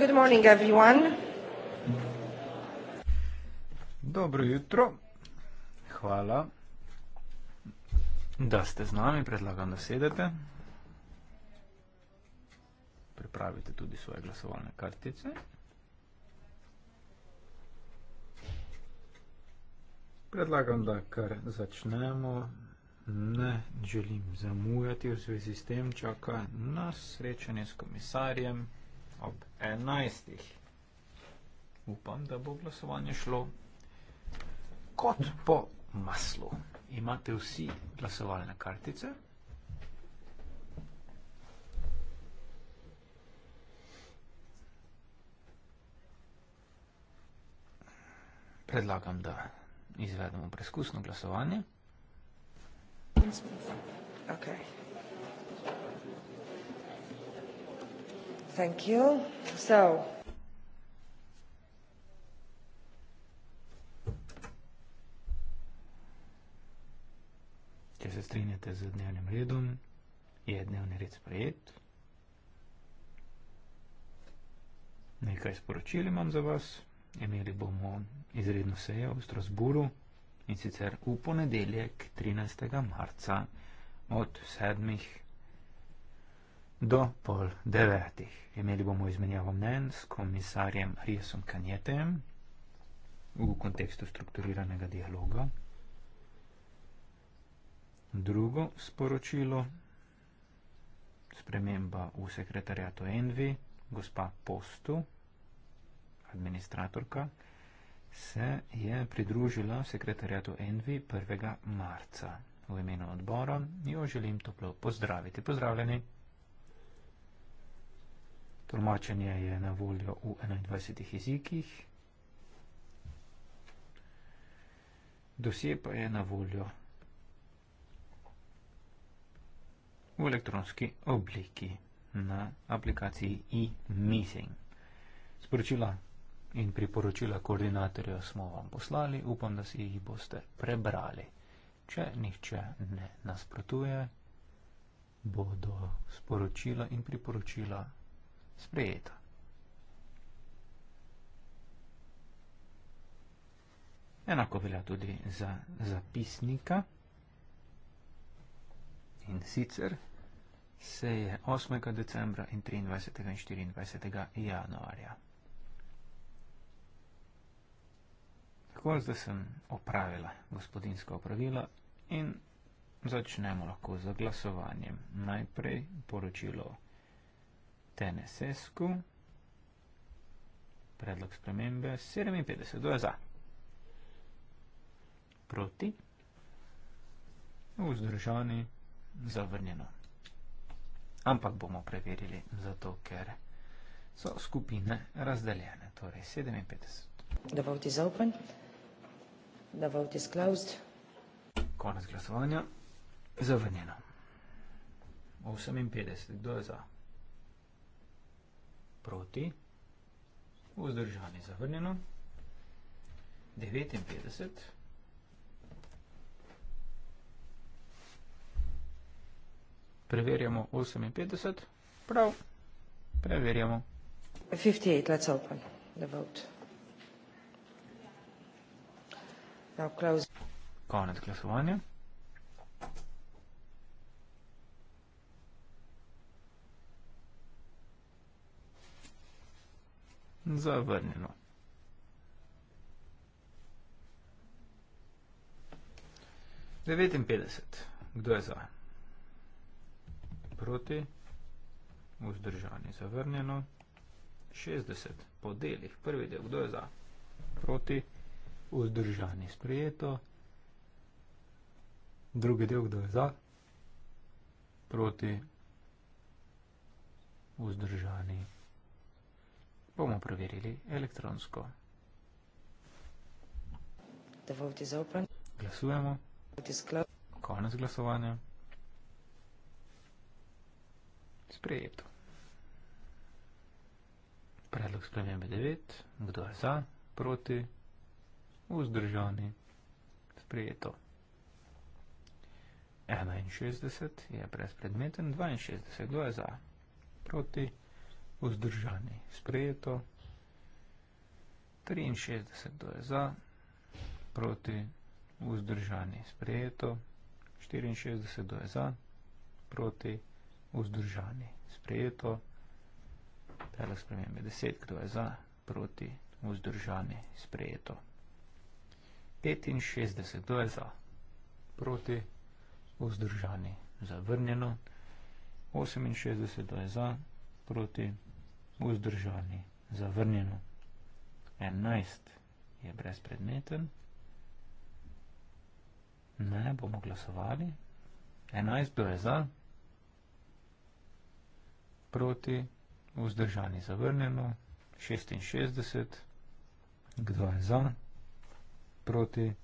Good morning, everyone. Dobro jutro. Hvala, da ste z nami. Predlagam, da sedete. Pripravite tudi svoje glasovalne kartice. Predlagam, da kar začnemo. Ne želim zamujati v zvezi s tem, čaka nas srečanje s komisarjem ob 11. Upam, da bo glasovanje šlo kot po maslu. Imate vsi glasovalne kartice? Predlagam, da izvedemo preizkusno glasovanje. Okay. Thank you. So. Če se strinjate z dnevnim redom, je dnevni red sprejet. Nekaj sporočil imam za vas. Imeli bomo izredno sejo v Strasburu in sicer v ponedeljek 13. marca od 7 do pol devetih. Imeli bomo izmenjavo mnen s komisarjem Riesom Kanjetem v kontekstu strukturiranega dialoga. Drugo sporočilo, sprememba v sekretarjato Envi, gospa Postu, administratorka, se je pridružila sekretarjatu Envi 1. marca. V imenu odbora jo želim toplo pozdraviti. Pozdravljeni! Tolmačenje je na voljo v 21 jezikih. Dosje pa je na voljo v elektronski obliki na aplikaciji e-missing. Sporočila in priporočila koordinatorja smo vam poslali, upam, da si jih boste prebrali. Če nihče ne nasprotuje, bodo sporočila in priporočila sprejeta. Enako velja tudi za zapisnika. In sicer se je 8. decembra in 23. in 24. januarja. Tako, zdaj sem opravila gospodinsko opravilo in začnemo lahko z glasovanjem. Najprej poročilo vsega. Tenesesku. Predlog spremembe 57, kdo je za? Proti? Vzdržani, zavrnjeno. Ampak bomo preverili zato, ker so skupine razdeljene, torej 57. The vote is open. The vote is closed. Konec glasovanja, zavrnjeno. 58, kdo je za? proti, vzdržan je zavrnjeno, 59, preverjamo 58, prav, preverjamo. 58, let's open the vote. Now close. Konec glasovanja. Zavrnjeno. Devetinpetdeset. Kdo je za? Proti. Vzdržani. Zavrnjeno. Šestdeset. Po delih. Prvi del. Kdo je za? Proti. Vzdržani. Sprejeto. Drugi del. Kdo je za? Proti. Vzdržani. Vzdržani bomo preverili elektronsko. Glasujemo. Konec glasovanja. Sprejeto. Predlog spremembe 9. Kdo je za? Proti? Vzdržani? Sprejeto. 61 je brezpredmeten, 62 kdo je za? Proti? vzdržani. Sprejeto. 63 to je za, proti vzdržani. Sprejeto. 64 to je za, proti vzdržani. Sprejeto. Predlog spremembe 10, kdo je za, proti vzdržani. Sprejeto. 65 to je za, proti vzdržani. Zavrnjeno. 68 to je za, proti vzdržani vzdržani, zavrnjeno. 11 je brezpredmeten, ne bomo glasovali. 11 je za, proti, vzdržani, zavrnjeno. 66, kdo je za, proti,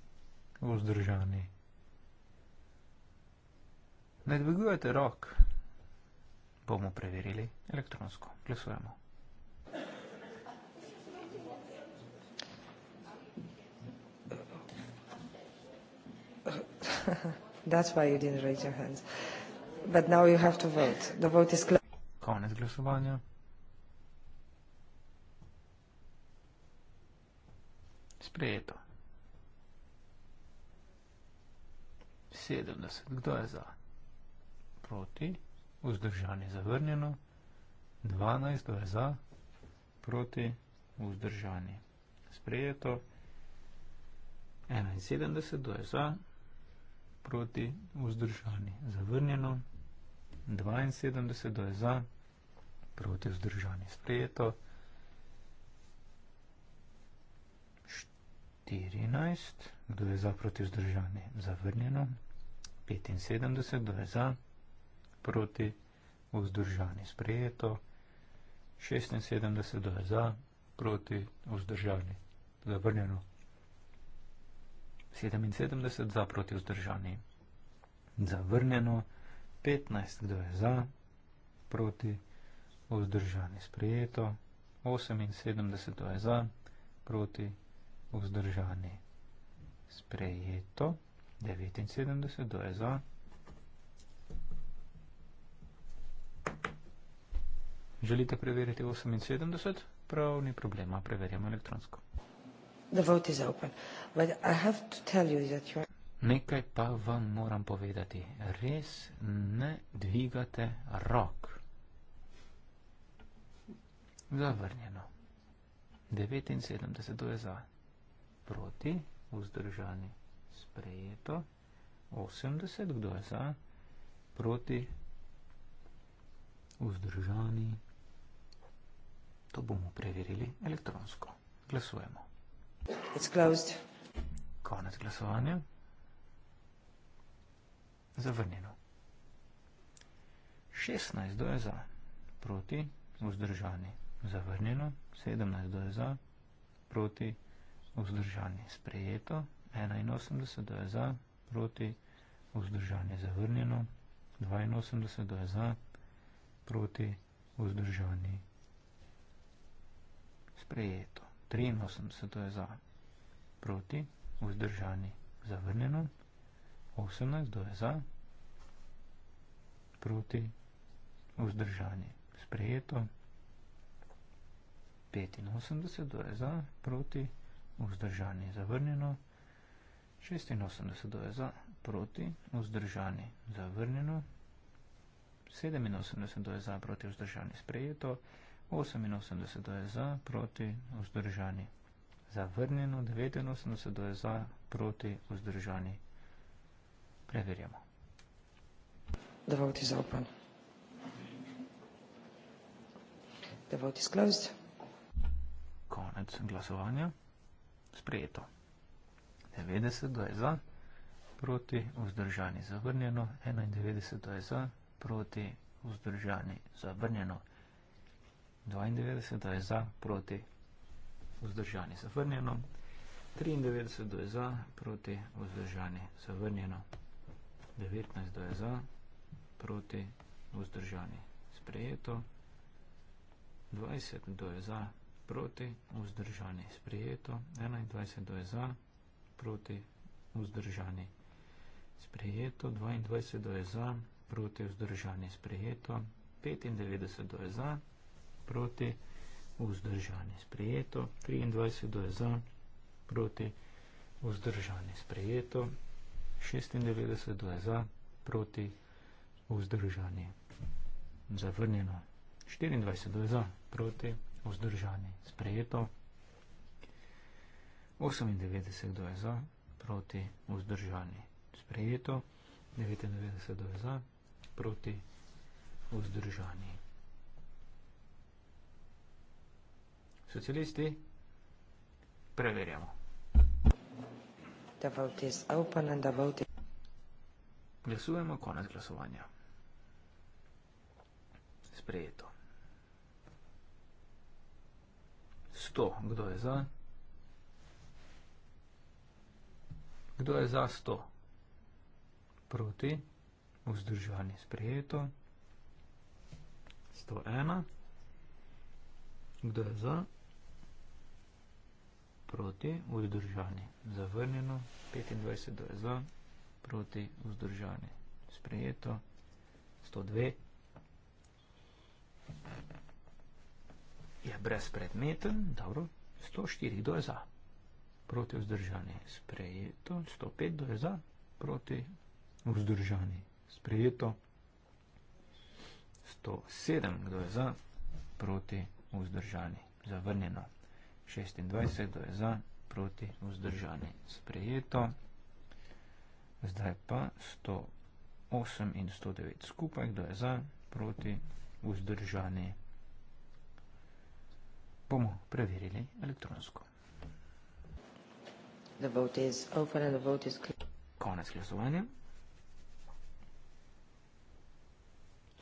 vzdržani. Ne dvigujete rok, bomo preverili elektronsko. Glasujemo. That's why you didn't raise your hands. But now you have to vote. The vote is closed. Konec glasovanja. Sprejeto. 70. Kdo je za? Proti. Vzdržanje zavrnjeno. 12. Kdo je za? Proti. Vzdržanje. Sprejeto. 71. Kdo je za? Proti proti vzdržani. Zavrnjeno, 72 do je za, proti vzdržani. Sprejeto, 14, kdo je za proti vzdržani. Zavrnjeno, 75 do je za, proti vzdržani. Sprejeto, 76 do je za, proti vzdržani. Zavrnjeno, 75. 77 za proti vzdržani. Zavrnjeno 15, kdo je za, proti vzdržani. Sprijeto 78, kdo je za, proti vzdržani. Sprijeto 79, kdo je za. Želite preveriti 78? Prav, ni problema, preverjamo elektronsko. Nekaj pa vam moram povedati. Res ne dvigate rok. Zavrnjeno. 79 je za. Proti, vzdržani, sprejeto. 80, kdo je za? Proti, vzdržani. To bomo preverili elektronsko. Glasujemo. It's closed. Konec glasovanja. Zavrnjeno. 16 do je za, proti, vzdržani, zavrnjeno. 17 do je za, proti, vzdržani, sprejeto. 81 do je za, proti, vzdržani, zavrnjeno. 82 do je za, proti, vzdržani, sprejeto. 83 je za proti, vzdržani zavrnjeno, 18 je za proti, vzdržani sprejeto, 85 je za proti, vzdržani zavrnjeno, 86 je za proti, vzdržani zavrnjeno, 87 je za proti, vzdržani sprejeto, 87 je za proti, vzdržani sprejeto, 88 je za, proti, vzdržani. Zavrnjeno, 89 je za, proti, vzdržani. Preverjamo. Da vam ti zaupam. Da vam ti sklavst. Konec glasovanja. Sprejeto. 90 je za, proti, vzdržani. Zavrnjeno, 91 je za, proti, vzdržani. Zavrnjeno. Zavrnjeno. 92 je za, proti vzdržani zavrnjeno. 93 je za, proti vzdržani zavrnjeno. 19 je za, proti vzdržani sprejeto. 20 je za, proti vzdržani sprejeto. 21 je za, proti vzdržani sprejeto. 22 je za, proti vzdržani sprejeto. 95 je za, proti vzdržani sprejeto proti, vzdržani sprejeto, 23 do je za, proti, vzdržani sprejeto, 96 do je za, proti, vzdržani zavrnjeno, 24 do je za, proti, vzdržani sprejeto, 98 do je za, proti, vzdržani sprejeto, 99 do je za, proti, vzdržani. socialisti. Preverjamo. Glasujemo konec glasovanja. Sprejeto. 100. Kdo je za? Kdo je za 100? Proti. Vzdržavanje sprejeto. 101. Kdo je za? 101 proti, vzdržani, zavrnjeno, 25 je za, proti, vzdržani, sprejeto, 102, je brezpredmeten, dobro, 104 je za, proti, vzdržani, sprejeto, 105 je za, proti, vzdržani, sprejeto, 107 je za, proti, vzdržani, zavrnjeno, 25 je za, 26, kdo je za, proti, vzdržani, sprejeto. Zdaj pa 108 in 109 skupaj, kdo je za, proti, vzdržani. Bomo preverili elektronsko. The vote is open and the vote is clear. Konec glasovanja.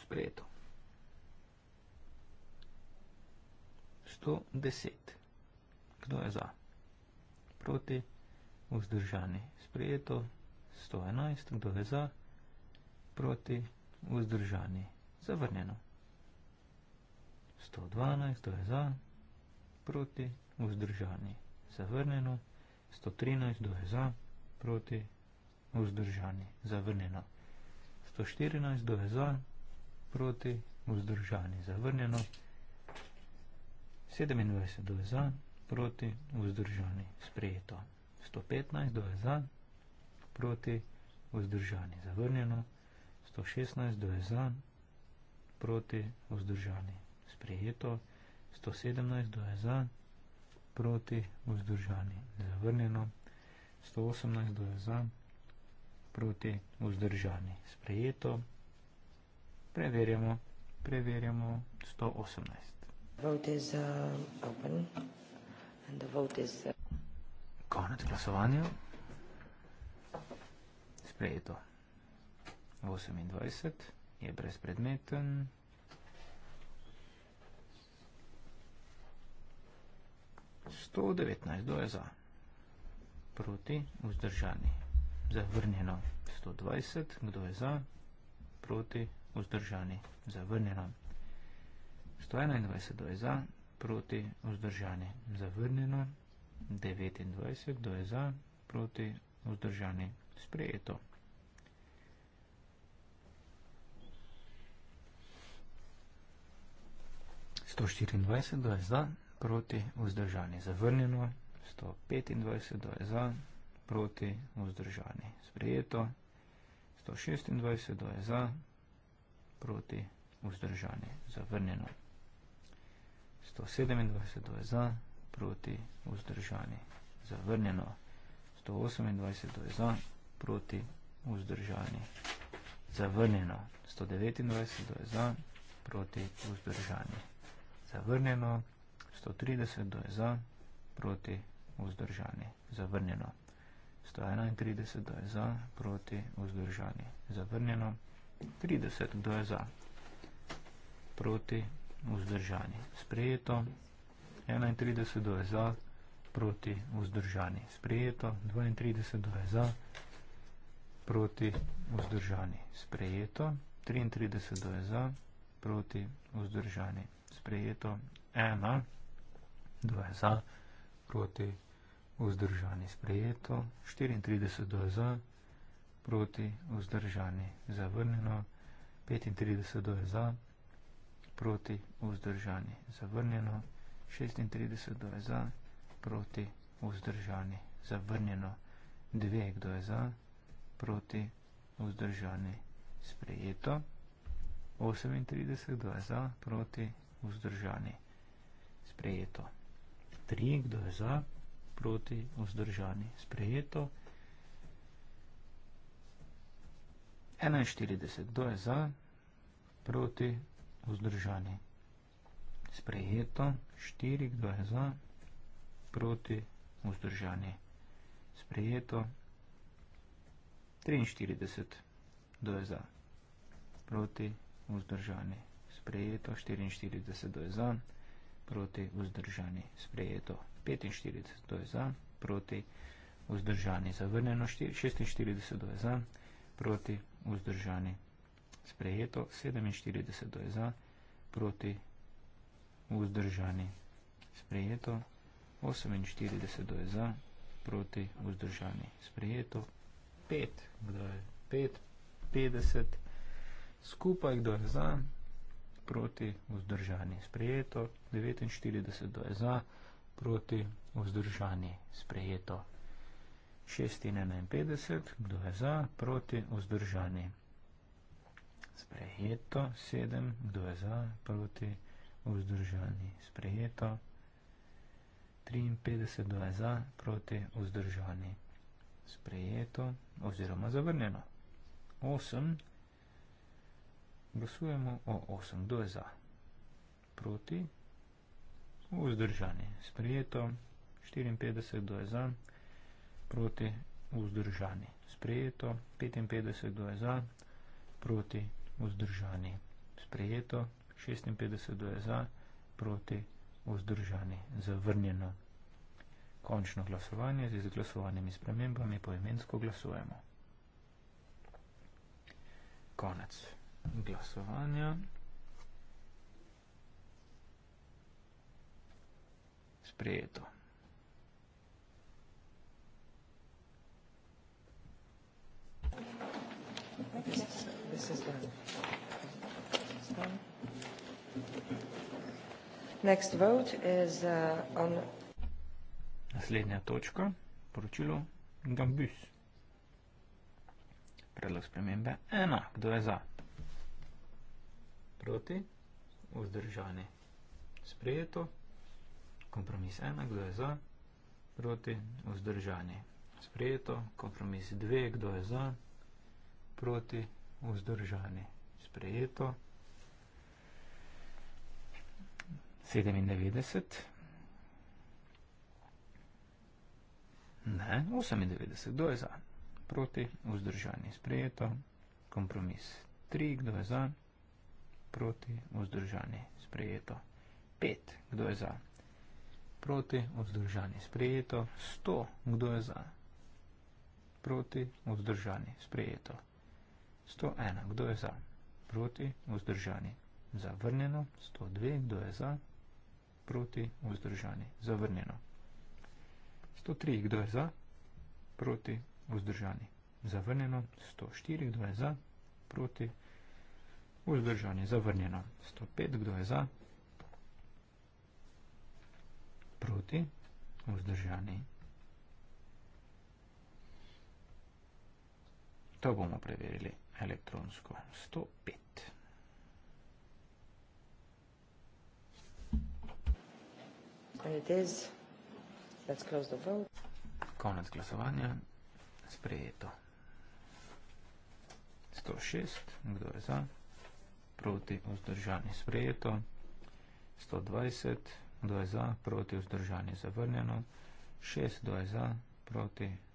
Sprejeto. 110. Kdo je za? Proti, vzdržani. Sprejeto, 111. Kdo je za? Proti, vzdržani. Zavrnjeno. 112. Kdo je za? Proti, vzdržani. Zavrnjeno. 113. Kdo je za? Proti, vzdržani. Zavrnjeno. 114. Kdo je za? Proti, vzdržani. Zavrnjeno. 27. Kdo je za? Proti, vzdržani proti, vzdržani, sprejeto. 115, 2 za, proti, vzdržani, zavrnjeno. 116, 2 za, proti, vzdržani, sprejeto. 117, 2 za, proti, vzdržani, zavrnjeno. 118, 2 za, proti, vzdržani, sprejeto. Preverjamo, preverjamo 118. Vote is uh, open. Uh, Konec glasovanja. Sprejeto. 28 je brezpredmeten. Sto devetnajst do je za, proti vzdržani, zavrnjeno sto dvajset, kdo je za, proti vzdržani, zavrnjeno sto enaindvajset do je za, proti vzdržani zavrnjeno, 29, kdo je za, proti vzdržani sprejeto. Sto štirindvajset do je za, proti vzdržani zavrnjeno, sto petindvajset do je za, proti vzdržani sprejeto, sto šestindvajset do je za, proti vzdržani zavrnjeno. 127 je za, proti vzdržani, zavrnjeno. 128 je za, proti vzdržani, zavrnjeno. 129 je za, proti vzdržani, zavrnjeno. 130 je za, proti vzdržani, zavrnjeno. 131 je za, proti vzdržani, zavrnjeno. 30 je za, proti vzdržani vzdržani. Sprejeto. 31 do je za, proti vzdržani. Sprejeto. 32 do je za, proti vzdržani. Sprejeto. 33 do je za, proti vzdržani. Sprejeto. 1 do je za, proti vzdržani. Sprejeto. 34 do je za, proti vzdržani. Zavrnjeno. 35 do je za, proti vzdržani proti vzdržani, zavrnjeno, 36 kdo je za, proti vzdržani, zavrnjeno, 2 kdo je za, proti vzdržani, sprejeto, 38 kdo je za, proti vzdržani, sprejeto, 3 kdo je za, proti vzdržani, sprejeto, 41 kdo je za, proti vzdržani, vzdržani. Sprejeto, 4, 2 za, proti, vzdržani. Sprejeto, 43, 2 za, proti, vzdržani. Sprejeto, 44, 2 za, proti, vzdržani. Sprejeto, 45, 2 za, proti, vzdržani. Zavrneno, 46, 2 za, proti, vzdržani. Sprejeto, 46, 2 za, proti, vzdržani sprejeto 47 je za, proti vzdržani sprejeto 48 je za, proti vzdržani sprejeto 5, kdo je 5, 50 skupaj, kdo je za, proti vzdržani sprejeto 49 je za, proti vzdržani sprejeto 6 in 51, kdo je za, proti vzdržani sprejeto sprejeto, sedem, kdo je za, proti, vzdržani, sprejeto, 53, kdo je za, proti, vzdržani, sprejeto oziroma zavrnjeno, 8, glasujemo o 8, kdo je za, proti, vzdržani, sprejeto, 54, kdo je za, proti, vzdržani, sprejeto, 55, kdo je za, proti, vzdržani, vzdržani. Sprejeto 56 za, proti vzdržani, zavrnjeno. Končno glasovanje z izglasovanimi spremembami poimensko glasujemo. Konec glasovanja. Sprejeto. Thank you. Uh, Naslednja točka, poročilo Gambus. Predlog spremembe ena. Kdo je za? Proti? Vzdržani? Sprejeto. Kompromis ena. Kdo je za? Proti? Vzdržani? Sprejeto. Kompromis dve. Kdo je za? Proti? proti, vzdržani. Sprejeto. 97. Ne, 98. Kdo je za? Proti, vzdržani. Sprejeto. Kompromis 3. Kdo je za? Proti, vzdržani. Sprejeto. 5. Kdo je za? Proti, vzdržani. Sprejeto. 100. Kdo je za? Proti, vzdržani. Sprejeto. 101. Kdo je za? Proti, vzdržani. Zavrnjeno. 102. Kdo je za? Proti, vzdržani. Zavrnjeno. 103. Kdo je za? Proti, vzdržani. Zavrnjeno. 104. Kdo je za? Proti, vzdržani. Zavrnjeno. 105. Kdo je za? Proti, vzdržani. To bomo preverili elektronsko 105. It is. Let's close the vote. Konec glasovanja. Sprejeto. 106. Kdo je za? Proti vzdržanje sprejeto. 120. Kdo je za? Proti vzdržanje zavrnjeno. 6. Kdo je za? Proti vzdržanje zavrnjeno.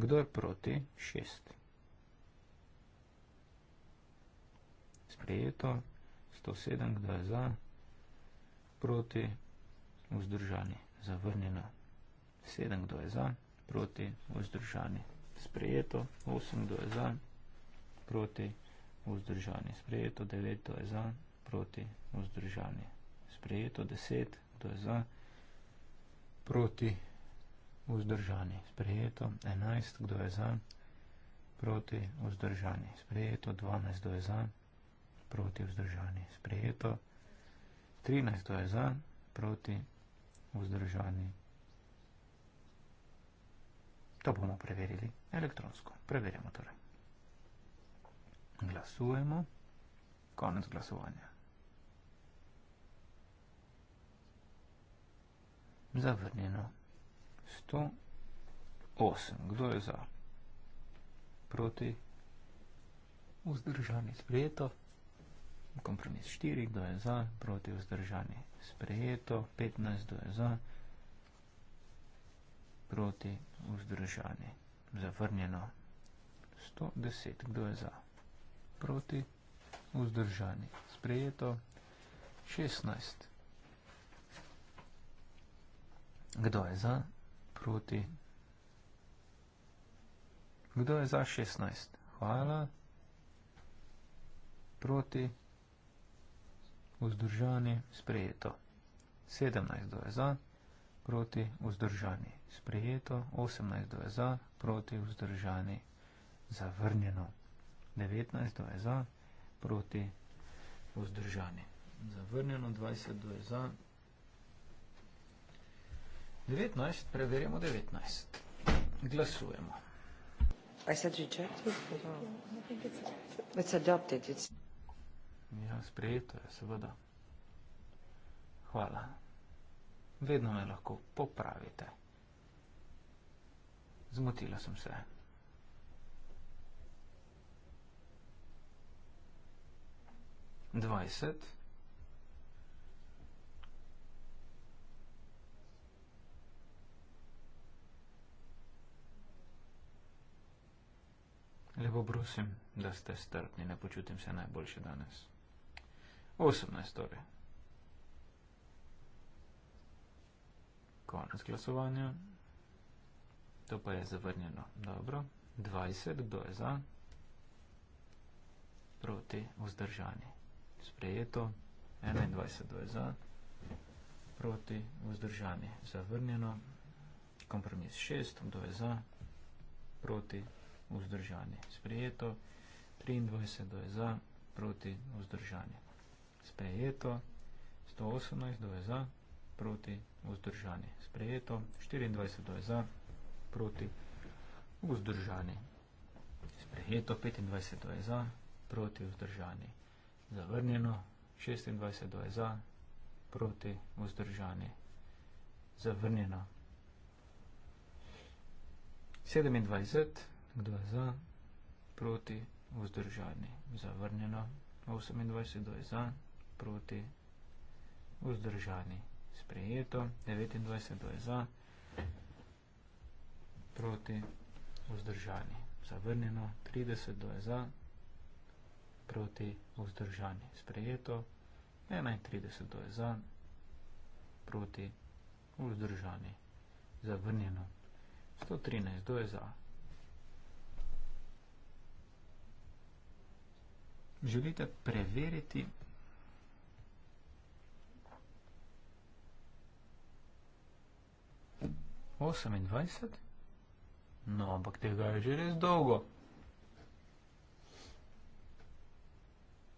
Kdo je proti? 6. Sprejeto. 107. Kdo je za? Proti. Vzdržani. Zavrnjeno. 7. Kdo je za? Proti. Vzdržani. Sprejeto. 8. Kdo je za? Proti. Vzdržani. Sprejeto. 9. Kdo je za? Proti. Vzdržani. Sprejeto. 10. Kdo je za? Proti. Vzdržani vzdržani, sprejeto 11, kdo je za, proti vzdržani, sprejeto 12, kdo je za, proti vzdržani, sprejeto 13, kdo je za, proti vzdržani. To bomo preverili elektronsko. Preverjamo torej. Glasujemo. Konec glasovanja. Zavrnjeno to 8. Kdo je za? Proti? Vzdržani sprejeto. Kompromis 4. Kdo je za? Proti vzdržani sprejeto. 15. Kdo je za? Proti vzdržani zavrnjeno. 110. Kdo je za? Proti vzdržani sprejeto. 16. Kdo je za? Proti vzdržani sprejeto proti. Kdo je za 16? Hvala. Proti. Vzdržani. Sprejeto. 17 do je za. Proti. Vzdržani. Sprejeto. 18 do je za. Proti. Vzdržani. Zavrnjeno. 19 do je za. Proti. Vzdržani. Zavrnjeno. 20 do je za. Proti. 19, preverjamo 19. Glasujemo. I said rejected. It's adopted. It's... Ja, sprejeto je, seveda. Hvala. Vedno me lahko popravite. Zmotila sem se. Dvajset. Lepo prosim, da ste strpni, ne počutim se najboljše danes. 18 torej. Konec glasovanja. To pa je zavrnjeno. Dobro. 20, kdo je za? Proti vzdržani. Sprejeto. 21, kdo je za? Proti vzdržani. Zavrnjeno. Kompromis 6, kdo je za? Proti vzdržani vzdržanje. Sprejeto, 23 do je za, proti vzdržanje. Sprejeto, 118 do je za, proti vzdržanje. Sprejeto, 24 do je za, proti vzdržanje. Sprejeto, 25 do je za, proti vzdržanje. Zavrnjeno, 26 do je za, proti vzdržanje. Zavrnjeno. 27 do je za, proti vzdržanje. Kdo je za, proti, vzdržani, zavrnjeno. 28, kdo je za, proti, vzdržani, sprejeto. 29, kdo je za, proti, vzdržani, zavrnjeno. 30, kdo je za, proti, vzdržani, sprejeto. 31, kdo je za, proti, vzdržani, zavrnjeno. 113, kdo je za, želite preveriti osemindvajset no, ampak tega je že res dolgo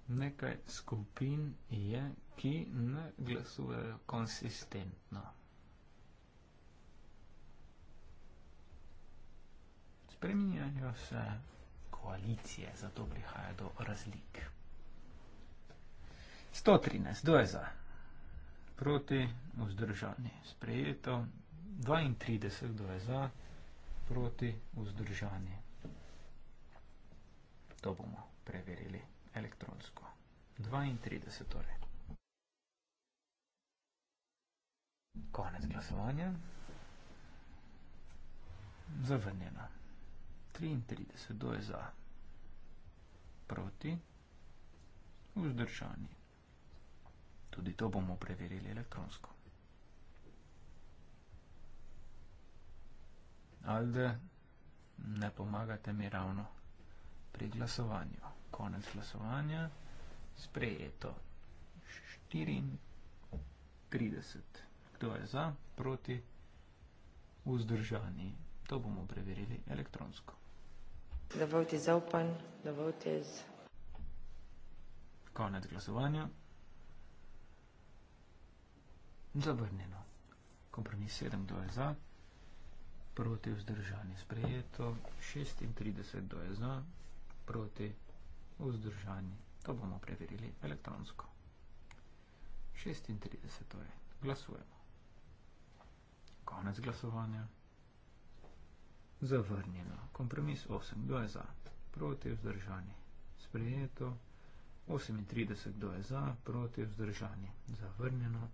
nekaj skupin je, ki ne glasujejo konsistentno spreminjajo se koalicije, zato prihaja do razlik. 113, kdo je za? Proti, vzdržani, sprejeto. 32, kdo je za? Proti, vzdržani. To bomo preverili elektronsko. 32, torej. Konec glasovanja. Zavrnjeno. 33, kdo je za? Proti, vzdržani. Tudi to bomo preverili elektronsko. Alde, ne pomagate mi ravno pri glasovanju. Konec glasovanja, sprejeto 34. Kdo je za, proti, vzdržani. To bomo preverili elektronsko. Dovolite zaupanj, dovolite z. Konec glasovanja. Zavrnjeno. Kompromis 7 do je za, proti vzdržanje sprejeto, 36 do je za, proti vzdržanje. To bomo preverili elektronsko. 36 to je. Glasujemo. Konec glasovanja zavrnjeno. Kompromis 8. Kdo je za? Proti vzdržani. Sprejeto. 38. Kdo je za? Proti vzdržani. Zavrnjeno.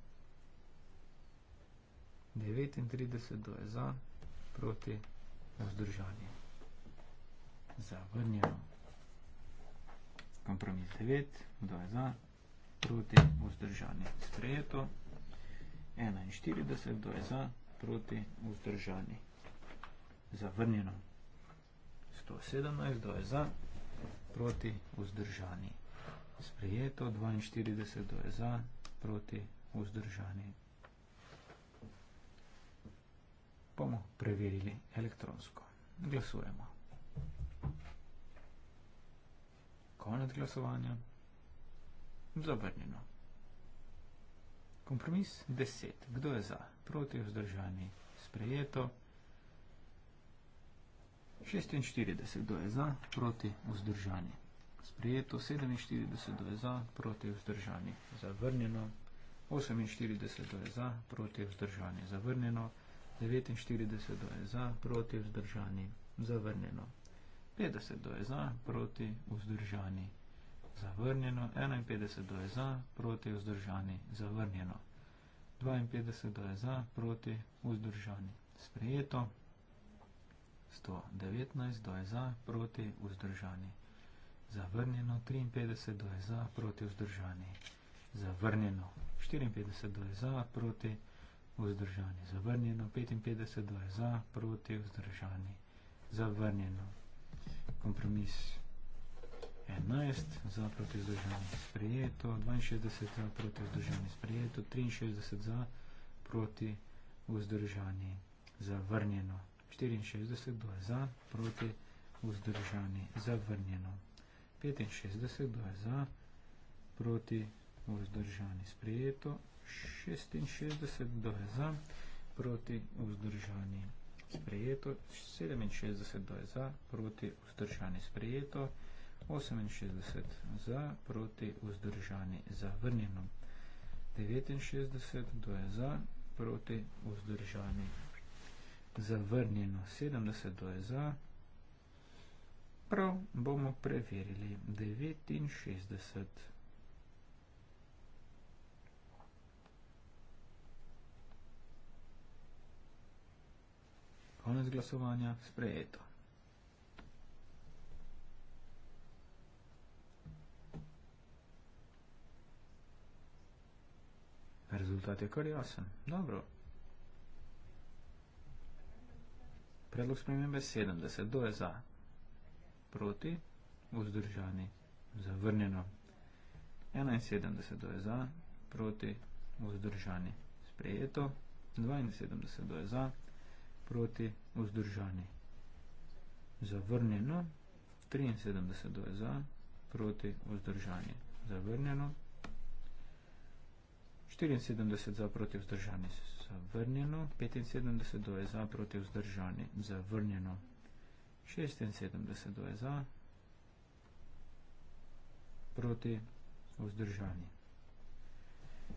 39. Kdo je za? Proti vzdržani. Zavrnjeno. Kompromis 9. Kdo je za? Proti vzdržani. Sprejeto. 41. Kdo je za? Proti vzdržani. Zavrnjeno zavrnjeno. 117, 2 je za, proti vzdržani. Sprejeto, 42, 2 je za, proti vzdržani. Bomo preverili elektronsko. Glasujemo. Konec glasovanja. Zavrnjeno. Kompromis 10. Kdo je za? Proti vzdržani. Sprejeto. Sprejeto. 46 do je za, proti vzdržani. Sprejeto 47 do je za, proti vzdržani. Zavrnjeno. 48 do je za, proti vzdržani. Zavrnjeno. 49 do je za, proti vzdržani. Zavrnjeno. 50 do je za, proti vzdržani. Zavrnjeno. 51 do je za, proti vzdržani. Zavrnjeno. 52 do je za, proti vzdržani. Sprejeto. 119 do je za, proti vzdržani. Zavrnjeno 53 do je za, proti vzdržani. Zavrnjeno 54 do je za, proti vzdržani. Zavrnjeno 55 do je za, proti vzdržani. Zavrnjeno. Kompromis 11 za proti vzdržani sprejeto, 62 za proti vzdržani sprejeto, 63 za proti vzdržani zavrnjeno. 64 kdo je za, proti, vzdržani, zavrnjeno. 65 kdo je za, proti, vzdržani, sprejeto. 66 kdo je za, proti, vzdržani, sprejeto. 67 kdo je za, proti, vzdržani, sprejeto. 68 za, proti, vzdržani, zavrnjeno. 69 kdo je za, proti, vzdržani, sprejeto zavrnjeno, 70 je za, prav bomo preverili, 69. Konec glasovanja, sprejeto. Rezultat je kar jasen. Dobro. Predlog spremembe 70. Kdo je za? Proti? Vzdržani? Zavrnjeno. 71. Kdo je za? Proti? Vzdržani? Sprejeto. 72. Kdo je za? Proti? Vzdržani? Zavrnjeno. 73. Kdo je za? Proti? Vzdržani? Zavrnjeno. 74 za proti vzdržani zavrnjeno, 75 do je za proti vzdržani zavrnjeno, 76 do je za proti vzdržani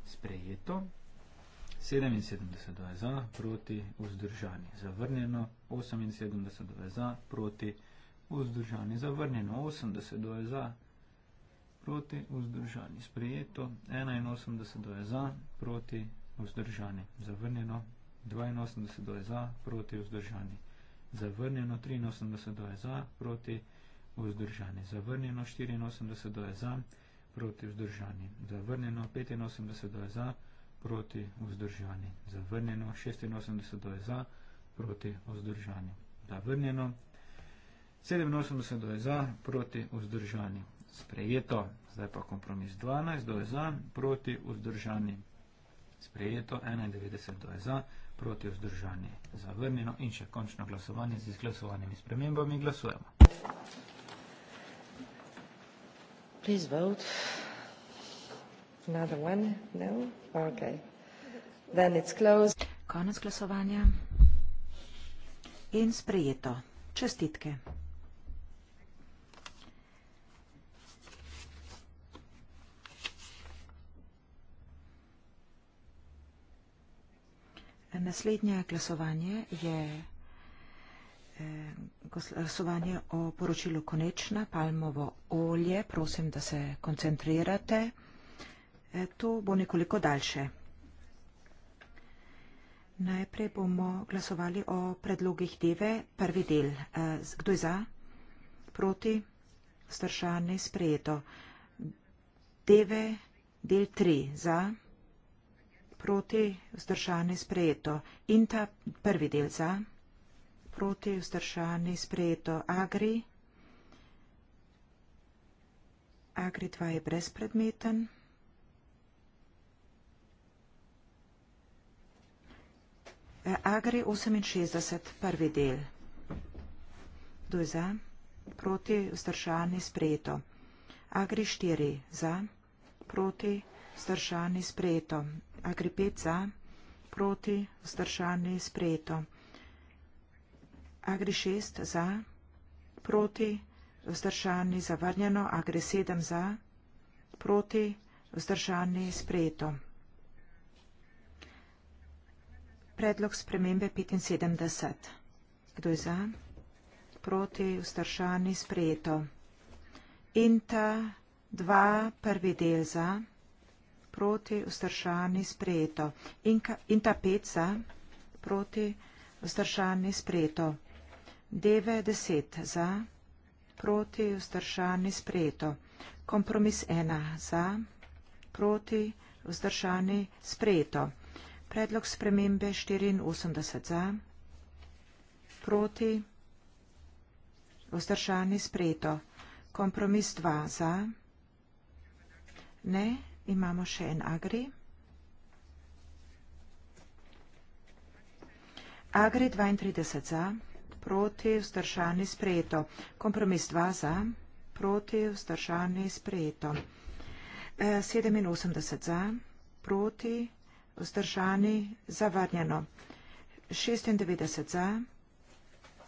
sprejeto, 77 do je za proti vzdržani zavrnjeno, 78 do je za proti vzdržani zavrnjeno, 80 do je za proti vzdržani zavrnjeno, proti, vzdržani, sprejeto, 81 je za, proti, vzdržani, zavrnjeno, 82 je za, proti, vzdržani, zavrnjeno, 83 je za, proti, vzdržani, zavrnjeno, 84 je za, proti, vzdržani, zavrnjeno, 85 je za, proti, vzdržani, zavrnjeno, 86 je za, proti, vzdržani, zavrnjeno, 87 je za, proti, vzdržani, sprejeto, zdaj pa kompromis 12, do je za, proti vzdržani, sprejeto 91, do je za, proti vzdržani, zavrnjeno in še končno glasovanje z izglasovanimi spremembami glasujemo. Please vote. Another one? No? Okay. Then it's closed. Konec glasovanja. In sprejeto. Čestitke. Naslednje glasovanje je eh, glasovanje o poročilu Konečna, palmovo olje. Prosim, da se koncentrirate. Eh, to bo nekoliko daljše. Najprej bomo glasovali o predlogih Deve. Prvi del. Eh, kdo je za? Proti? Zdržane sprejeto. Deve del 3. Za? Za? proti vzdržani sprejeto. In ta prvi del za, proti vzdržani sprejeto agri, agri 2 je brezpredmeten. E, agri 68, prvi del. Kdo je za? Proti vzdržani sprejeto. Agri 4 za. Proti vzdržani sprejeto. Agripet za, proti, vzdržani, sprejeto. Agri 6 za, proti, vzdržani, zavrnjeno. Agri 7 za, proti, vzdržani, sprejeto. Predlog spremembe 75. Kdo je za? Proti, vzdržani, sprejeto. Inta 2, prvi del za proti ustršani sprejeto in, ka, in tapeca proti ustršani sprejeto. Deve deset za proti ustršani sprejeto. Kompromis ena za proti ustršani sprejeto. Predlog spremembe 84 za proti ustršani sprejeto. Kompromis 2 za ne Imamo še en Agri. Agri 32 za, proti vzdržani sprejeto. Kompromis 2 za, proti vzdržani sprejeto. 87 e, za, proti vzdržani zavarnjeno. 96 za,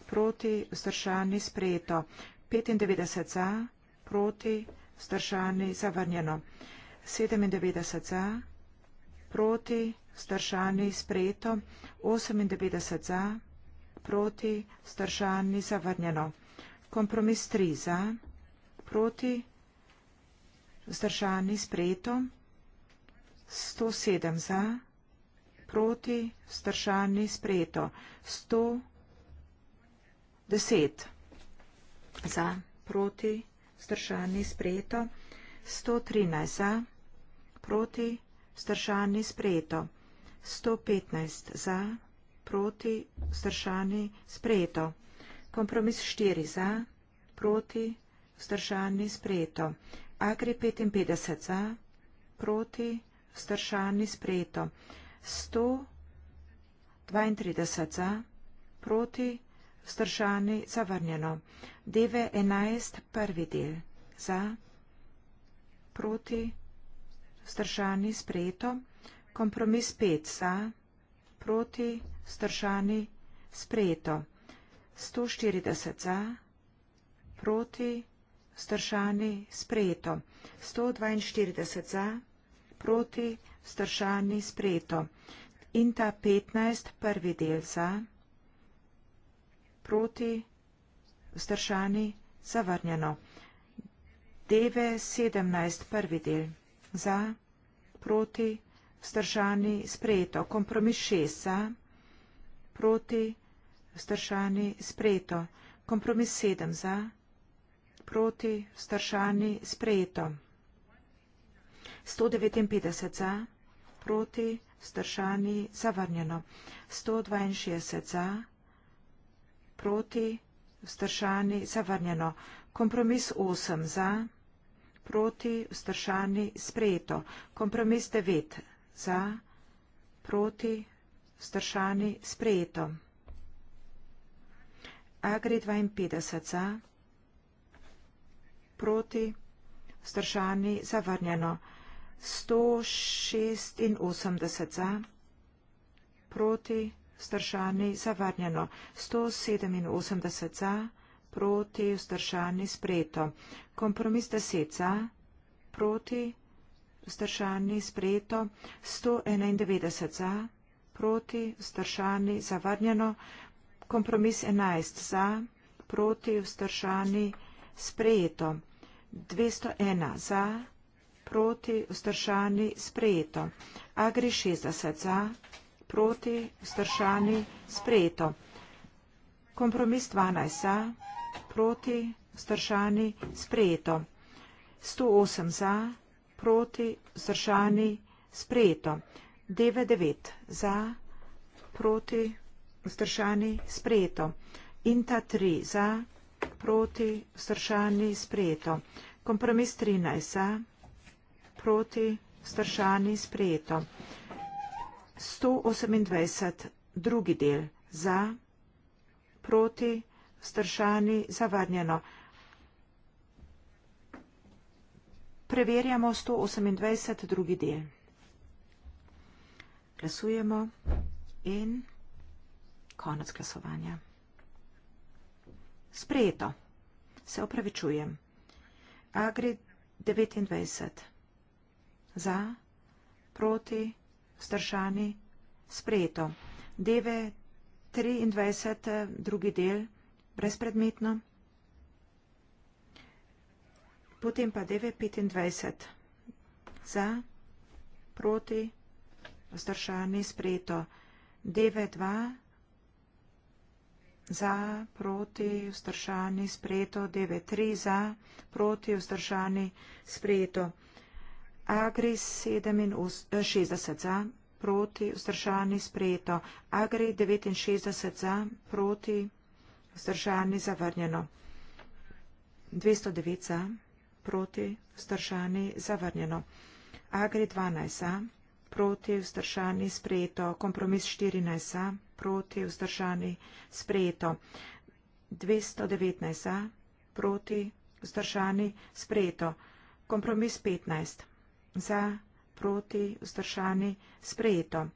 proti vzdržani sprejeto. 95 za, proti vzdržani zavarnjeno. 97 za, proti vzdržani sprejeto, 98 za, proti vzdržani zavrnjeno. Kompromis 3 za, proti vzdržani sprejeto, 107 za, proti vzdržani sprejeto, 110 za, proti vzdržani sprejeto, 113 za, proti vzdržani sprejeto, 113 za, proti, vzdržani sprejeto. 115 za, proti, vzdržani sprejeto. Kompromis 4 za, proti, vzdržani sprejeto. Agri 55 za, proti, vzdržani sprejeto. 132 za, proti, vzdržani zavrnjeno. DV 11 prvi del za, proti, vzdržani sprejeto vzdržani sprejeto. Kompromis 5 za, proti vzdržani sprejeto. 140 za, proti vzdržani sprejeto. 142 za, proti vzdržani sprejeto. In ta 15 prvi del za, proti vzdržani zavrnjeno. 9.17 prvi del za, proti, vzdržani, sprejeto. Kompromis šest za, proti, vzdržani, sprejeto. Kompromis sedem za, proti, vzdržani, sprejeto. 159 za, proti, vzdržani, zavrnjeno. 162 za, proti, vzdržani, zavrnjeno. Kompromis 8 za, proti, vzdržani, zavrnjeno proti, vzdržani, sprejeto. Kompromis 9. Za, proti, vzdržani, sprejeto. Agri 52. Za, proti, vzdržani, zavrnjeno. 186 za, proti, vzdržani, zavrnjeno. 187 za, proti, vzdržani, zavrnjeno proti vzdržani sprejeto. Kompromis 10 za, proti vzdržani sprejeto, 191 za, proti vzdržani zavrnjeno, kompromis 11 za, proti vzdržani sprejeto, 201 za, proti vzdržani sprejeto, agri 60 za, proti vzdržani sprejeto. Kompromis 12 za, proti, vzdržani, sprejeto. 108 za, proti, vzdržani, sprejeto. 99 za, proti, vzdržani, sprejeto. In ta 3 za, proti, vzdržani, sprejeto. Kompromis 13 za, proti, vzdržani, sprejeto. 128, drugi del, za, proti, vzdržani, sprejeto vzdržani, zavarnjeno. Preverjamo 128. drugi del. Glasujemo in konec glasovanja. Sprejeto. Se opravičujem. Agri 29. Za, proti, vzdržani, sprejeto. Deve 23. drugi del brezpredmetno. Potem pa 9.25 za, proti, vzdržani, sprejeto. 9.2 za, proti, vzdržani, sprejeto. 9.3 za, proti, vzdržani, sprejeto. Agri 67 eh, za, proti, vzdržani, sprejeto. Agri 69 za, proti, vzdržani, sprejeto vzdržani zavrnjeno. 209 za, proti vzdržani zavrnjeno. Agri 12 za, proti vzdržani sprejeto. Kompromis 14 za, proti vzdržani sprejeto. 219 za, proti vzdržani sprejeto. Kompromis 15 za, proti vzdržani sprejeto.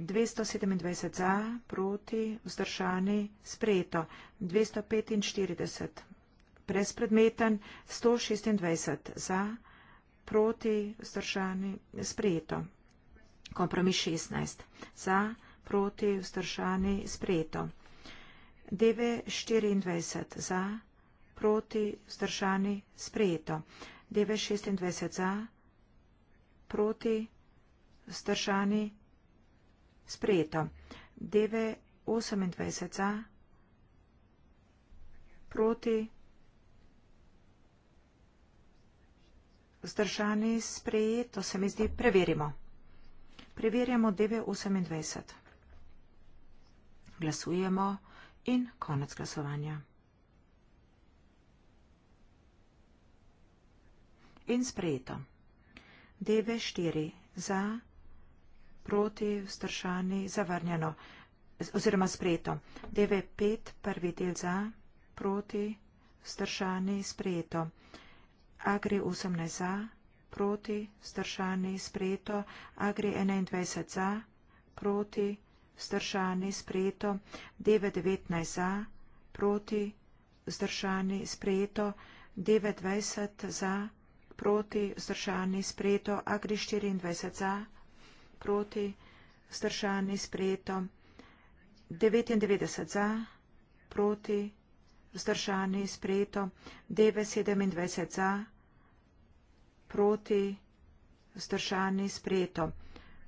227 za, proti, vzdržani, sprejeto. 245, brezpredmeten, 126 za, proti, vzdržani, sprejeto. Kompromis 16, za, proti, vzdržani, sprejeto. 924 za, proti, vzdržani, sprejeto. 926 za, proti, vzdržani, sprejeto. Sprejeto. Deve 28 za, proti, zdržani sprejeto, se mi zdi, preverimo. Preverjamo deve 28. Glasujemo in konec glasovanja. In sprejeto. Deve 4 za, proti, zdržani sprejeto proti, vzdržani, zavrnjeno oziroma sprejeto. 9.5. prvi del za, proti, vzdržani, sprejeto. Agri 18 za, proti, vzdržani, sprejeto. Agri 21 za, proti, vzdržani, sprejeto. 9.19 za, proti, vzdržani, sprejeto. 9.20 za, proti, vzdržani, sprejeto. Agri 24 za, proti, vzdržani, sprejeto proti, vzdržani, sprejeto. 99 za, proti, vzdržani, sprejeto. 97 za, proti, vzdržani, sprejeto.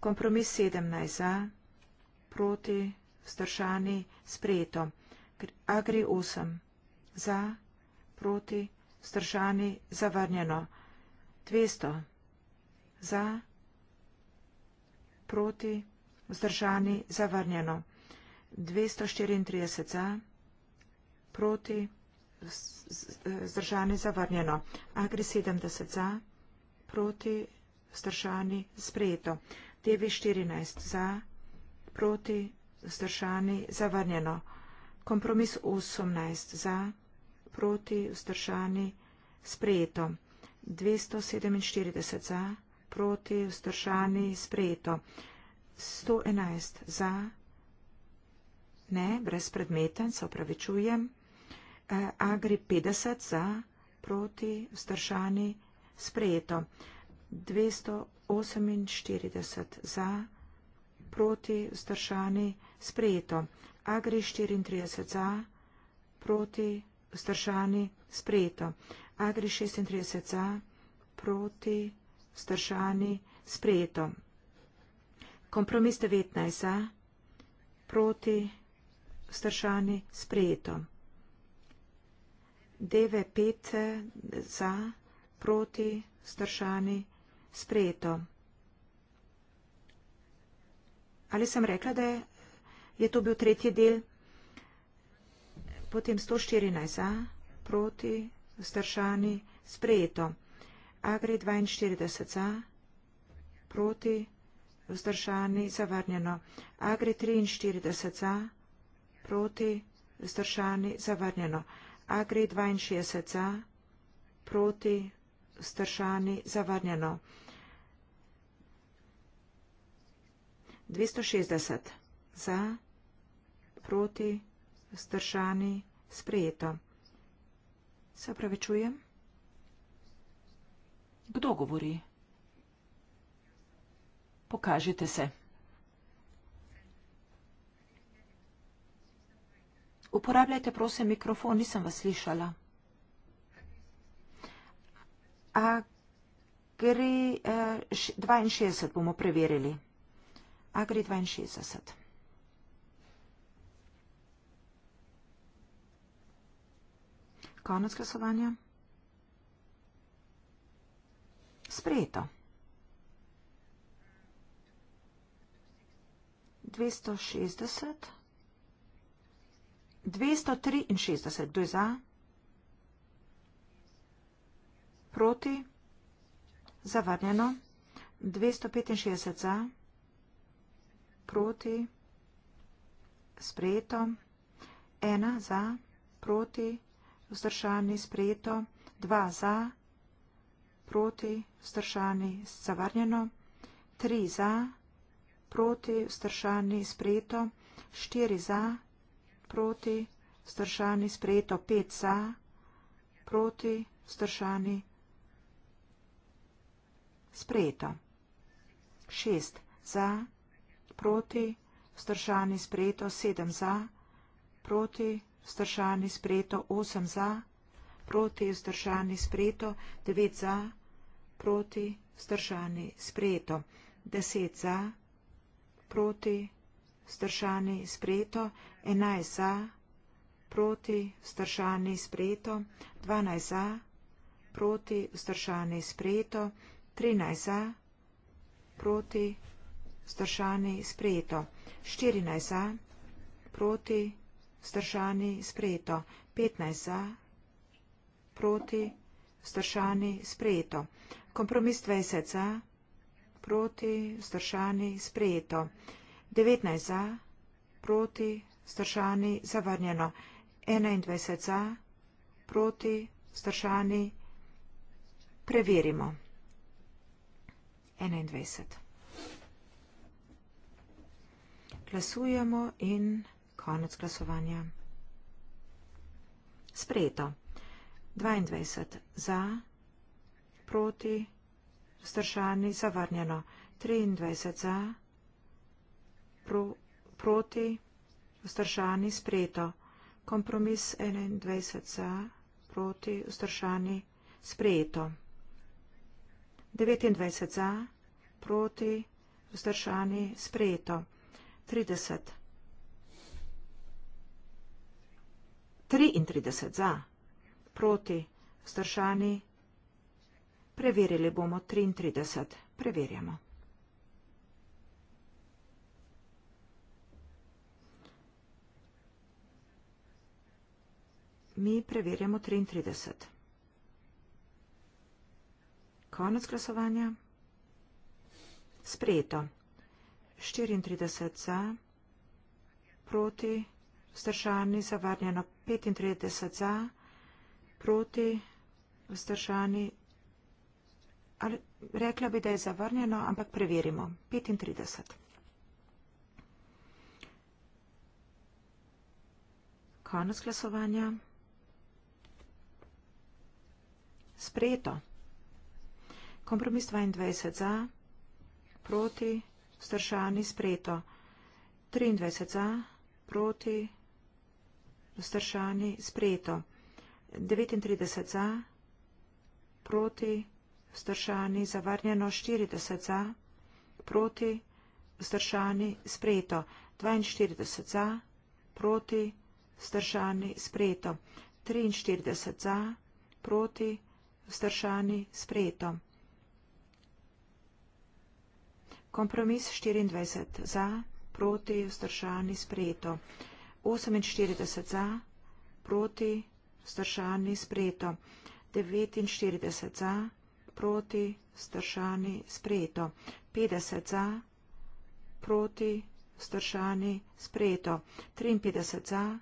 Kompromis 17 za, proti, vzdržani, sprejeto. Agri 8 za, proti, vzdržani, zavrnjeno. 200 za, proti, vzdržani, sprejeto proti, vzdržani, zavrnjeno. 234 za, proti, vzdržani, zavrnjeno. Agri 70 za, proti, vzdržani, sprejeto. TV 14 za, proti, vzdržani, zavrnjeno. Kompromis 18 za, proti, vzdržani, sprejeto. 247 za, proti, vzdržani, zavrnjeno proti vzdržani sprejeto. 111 za, ne, brezpredmeten, se upravičujem. Eh, Agri 50 za, proti vzdržani sprejeto. 248 za, proti vzdržani sprejeto. Agri 34 za, proti vzdržani sprejeto. Agri 36 za, proti vzdržani sprejeto vzdržani, sprejeto. Kompromis 19 za, proti, vzdržani, sprejeto. Deve 5 za, proti, vzdržani, sprejeto. Ali sem rekla, da je to bil tretji del? Potem 114 za, proti, vzdržani, sprejeto. Agri 42 za, proti, vzdržani, zavrnjeno. Agri 43 za, proti, vzdržani, zavrnjeno. Agri 62 za, proti, vzdržani, zavrnjeno. 260 za, proti, vzdržani, sprejeto. Se opravičujem. Kdo govori? Pokažite se. Uporabljajte prosim mikrofon, nisem vas slišala. A gre eh, 62, bomo preverili. A gre 62. Konec glasovanja sprejeto. 260. 263. Kdo je za? Proti. Zavrnjeno. 265 za. Proti. Sprejeto. 1 za. Proti. Vzdržani. Sprejeto. 2 za proti, vzdržani, zavrnjeno, tri za, proti, vzdržani, sprejeto, štiri za, proti, vzdržani, sprejeto, pet za, proti, vzdržani, sprejeto, šest za, proti, vzdržani, sprejeto, sedem za, proti, vzdržani, sprejeto, osem za, proti, vzdržani, sprejeto, devet za, proti, proti, vzdržani, sprejeto. Deset za, proti, vzdržani, sprejeto. Enajst za, proti, vzdržani, sprejeto. Dvanajst za, proti, vzdržani, sprejeto. Trinajst za, proti, vzdržani, sprejeto. Štirinajst za, proti, vzdržani, sprejeto. Petnajst za, proti, vzdržani, sprejeto kompromis 20 za, proti, vzdržani, sprejeto. 19 za, proti, vzdržani, zavrnjeno. 21 za, proti, vzdržani, preverimo. 21. Glasujemo in konec glasovanja. Sprejeto. 22 za, proti, vzdržani, preverimo proti, vzdržani, zavrnjeno. 23 za, pro, proti, vzdržani, sprejeto. Kompromis 21 za, proti, vzdržani, sprejeto. 29 za, proti, vzdržani, sprejeto. 30. 33 za, proti, vzdržani, sprejeto. Preverili bomo 33. Preverjamo. Mi preverjamo 33. Konec glasovanja. Sprejeto. 34 za, proti, vzdržani, zavarnjeno 35 za, proti, vzdržani, Ali, rekla bi, da je zavrnjeno, ampak preverimo. 35. Konec glasovanja. Sprejeto. Kompromis 22 za, proti, vzdržani, sprejeto. 23 za, proti, vzdržani, sprejeto. 39 za, proti, vzdržani vzdržani zavrnjeno 40 za, proti vzdržani sprejeto 42 za, proti vzdržani sprejeto 43 za, proti vzdržani sprejeto. Kompromis 24 za, proti vzdržani sprejeto 48 za, proti vzdržani sprejeto 49 za, proti vzdržani sprejeto proti, stršani, sprejeto. 50 za, proti, stršani, sprejeto. 53 za,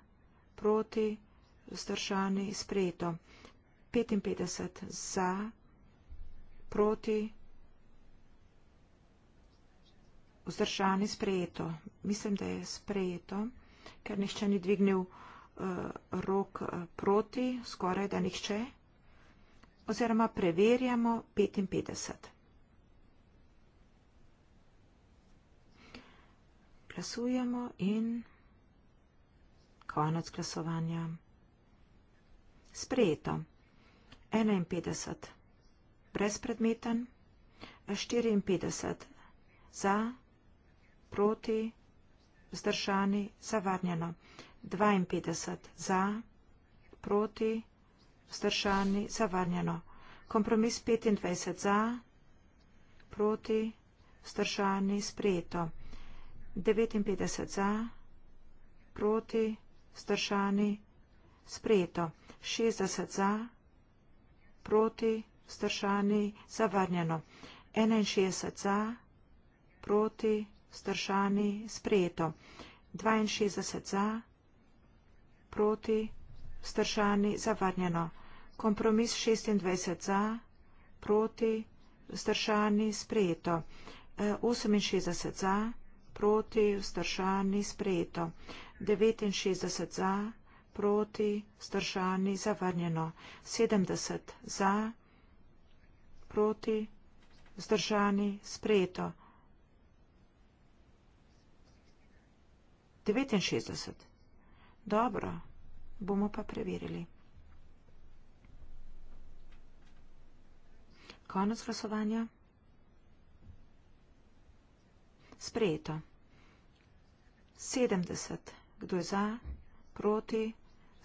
proti, stršani, sprejeto. 55 za, proti, vzdržani, sprejeto. Mislim, da je sprejeto, ker nihče ni dvignil uh, rok uh, proti, skoraj da nihče oziroma preverjamo 55. Glasujemo in konec glasovanja. Sprejeto. 51. Brezpredmeten. 54. Za. Proti. Zdržani. Zavarnjeno. 52. Za. Proti vzdržani, zavarnjeno. Kompromis 25 za, proti, vzdržani, sprejeto. 59 za, proti, vzdržani, sprejeto. 60 za, proti, vzdržani, zavarnjeno. 61 za, proti, vzdržani, sprejeto. 62 za, proti, vzdržani, zavarnjeno kompromis 26 za, proti, vzdržani, sprejeto. 68 e, za, proti, vzdržani, sprejeto. 69 za, proti, vzdržani, zavrnjeno. 70 za, proti, vzdržani, sprejeto. 69. Dobro, bomo pa preverili. Konec glasovanja. Sprejeto. 70. Kdo je za? Proti?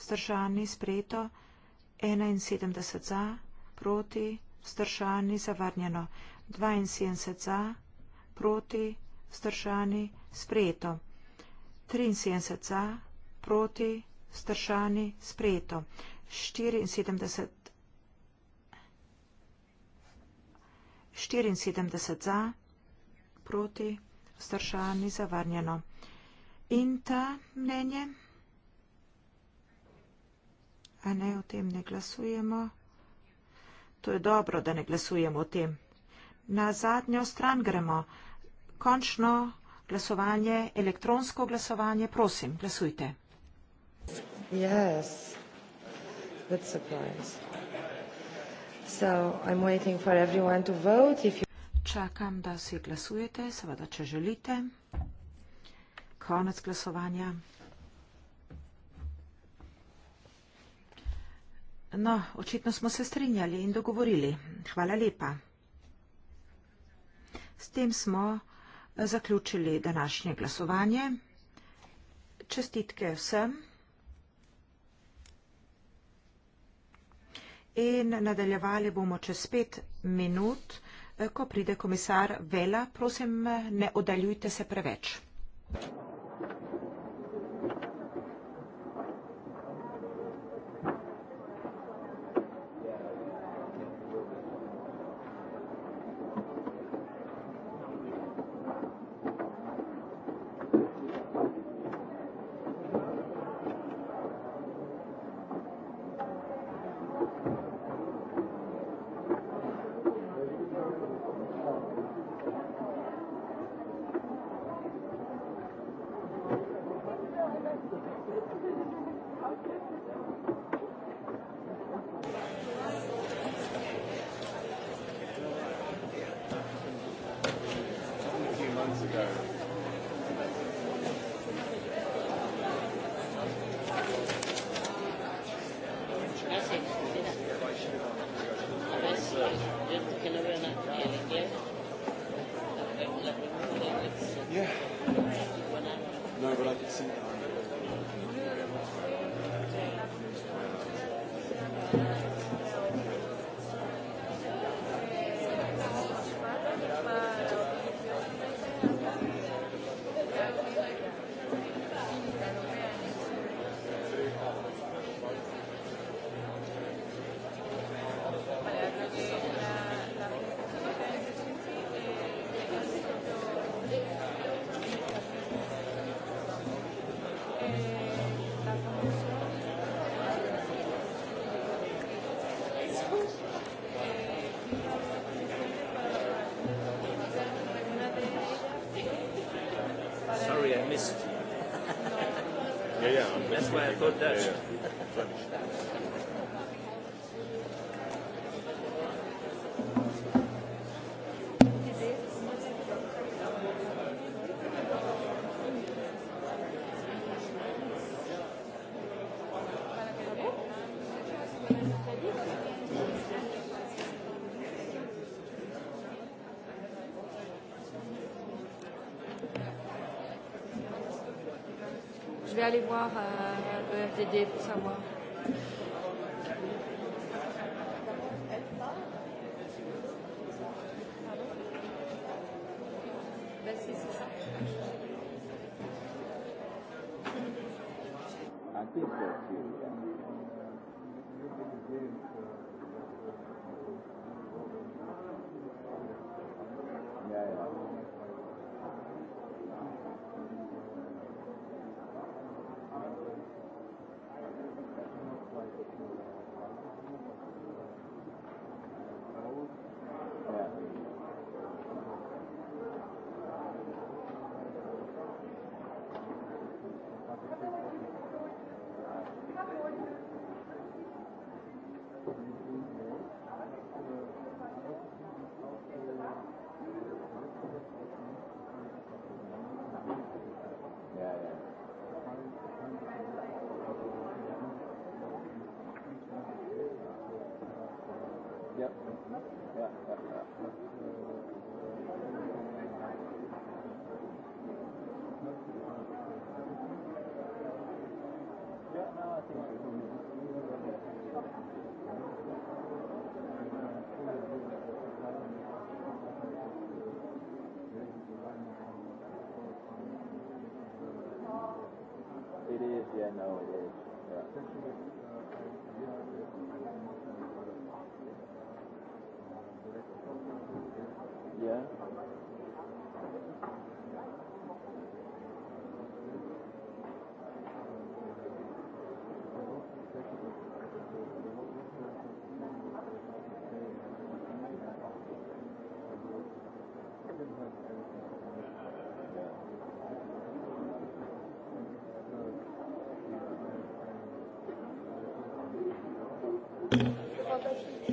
Zdržani? Sprejeto. 71 za? Proti? Zdržani? Zavrnjeno. 72 za? Proti? Zdržani? Sprejeto. 73 za? Proti? Zdržani? Sprejeto. 74 74 za, proti, vzdržani, zavarnjeno. In ta mnenje? A ne, o tem ne glasujemo. To je dobro, da ne glasujemo o tem. Na zadnjo stran gremo. Končno glasovanje, elektronsko glasovanje. Prosim, glasujte. Yes. That's surprise. So I'm waiting for everyone to vote. If you... Čakam, da si glasujete, seveda, če želite. Konec glasovanja. No, očitno smo se strinjali in dogovorili. Hvala lepa. S tem smo eh, zaključili današnje glasovanje. Čestitke vsem. in nadaljevali bomo čez pet minut, eh, ko pride komisar Vela. Prosim, ne oddaljujte se preveč. vais aller voir euh, le FDD Ja. Ja, ja, ja.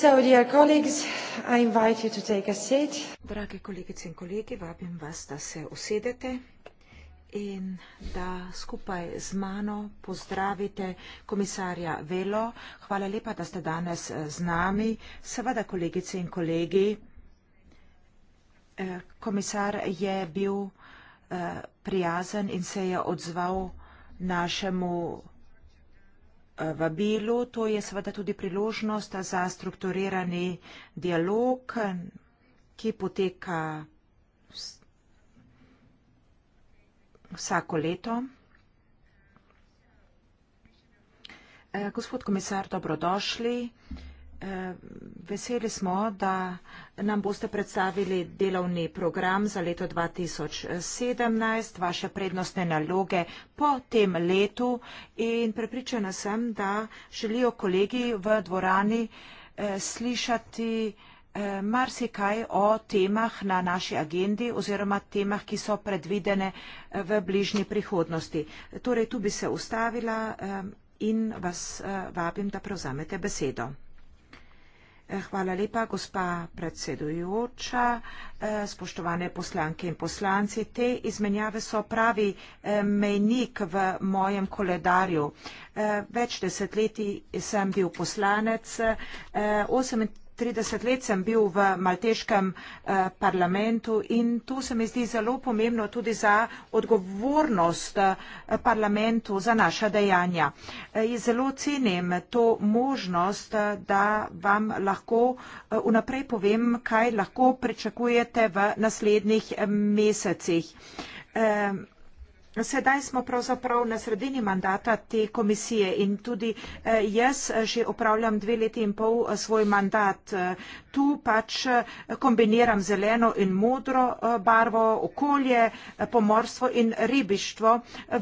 Drage kolegice in kolegi, vabim vas, da se usedete in da skupaj z mano pozdravite komisarja Velo. Hvala lepa, da ste danes eh, z nami. Seveda, kolegice in kolegi, eh, komisar je bil eh, prijazen in se je odzval našemu vabilu. To je seveda tudi priložnost za strukturirani dialog, ki poteka vsako leto. Eh, gospod komisar, dobrodošli. Eh, veseli smo, da nam boste predstavili delovni program za leto 2017, vaše prednostne naloge po tem letu in prepričana sem, da želijo kolegi v dvorani eh, slišati eh, marsikaj o temah na naši agendi oziroma temah, ki so predvidene v bližnji prihodnosti. Torej, tu bi se ustavila in vas vabim, da prevzamete besedo. Eh, hvala lepa, gospa predsedujoča, eh, spoštovane poslanke in poslanci. Te izmenjave so pravi eh, mejnik v mojem koledarju. Več desetletij sem bil poslanec. 30 let sem bil v malteškem eh, parlamentu in tu se mi zdi zelo pomembno tudi za odgovornost eh, parlamentu za naša dejanja. Eh, zelo cenim to možnost, da vam lahko vnaprej povem, kaj lahko pričakujete v naslednjih mesecih. Sedaj smo pravzaprav na sredini mandata te komisije in tudi eh, jaz eh, že upravljam dve leti in pol eh, svoj mandat tu pač eh, kombiniram zeleno in modro eh, barvo, okolje, eh, pomorstvo in ribištvo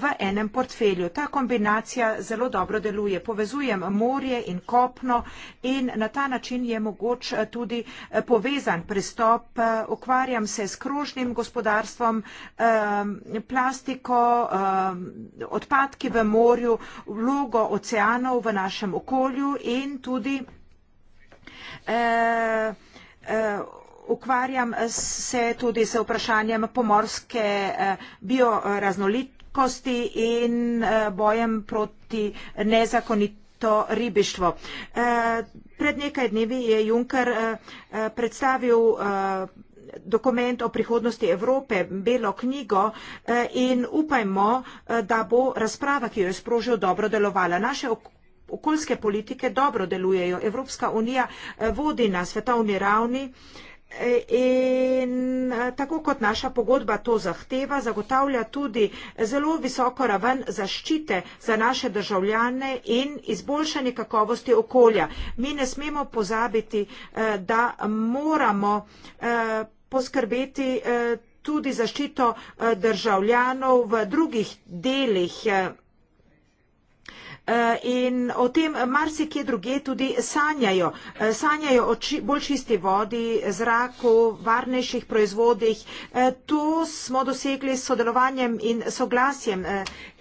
v enem portfelju. Ta kombinacija zelo dobro deluje. Povezujem morje in kopno in na ta način je mogoč tudi povezan pristop. Ukvarjam se s krožnim gospodarstvom, plastiko, odpadki v morju, vlogo oceanov v našem okolju in tudi eh, eh, ukvarjam se tudi z vprašanjem pomorske eh, bioraznolikosti in eh, bojem proti nezakonitosti to ribištvo. Eh, pred nekaj dnevi je Juncker eh, eh, predstavil dokument o prihodnosti Evrope, belo knjigo in upajmo, da bo razprava, ki jo je sprožil, dobro delovala. Naše okoljske politike dobro delujejo. Evropska unija eh, vodi na svetovni ravni eh, in eh, tako kot naša pogodba to zahteva, zagotavlja tudi zelo visoko raven zaščite za naše državljane in izboljšanje kakovosti okolja. Mi ne smemo pozabiti, da moramo poskrbeti tudi zaščito državljanov v drugih delih Eh, in o tem marsikje druge tudi sanjajo. Eh, sanjajo o či, bolj čisti vodi, zraku, varnejših proizvodih. Eh, to smo dosegli s sodelovanjem in soglasjem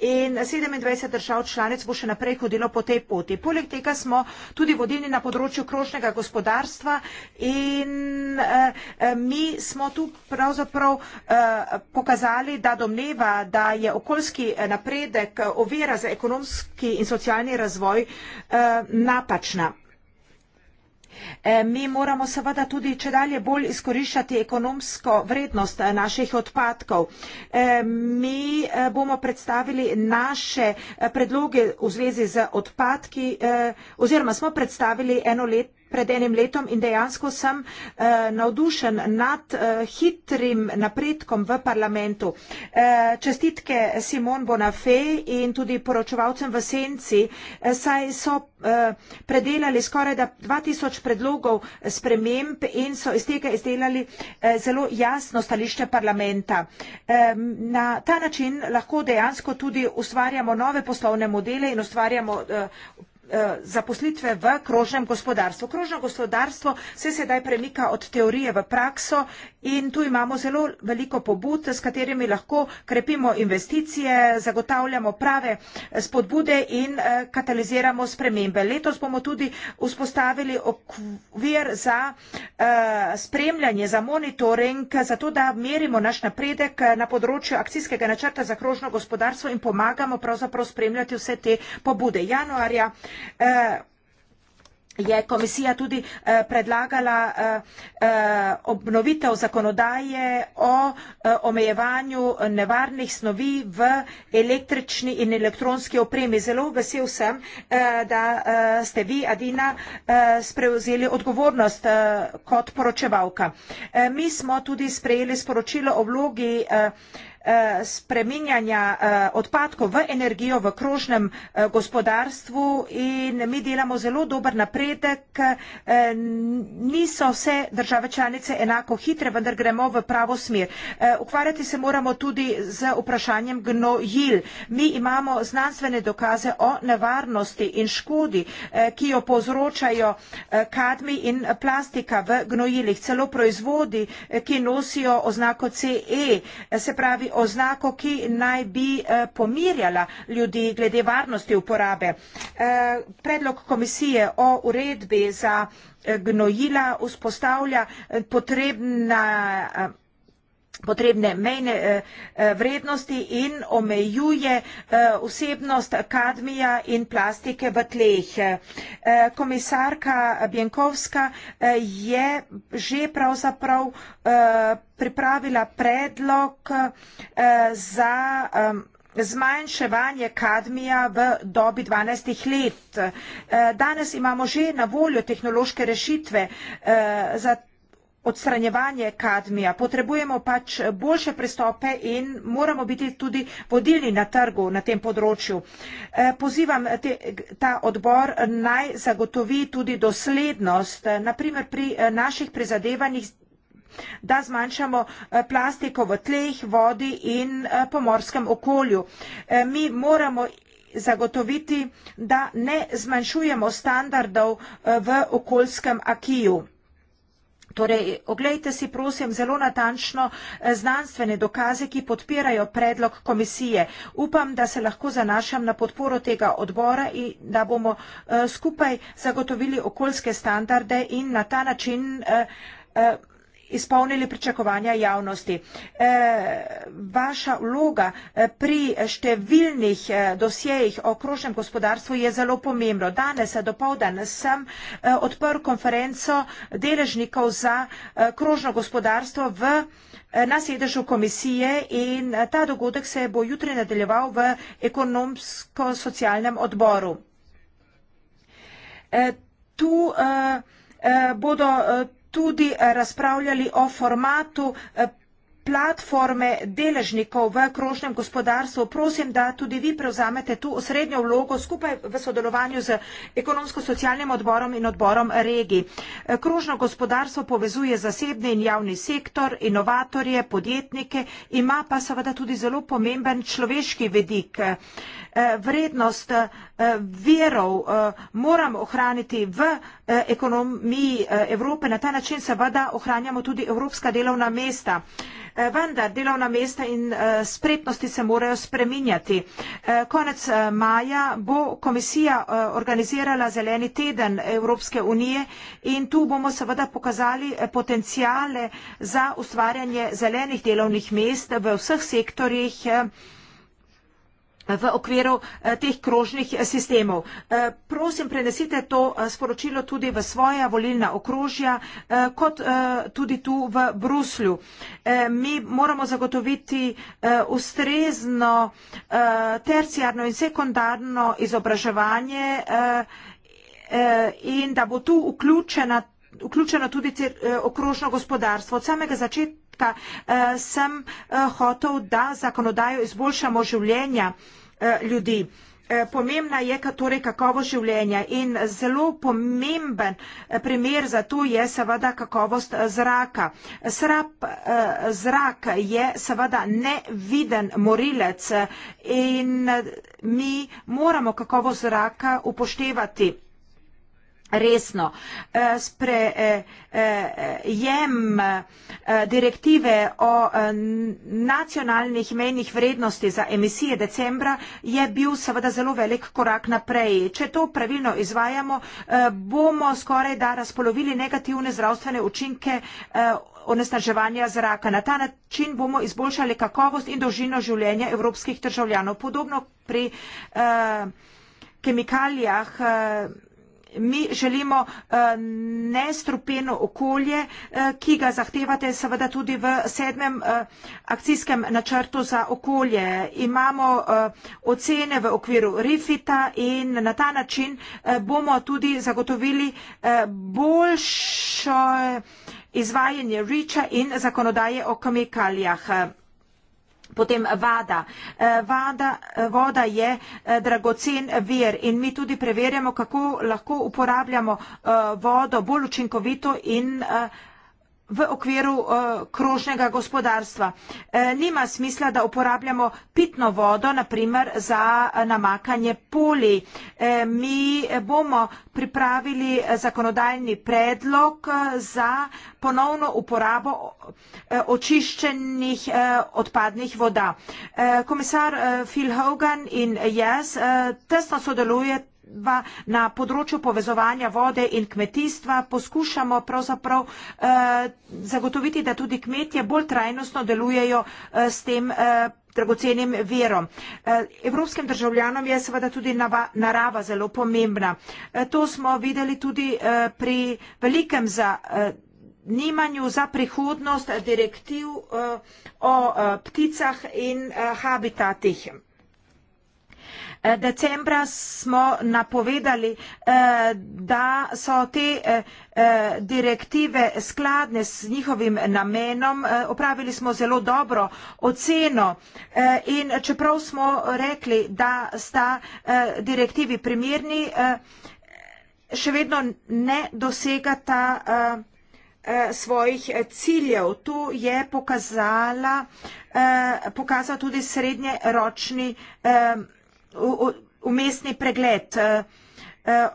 in 27 držav članic bo še naprej hodilo po tej poti. Poleg tega smo tudi vodilni na področju krožnega gospodarstva in eh, eh, mi smo tu pravzaprav eh, pokazali, da domneva, da je okoljski napredek ovira za ekonomski in socialni razvoj napačna. Eh, mi moramo seveda tudi če dalje bolj izkoriščati ekonomsko vrednost eh, naših odpadkov. Eh, mi bomo predstavili naše predloge v zvezi z odpadki oziroma smo predstavili enoletni pred enim letom in dejansko sem uh, navdušen nad uh, hitrim napredkom v parlamentu. Uh, čestitke Simon Bonafé in tudi poročevalcem v Senci, uh, saj so uh, predelali skoraj 2000 predlogov sprememb in so iz tega izdelali uh, zelo jasno stališče parlamenta. Uh, na ta način lahko dejansko tudi ustvarjamo nove poslovne modele in ustvarjamo uh, Eh, zaposlitve v krožnem gospodarstvu. Krožno gospodarstvo se sedaj premika od teorije v prakso in tu imamo zelo veliko pobud, s katerimi lahko krepimo investicije, zagotavljamo prave eh, spodbude in eh, kataliziramo spremembe. Letos bomo tudi vzpostavili okvir za spremljanje, za monitoring, zato da merimo naš napredek na področju akcijskega načrta za krožno gospodarstvo in pomagamo pravzaprav spremljati vse te pobude. Januarja Eh, je komisija tudi eh, predlagala eh, obnovitev zakonodaje o omejevanju nevarnih snovi v električni in elektronski opremi. Zelo vesel sem, da ste vi, Adina, sprevzeli odgovornost kot poročevalka. Mi smo tudi sprejeli sporočilo o vlogi Eh, spreminjanja eh, odpadkov v energijo v krožnem eh, gospodarstvu in mi delamo zelo dober napredek. Niso vse države članice enako hitre, vendar gremo v pravo smer. Ukvarjati se moramo tudi z vprašanjem gnojil. Mi imamo znanstvene dokaze o nevarnosti in škodi, ki jo povzročajo kadmi in plastika v gnojilih, celo proizvodi, ki nosijo oznako CE, se pravi oznako, ki naj bi eh, pomirjala ljudi glede varnosti uporabe. Eh, predlog komisije o uredbi za eh, gnojila vzpostavlja potrebna potrebne mejne eh, eh, vrednosti in omejuje eh, vsebnost kadmija in plastike v tleh. Komisarka Bjenkovska je že pravzaprav pripravila predlog za zmanjševanje kadmija v dobi 12 let. Danes imamo že na voljo tehnološke rešitve za to, odstranjevanje kadmija, potrebujemo pač boljše pristope in moramo biti tudi vodilni na trgu na tem področju. Eh, pozivam te, ta odbor naj zagotovi tudi doslednost, eh, naprimer pri eh, naših prizadevanjih, da zmanjšamo plastiko v tleh, vodi in pomorskem okolju. Mi moramo zagotoviti, da ne zmanjšujemo standardov v okoljskem akiju. Torej, oglejte si prosim zelo natančno eh, znanstvene dokaze, ki podpirajo predlog komisije. Upam, da se lahko zanašam na podporo tega odbora in da bomo eh, skupaj zagotovili okoljske standarde in na ta način eh, izpolnili pričakovanja javnosti. E, vaša vloga eh, pri številnih eh, dosjejih o krožnem gospodarstvu je zelo pomembna. Danes, do povdan, sem odprl konferenco deležnikov za krožno gospodarstvo v na sedežu komisije in ta dogodek se bo jutri nadaljeval v ekonomsko-socialnem odboru. E, tu e, bodo tudi eh, razpravljali o formatu eh, platforme deležnikov v krožnem gospodarstvu. Prosim, da tudi vi prevzamete tu osrednjo vlogo skupaj v sodelovanju z ekonomsko-socialnim odborom in odborom regij. Krožno gospodarstvo povezuje zasebni in javni sektor, inovatorje, podjetnike, ima pa seveda tudi zelo pomemben človeški vedik. Eh, vrednost eh, verov eh, moramo ohraniti v ekonomiji Evrope, na ta način seveda ohranjamo tudi evropska delovna mesta. Eh, vendar delovna mesta in eh, spretnosti se morajo spreminjati. Eh, konec maja bo komisija organizirala zeleni teden Evropske unije in tu bomo seveda pokazali potencijale za ustvarjanje zelenih delovnih mest v vseh sektorjih v okviru eh, teh krožnih eh, sistemov. Eh, prosim, prenesite to sporočilo tudi v svoja volilna okrožja, kot tudi tu v Bruslju. Mi moramo zagotoviti ustrezno terciarno in sekundarno izobraževanje in da bo tu vključena, vključeno tudi okrožno gospodarstvo. Od samega začetka začetka eh, sem eh, hotel, da zakonodajo izboljšamo življenja eh, ljudi. Pomembna je torej kakovo življenja in zelo pomemben primer za to je seveda kakovost zraka. Srap zrak je seveda neviden morilec in mi moramo kakovost zraka upoštevati resno. Eh, Sprejem eh, eh, direktive o nacionalnih menjih vrednosti za emisije decembra je bil seveda zelo velik korak naprej. Če to pravilno izvajamo, bomo skoraj da razpolovili negativne zdravstvene učinke onesnaževanja zraka. Na ta način bomo izboljšali kakovost in dolžino življenja evropskih državljanov. Podobno pri kemikalijah mi želimo eh, nestrupeno okolje, eh, ki ga zahtevate seveda tudi v sedmem eh, akcijskem načrtu za okolje. Imamo ocene v okviru RIFIT-a in na ta način bomo tudi zagotovili boljšo izvajanje REACH-a in zakonodaje o kemikalijah potem vada. Eh, vada. Eh, voda je eh, dragocen vir in mi tudi preverjamo, kako lahko uporabljamo vodo bolj učinkovito in v okviru uh, krožnega gospodarstva. E, nima smisla, da uporabljamo pitno vodo, naprimer za eh, namakanje poli. E, mi bomo pripravili zakonodajni predlog za ponovno uporabo očiščenih odpadnih voda. Komisar Phil Hogan in jaz tesno sodelujete na področju povezovanja vode in kmetijstva poskušamo pravzaprav eh, zagotoviti, da tudi kmetje bolj trajnostno delujejo eh, s tem eh, dragocenim verom. Eh, evropskim državljanom je seveda tudi nava, narava zelo pomembna. Eh, to smo videli tudi eh, pri velikem zanimanju za prihodnost direktiv o pticah in habitatih. Eh, decembra smo napovedali, eh, da so te eh, direktive skladne s njihovim namenom. Opravili smo zelo dobro oceno in čeprav smo rekli, da sta direktivi primerni, še vedno ne dosegata svojih ciljev. To je pokazala, pokazal tudi srednjeročni umestni pregled eh, eh,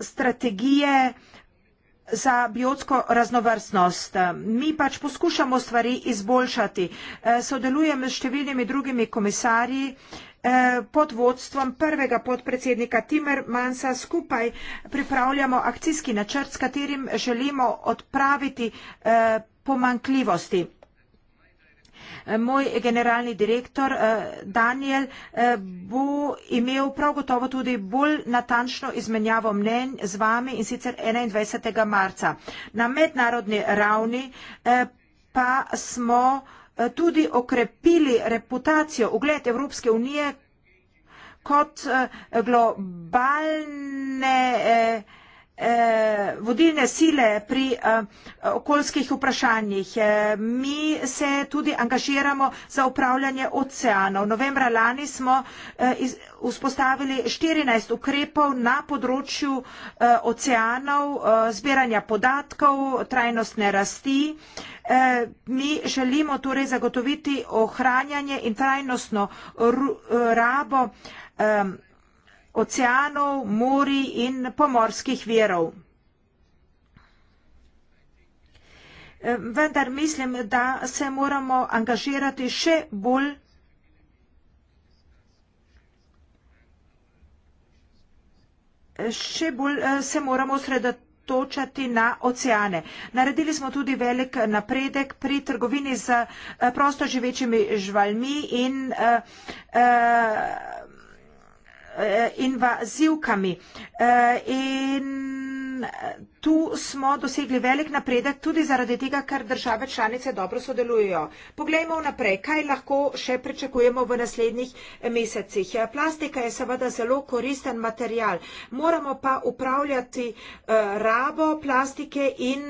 strategije za biotsko raznovrstnost. Mi pač poskušamo stvari izboljšati. Eh, sodelujem s številnimi drugimi komisarji pod vodstvom prvega podpredsednika Timmermansa skupaj pripravljamo akcijski načrt, s katerim želimo odpraviti pomankljivosti moj generalni direktor eh, Daniel eh, bo imel prav gotovo tudi bolj natančno izmenjavo mnenj z vami in sicer 21. marca. Na mednarodni ravni eh, pa smo tudi okrepili reputacijo, ugled Evropske unije kot globalne vsega, eh, vodilne sile pri eh, okoljskih vprašanjih. Eh, mi se tudi angažiramo za upravljanje oceanov. Novembra lani smo eh, iz, vzpostavili 14 ukrepov na področju eh, oceanov, eh, zbiranja podatkov, trajnostne rasti. Eh, mi želimo torej zagotoviti ohranjanje in trajnostno eh, rabo eh, oceanov, mori in pomorskih verov. Vendar mislim, da se moramo angažirati še bolj še bolj eh, se moramo sredotočati na oceane. Naredili smo tudi velik napredek pri trgovini z eh, prostoživečimi žvalmi in uh, uh, Eh, invazivkami. Eh, in eh, tu smo dosegli velik napredek tudi zaradi tega, ker države članice dobro sodelujejo. Poglejmo naprej, kaj lahko še pričakujemo v naslednjih mesecih. Plastika je seveda zelo koristen material. Moramo pa upravljati rabo plastike in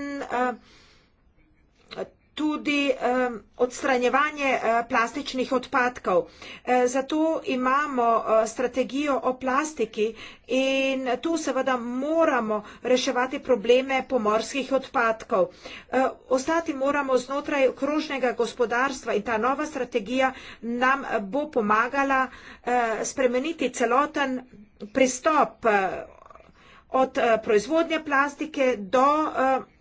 tudi um, odstranjevanje uh, plastičnih odpadkov. E, zato imamo uh, strategijo o plastiki in tu seveda moramo reševati probleme pomorskih odpadkov. E, ostati moramo znotraj okrožnega gospodarstva in ta nova strategija nam bo pomagala uh, spremeniti celoten pristop uh, od uh, proizvodnje plastike do. Uh,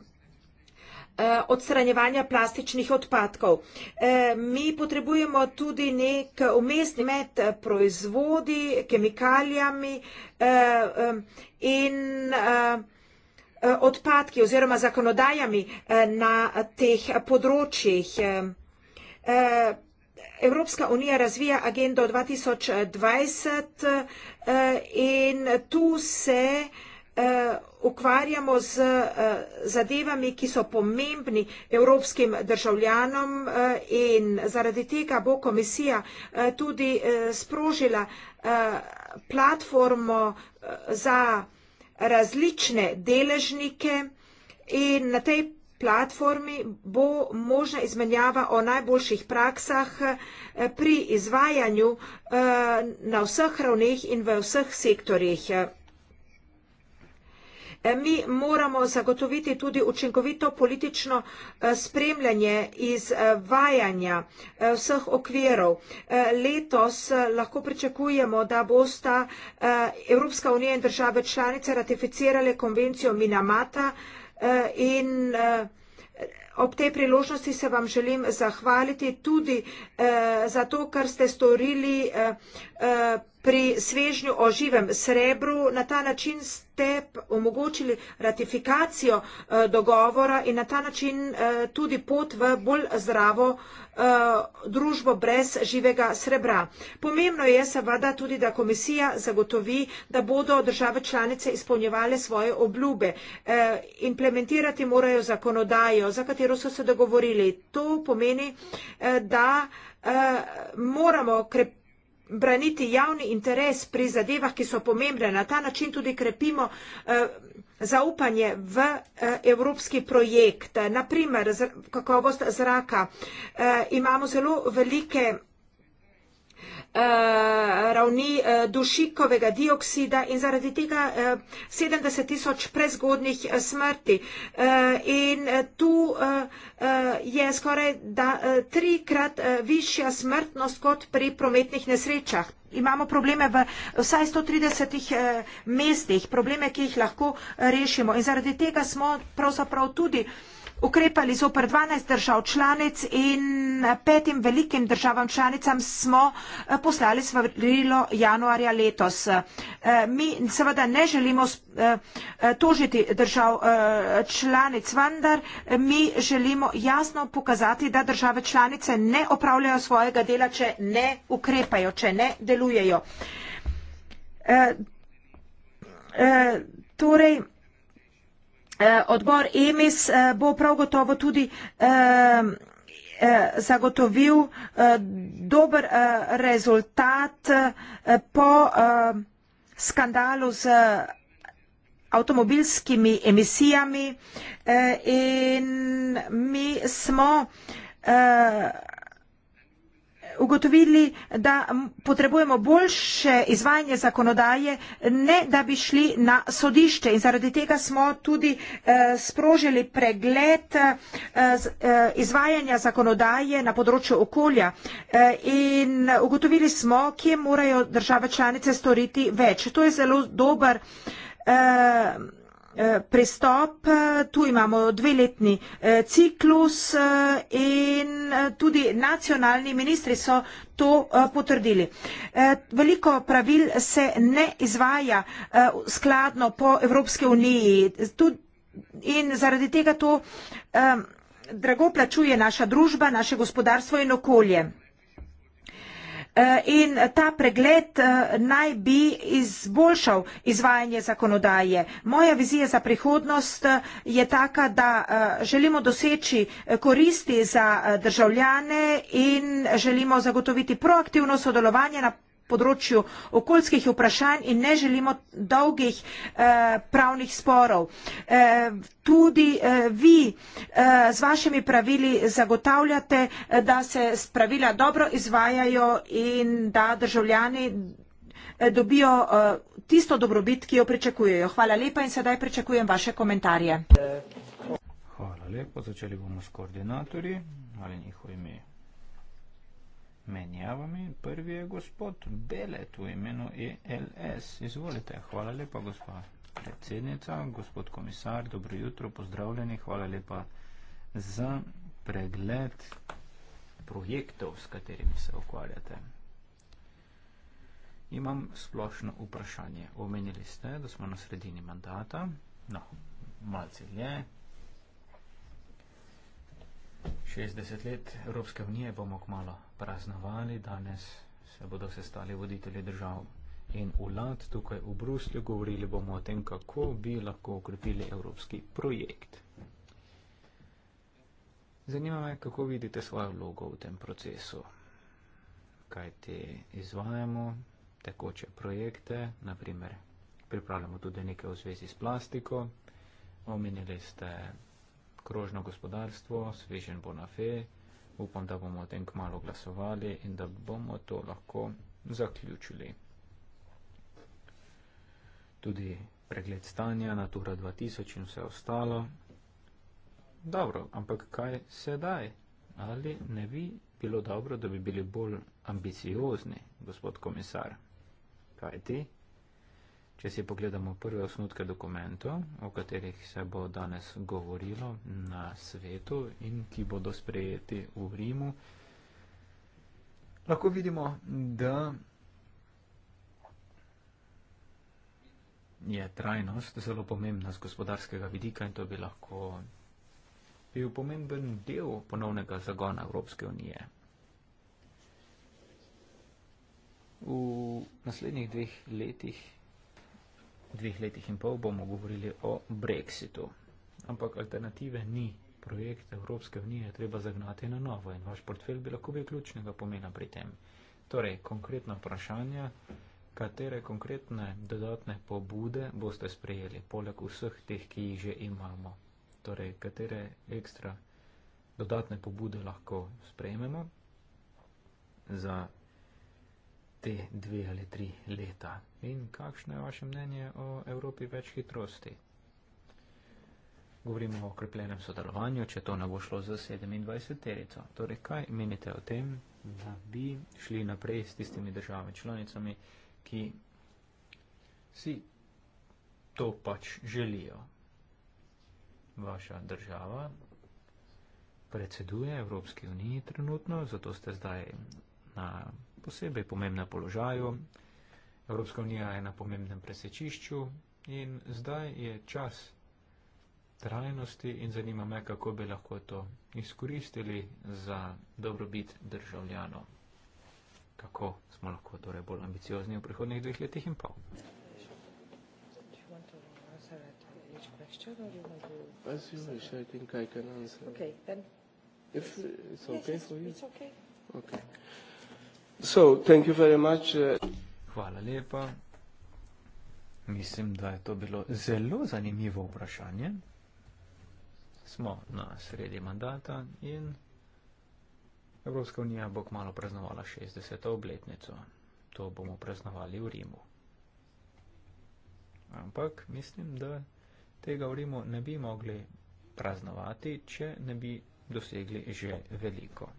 Eh, odstranjevanja plastičnih odpadkov. Eh, mi potrebujemo tudi nek umestni med proizvodi, kemikalijami eh, in odpadki oziroma zakonodajami na teh področjih. Evropska unija razvija agendo 2020 in tu se odpravlja ukvarjamo z eh, zadevami, ki so pomembni evropskim državljanom eh, in zaradi tega bo komisija eh, tudi sprožila platformo za različne deležnike in na tej platformi bo možna izmenjava o najboljših praksah pri izvajanju na vseh ravneh in v vseh sektorjih. E, mi moramo zagotoviti tudi učinkovito politično e, spremljanje izvajanja e, vseh okvirov. Letos lahko pričakujemo, da bosta Evropska unija in države članice ratificirale konvencijo Minamata in Ob tej priložnosti se vam želim zahvaliti tudi eh, za to, kar ste storili eh, eh, pri svežnju o živem srebru. Na ta način ste omogočili ratifikacijo eh, dogovora in na ta način eh, tudi pot v bolj zdravo eh, družbo brez živega srebra. Pomembno je seveda tudi, da komisija zagotovi, da bodo države članice izpolnjevale svoje obljube. Implementirati morajo zakonodajo, za katero so se dogovorili. To pomeni, da moramo krepiti braniti javni interes pri zadevah, ki so pomembne. Na ta način tudi krepimo eh, zaupanje v eh, evropski projekt. Naprimer, kakovost zraka. Eh, imamo zelo velike Eh, ravni eh, dušikovega dioksida in zaradi tega 70 eh, tisoč prezgodnih smrti. In tu je skoraj da, trikrat višja smrtnost kot pri prometnih nesrečah. Imamo probleme v vsaj 130 mestih, probleme, ki jih lahko rešimo. In zaradi tega smo pravzaprav tudi uh, ukrepali zoper 12 držav članic in petim velikim državam članicam smo eh, poslali svarilo januarja letos. Eh, mi seveda ne želimo eh, tožiti držav članic, vendar mi želimo jasno pokazati, da države članice ne opravljajo svojega dela, če ne ukrepajo, če ne delujejo. Torej, Eh, odbor EMIS eh, bo prav gotovo tudi eh, zagotovil dober rezultat po skandalu z avtomobilskimi emisijami in mi smo ugotovili, da potrebujemo boljše izvajanje zakonodaje, ne da bi šli na sodišče. In zaradi tega smo tudi eh, sprožili pregled eh, eh, izvajanja zakonodaje na področju okolja. In ugotovili smo, kje morajo države članice storiti več. To je zelo dober Eh, prestop, eh, tu imamo dveletni eh, ciklus in tudi nacionalni ministri so to potrdili. Veliko pravil se ne izvaja skladno po Evropske uniji in zaradi tega to drago plačuje naša družba, naše gospodarstvo in okolje. Eh, in ta pregled eh, naj bi izboljšal izvajanje zakonodaje. Moja vizija za prihodnost eh, je taka, da želimo doseči koristi za državljane in želimo zagotoviti proaktivno sodelovanje na področju okoljskih vprašanj in ne želimo dolgih eh, pravnih sporov. Eh, tudi eh, vi z vašimi pravili zagotavljate, da se pravila dobro izvajajo in da državljani dobijo tisto dobrobit, ki jo pričakujejo. Hvala lepa in sedaj pričakujem vaše komentarje. Hvala lepo. Začeli bomo s koordinatorji ali njihovo ime menjavami. Prvi je gospod Belet v imenu ELS. Izvolite. Hvala lepa, gospod predsednica, gospod komisar. Dobro jutro, pozdravljeni. Hvala lepa za pregled projektov, s katerimi se ukvarjate. Imam splošno vprašanje. Omenili ste, da smo na sredini mandata. No, malce je, 60 let Evropske unije bomo kmalo praznovali, danes se bodo sestali voditelji držav in vlad tukaj v Bruslju, govorili bomo o tem, kako bi lahko ukrepili evropski projekt. Zanima me, kako vidite svojo vlogo v tem procesu, kaj te izvajamo, tekoče projekte, naprimer pripravljamo tudi nekaj v zvezi s plastiko, omenili ste vsega, krožno gospodarstvo, svežen bo na fe, upam, da bomo o tem kmalo glasovali in da bomo to lahko zaključili. Tudi pregled stanja, Natura 2000 in vse ostalo. Dobro, ampak kaj sedaj? Ali ne bi bilo dobro, da bi bili bolj ambiciozni, gospod komisar? Kaj ti? Če si pogledamo prve osnutke dokumentov, o katerih se bo danes govorilo na svetu in ki bodo sprejeti v Rimu, lahko vidimo, da je trajnost zelo pomembna z gospodarskega vidika in to bi lahko bil pomemben del ponovnega zagona Evropske unije. V naslednjih dveh letih dveh letih in pol bomo govorili o Brexitu. Ampak alternative ni. Projekt Evropske unije je treba zagnati na novo in vaš portfelj bi lahko bil ključnega pomena pri tem. Torej, konkretna vprašanja, katere konkretne dodatne pobude boste sprejeli, poleg vseh teh, ki jih že imamo. Torej, katere ekstra dodatne pobude lahko sprejmemo za te dve ali tri leta. In kakšno je vaše mnenje o Evropi več hitrosti? Govorimo o okrepljenem sodelovanju, če to ne bo šlo za 27 terico. Torej, kaj menite o tem, da bi šli naprej s tistimi državami članicami, ki si to pač želijo? Vaša država predseduje Evropski uniji trenutno, zato ste zdaj na posebej pomembna položaju. Evropska unija je na pomembnem presečišču in zdaj je čas trajnosti in zanima me, kako bi lahko to izkoristili za dobrobit državljanov. Kako smo lahko torej bolj ambiciozni v prihodnjih dveh letih in pol? Okay, So, thank you very much. Uh, Hvala lepa. Mislim, da je to bilo zelo zanimivo vprašanje. Smo na sredi mandata in Evropska unija bo kmalo praznovala 60. obletnico. To bomo praznovali v Rimu. Ampak mislim, da tega v Rimu ne bi mogli praznovati, če ne bi dosegli že veliko.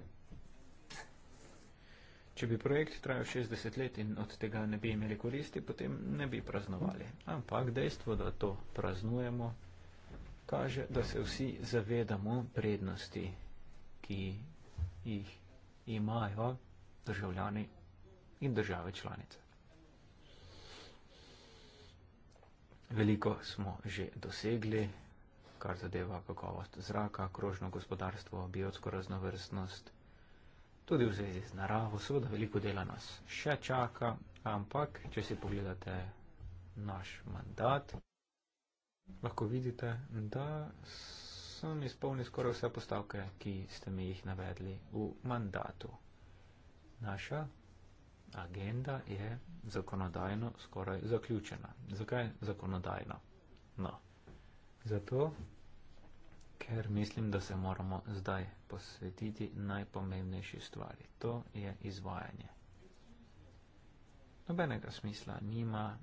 Če bi projekt trajal 60 let in od tega ne bi imeli koristi, potem ne bi praznovali. Ampak dejstvo, da to praznujemo, kaže, da se vsi zavedamo prednosti, ki jih imajo državljani in države članice. Veliko smo že dosegli, kar zadeva kakovost zraka, krožno gospodarstvo, biotsko raznovrstnost tudi v zvezi z naravo, seveda veliko dela nas še čaka, ampak če si pogledate naš mandat, lahko vidite, da sem izpolnil skoraj vse postavke, ki ste mi jih navedli v mandatu. Naša agenda je zakonodajno skoraj zaključena. Zakaj zakonodajno? No, zato, ker mislim, da se moramo zdaj posvetiti najpomembnejši stvari. To je izvajanje. Nobenega smisla nima,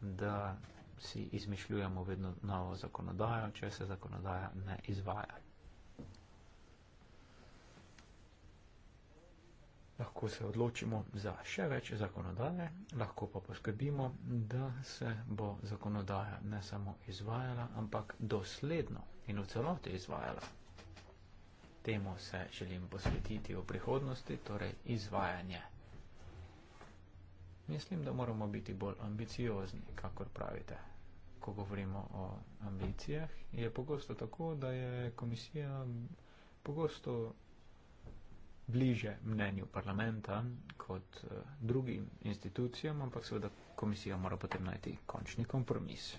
da si izmišljujemo vedno novo zakonodajo, če se zakonodaja ne izvaja. Lahko se odločimo za še več zakonodaje, lahko pa poskrbimo, da se bo zakonodaja ne samo izvajala, ampak dosledno in v celoti izvajala. Temu se želim posvetiti v prihodnosti, torej izvajanje. Mislim, da moramo biti bolj ambiciozni, kakor pravite. Ko govorimo o ambicijah, je pogosto tako, da je komisija pogosto bliže mnenju parlamenta kot eh, drugim institucijam, ampak seveda komisija mora potem najti končni kompromis.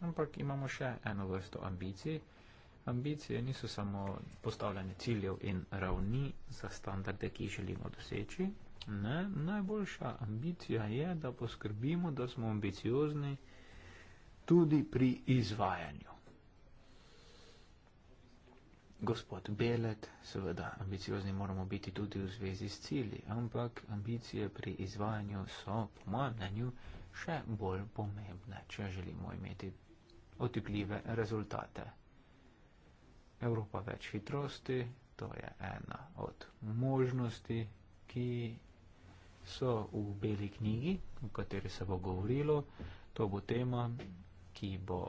Ampak imamo še eno vrsto ambicij. Ambicije niso samo postavljanje ciljev in ravni za standarde, ki jih želimo doseči. Ne, najboljša ambicija je, da poskrbimo, da smo ambiciozni tudi pri izvajanju. Gospod Belet, seveda, ambiciozni moramo biti tudi v zvezi s cilji, ampak ambicije pri izvajanju so, po mojem mnenju, še bolj pomembne, če želimo imeti otipljive rezultate. Evropa več hitrosti, to je ena od možnosti, ki so v beli knjigi, o kateri se bo govorilo. To bo tema, ki bo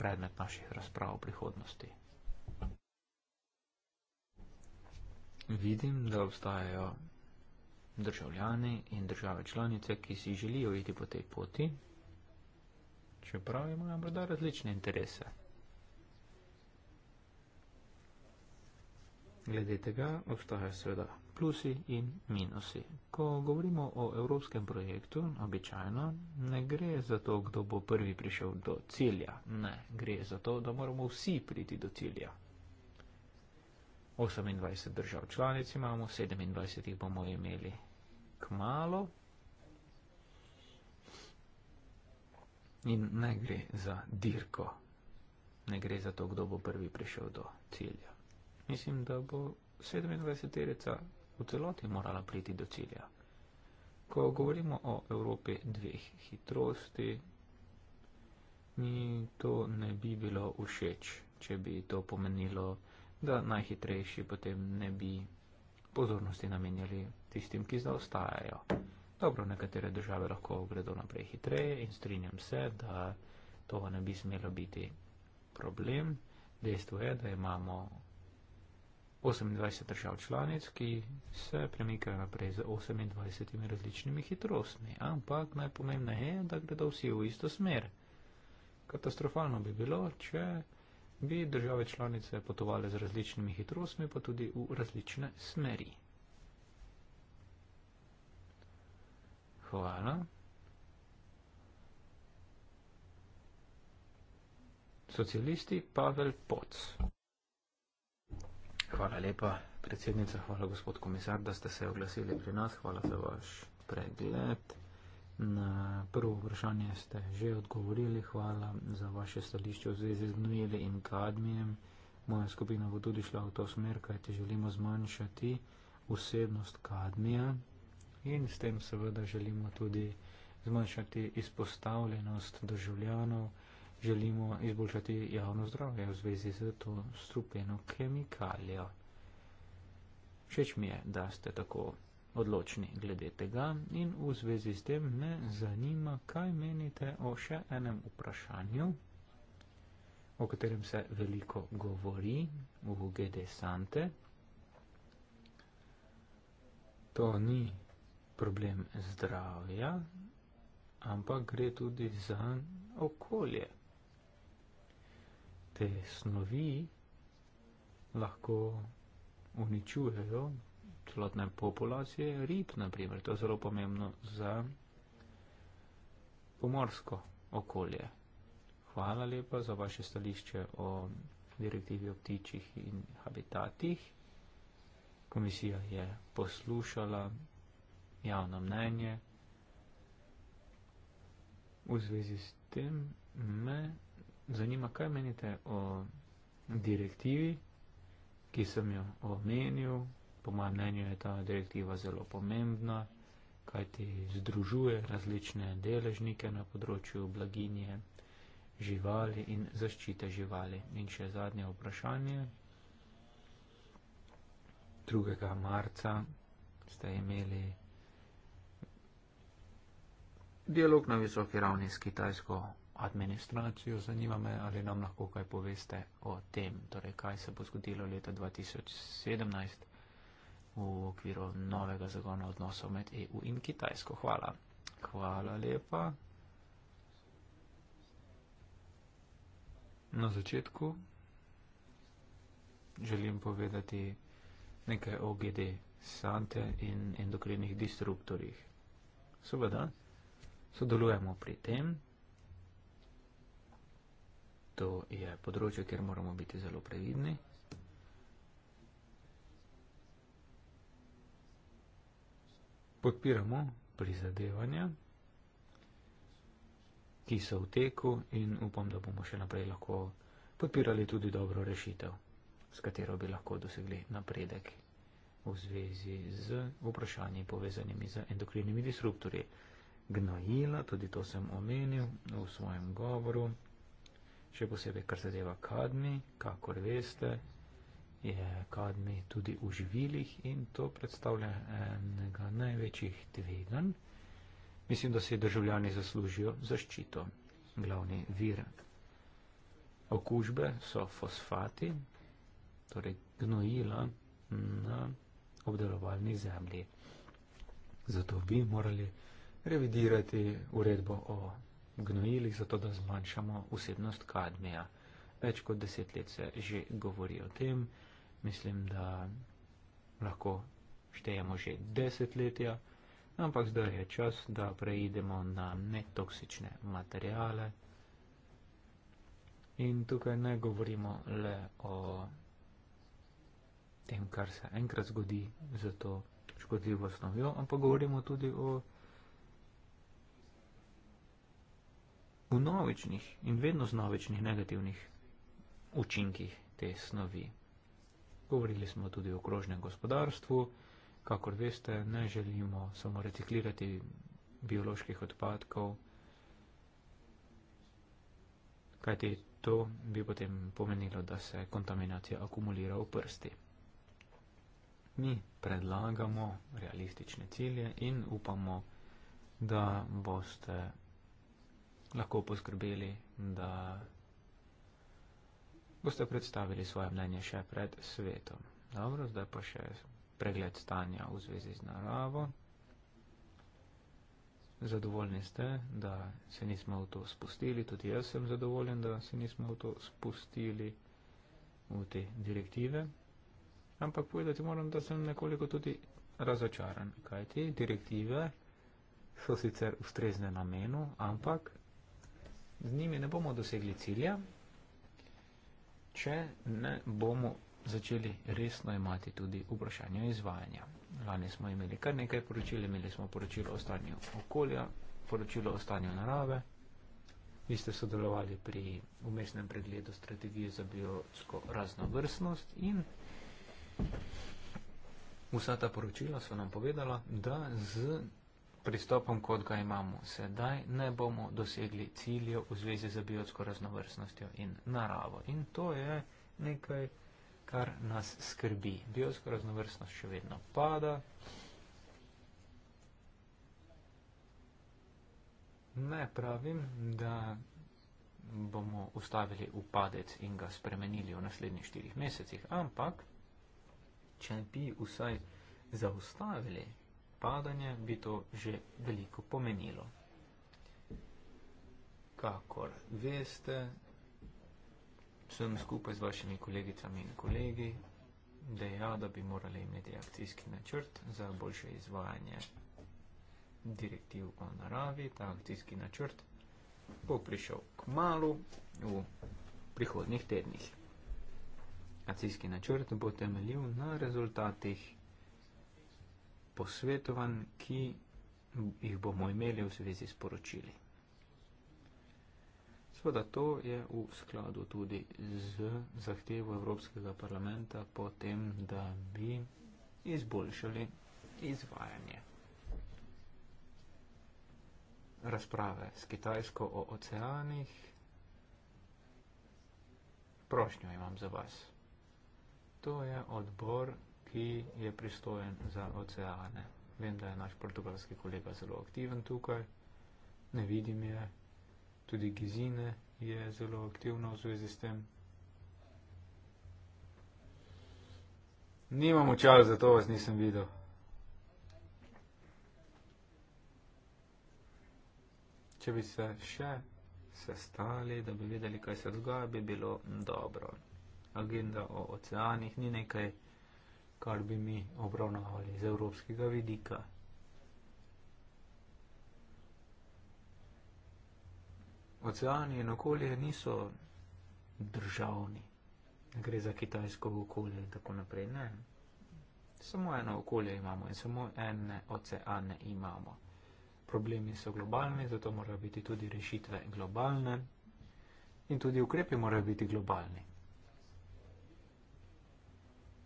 predmet naših razprav v prihodnosti. Vidim, da obstajajo državljani in države članice, ki si želijo iti po tej poti, čeprav imajo morda različne interese. Glede tega obstajajo seveda plusi in minusi. Ko govorimo o evropskem projektu, običajno ne gre za to, kdo bo prvi prišel do cilja. Ne, gre za to, da moramo vsi priti do cilja. 28 držav članic imamo, 27 jih bomo imeli k malo. In ne gre za dirko, ne gre za to, kdo bo prvi prišel do cilja. Mislim, da bo 27-terica v celoti morala priti do cilja. Ko govorimo o Evropi dveh hitrosti, mi to ne bi bilo všeč, če bi to pomenilo da najhitrejši potem ne bi pozornosti namenjali tistim, ki zaostajajo. Dobro, nekatere države lahko gredo naprej hitreje in strinjam se, da to ne bi smelo biti problem. Dejstvo je, da imamo 28 držav članic, ki se premikajo naprej z 28 različnimi hitrostmi, ampak najpomembneje je, da gredo vsi v isto smer. Katastrofalno bi bilo, če bi države članice potovali z različnimi hitrostmi, pa tudi v različne smeri. Hvala. Socialisti Pavel Poc. Hvala lepa, predsednica, hvala gospod komisar, da ste se oglasili pri nas, hvala za vaš pregled. Na prvo vprašanje ste že odgovorili. Hvala za vaše stališče v zvezi z gnojili in kadmijem. Moja skupina bo tudi šla v to smer, kaj ti želimo zmanjšati vsebnost kadmija in s tem seveda želimo tudi zmanjšati izpostavljenost državljanov, želimo izboljšati javno zdravje v zvezi z to strupeno kemikalijo. Všeč mi je, da ste tako odločni glede tega in v zvezi s tem me zanima, kaj menite o še enem vprašanju, o katerem se veliko govori v GD Sante. To ni problem zdravja, ampak gre tudi za okolje. Te snovi lahko uničujejo celotne populacije rib, naprimer. To je zelo pomembno za pomorsko okolje. Hvala lepa za vaše stališče o direktivi o ptičjih in habitatih. Komisija je poslušala javno mnenje. V zvezi s tem me zanima, kaj menite o direktivi, ki sem jo omenil po mojem mnenju je ta direktiva zelo pomembna, kajti združuje različne deležnike na področju blaginje živali in zaščite živali. In še zadnje vprašanje. 2. marca ste imeli dialog na visoki ravni s kitajsko administracijo. Zanima me, ali nam lahko kaj poveste o tem, torej kaj se bo zgodilo leta 2017 v okviru novega zagona odnosov med EU in Kitajsko. Hvala. Hvala lepa. Na začetku želim povedati nekaj o GD Sante in endokrinih disruptorjih. Seveda, sodelujemo pri tem. To je področje, kjer moramo biti zelo previdni. podpiramo prizadevanja, ki so v teku in upam, da bomo še naprej lahko podpirali tudi dobro rešitev, s katero bi lahko dosegli napredek v zvezi z vprašanji povezanimi z endokrinimi disruptorji. Gnojila, tudi to sem omenil v svojem govoru, še posebej kar zadeva kadmi, kakor veste, je kadmi tudi v živilih in to predstavlja enega največjih tveganj. Mislim, da si državljani zaslužijo zaščito. Glavni vir okužbe so fosfati, torej gnojila na obdelovalni zemlji. Zato bi morali revidirati uredbo o gnojilih, zato da zmanjšamo vsebnost kadmija. Več kot deset let se že govori o tem, mislim, da lahko štejemo že desetletja, ampak zdaj je čas, da preidemo na netoksične materijale. In tukaj ne govorimo le o tem, kar se enkrat zgodi za to škodljivo snovjo, ampak govorimo tudi o vnovičnih in vedno znovičnih negativnih učinkih te snovi. Govorili smo tudi o krožnem gospodarstvu. Kakor veste, ne želimo samo reciklirati bioloških odpadkov, kajti to bi potem pomenilo, da se kontaminacija akumulira v prsti. Mi predlagamo realistične cilje in upamo, da boste lahko poskrbeli, da boste predstavili svoje mnenje še pred svetom. Dobro, zdaj pa še pregled stanja v zvezi z naravo. Zadovoljni ste, da se nismo v to spustili, tudi jaz sem zadovoljen, da se nismo v to spustili v te direktive. Ampak povedati moram, da sem nekoliko tudi razočaran, kaj ti direktive so sicer ustrezne namenu, ampak z njimi ne bomo dosegli cilja, če ne bomo začeli resno imati tudi vprašanje izvajanja. Lani smo imeli kar nekaj poročil, imeli smo poročilo o stanju okolja, poročilo o stanju narave. Vi ste sodelovali pri umestnem pregledu strategije za biotsko raznovrstnost in vsa ta poročila so nam povedala, da z pristopom, kot ga imamo sedaj, ne bomo dosegli ciljev v zvezi z biotsko raznovrstnostjo in naravo. In to je nekaj, kar nas skrbi. Biotsko raznovrstnost še vedno pada. Ne pravim, da bomo ustavili upadec in ga spremenili v naslednjih štirih mesecih, ampak če bi vsaj zaustavili padanje, bi to že veliko pomenilo. Kakor veste, sem skupaj z vašimi kolegicami in kolegi dejal, da bi morali imeti akcijski načrt za boljše izvajanje direktiv o naravi. Ta akcijski načrt bo prišel k malu v prihodnih tednih. Akcijski načrt bo temeljil na rezultatih posvetovanj, ki jih bomo imeli v zvezi s poročili. Sveda to je v skladu tudi z zahtevo Evropskega parlamenta po tem, da bi izboljšali izvajanje razprave s Kitajsko o oceanih. Prošnjo imam za vas. To je odbor ki je pristojen za oceane. Vem, da je naš portugalski kolega zelo aktiven tukaj, ne vidim je, tudi Gizine je zelo aktivna v zvezi s tem. Nimam očal, zato vas nisem videl. Če bi se še sestali, da bi vedeli, kaj se dogaja, bi bilo dobro. Agenda o oceanih ni nekaj kar bi mi obravnavali z evropskega vidika. Oceani in okolje niso državni, ne gre za kitajsko okolje in tako naprej, ne. Samo eno okolje imamo in samo ene oceane imamo. Problemi so globalni, zato morajo biti tudi rešitve globalne in tudi ukrepi morajo biti globalni.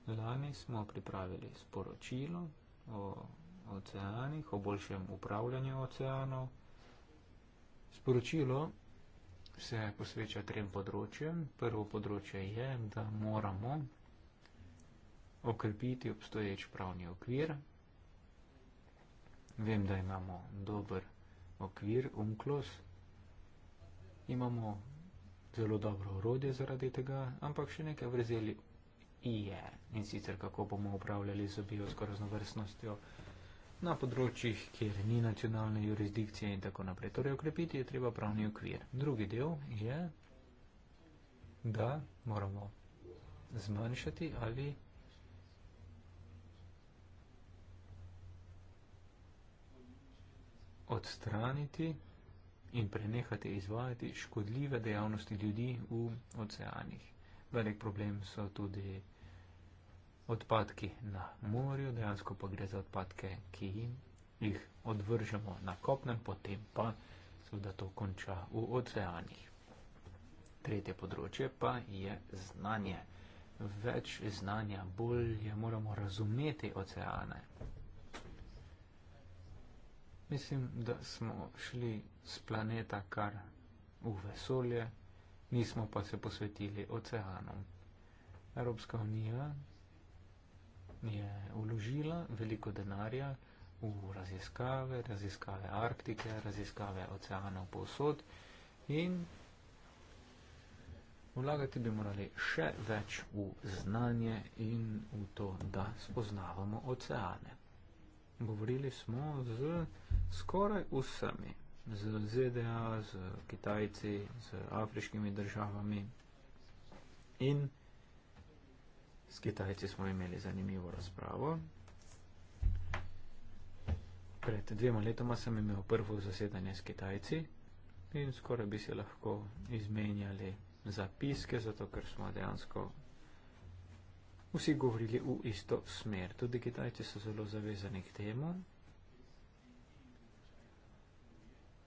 Lani smo pripravili sporočilo o oceanih, o boljšem upravljanju oceanov. Sporočilo se posveča trem področjem. Prvo področje je, da moramo okrepiti obstoječ pravni okvir. Vem, da imamo dober okvir, unklos. Imamo zelo dobro urodje zaradi tega, ampak še nekaj vrzeli je in sicer kako bomo upravljali z biotsko raznovrstnostjo na področjih, kjer ni nacionalne jurisdikcije in tako naprej. Torej, okrepiti je treba pravni okvir. Drugi del je, da moramo zmanjšati ali odstraniti in prenehati izvajati škodljive dejavnosti ljudi v oceanih. Velik problem so tudi odpadki na morju, dejansko pa gre za odpadke, ki jih odvržemo na kopnem, potem pa seveda to konča v oceanih. Tretje področje pa je znanje. Več znanja, bolje moramo razumeti oceane. Mislim, da smo šli z planeta kar v vesolje, nismo pa se posvetili oceanom. Evropska unija je uložila veliko denarja v raziskave, raziskave Arktike, raziskave oceanov povsod in vlagati bi morali še več v znanje in v to, da spoznavamo oceane. Govorili smo z skoraj vsemi, z ZDA, z Kitajci, z afriškimi državami in S Kitajci smo imeli zanimivo razpravo. Pred dvema letoma sem imel prvo zasedanje s Kitajci in skoraj bi se lahko izmenjali zapiske, zato ker smo dejansko vsi govorili v isto smer. Tudi Kitajci so zelo zavezani k temu.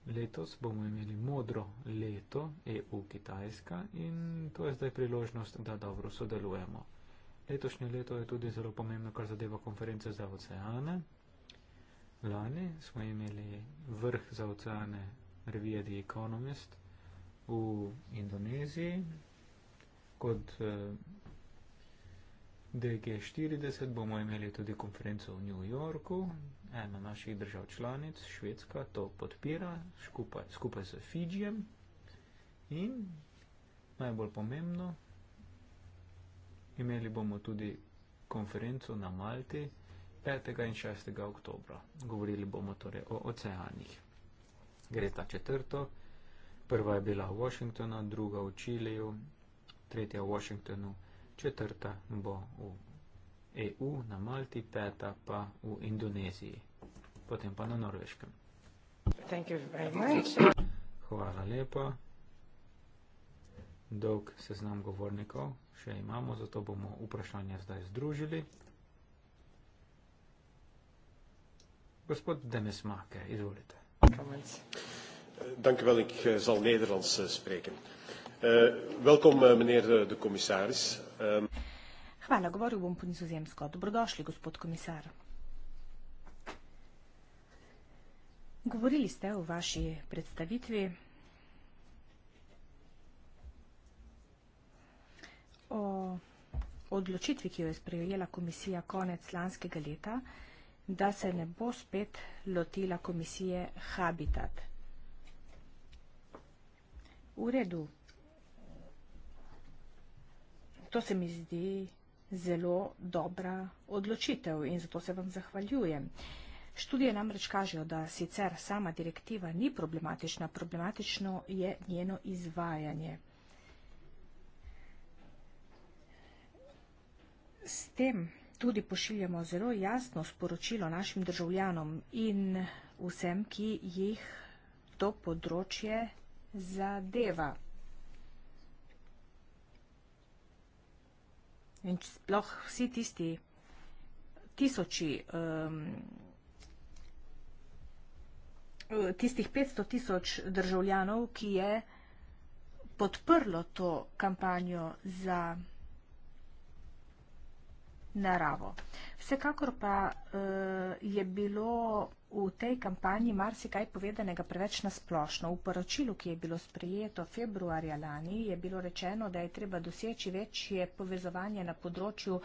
Letos bomo imeli modro leto EU-Kitajska in to je zdaj priložnost, da dobro sodelujemo. Letošnje leto je tudi zelo pomembno, kar zadeva konference za oceane. Lani smo imeli vrh za oceane revije The Economist v Indoneziji. Kot eh, DG40 bomo imeli tudi konferenco v New Yorku. Ena naših držav članic, Švedska, to podpira skupaj, skupaj z Fidžijem. In najbolj pomembno, Imeli bomo tudi konferenco na Malti 5. in 6. oktobra. Govorili bomo torej o oceanih. Gre ta četrto. Prva je bila v Washingtonu, druga v Čiliju, tretja v Washingtonu, četrta bo v EU na Malti, peta pa v Indoneziji, potem pa na Norveškem. Hvala lepa. Dolg seznam govornikov še imamo, zato bomo vprašanje zdaj združili. Gospod Demes Make, izvolite. Dank u wel, ik eh, zal Nederlands eh, spreken. Uh, welkom, meneer de commissaris. Ehm, Hvala, govoril bom po nizozemsko. Dobrodošli, gospod komisar. Govorili ste v vaši predstavitvi o odločitvi, ki jo je sprejela komisija konec lanskega leta, da se ne bo spet lotila komisije Habitat. V redu. To se mi zdi zelo dobra odločitev in zato se vam zahvaljujem. Študije namreč kažejo, da sicer sama direktiva ni problematična, problematično je njeno izvajanje. s tem tudi pošiljamo zelo jasno sporočilo našim državljanom in vsem, ki jih to področje zadeva. In sploh vsi tisti tisoči, um, tistih 500 tisoč državljanov, ki je podprlo to kampanjo za naravo. Vsekakor pa uh, je bilo v tej kampanji marsikaj povedanega preveč nasplošno. V poročilu, ki je bilo sprejeto februarja lani, je bilo rečeno, da je treba doseči večje povezovanje na področju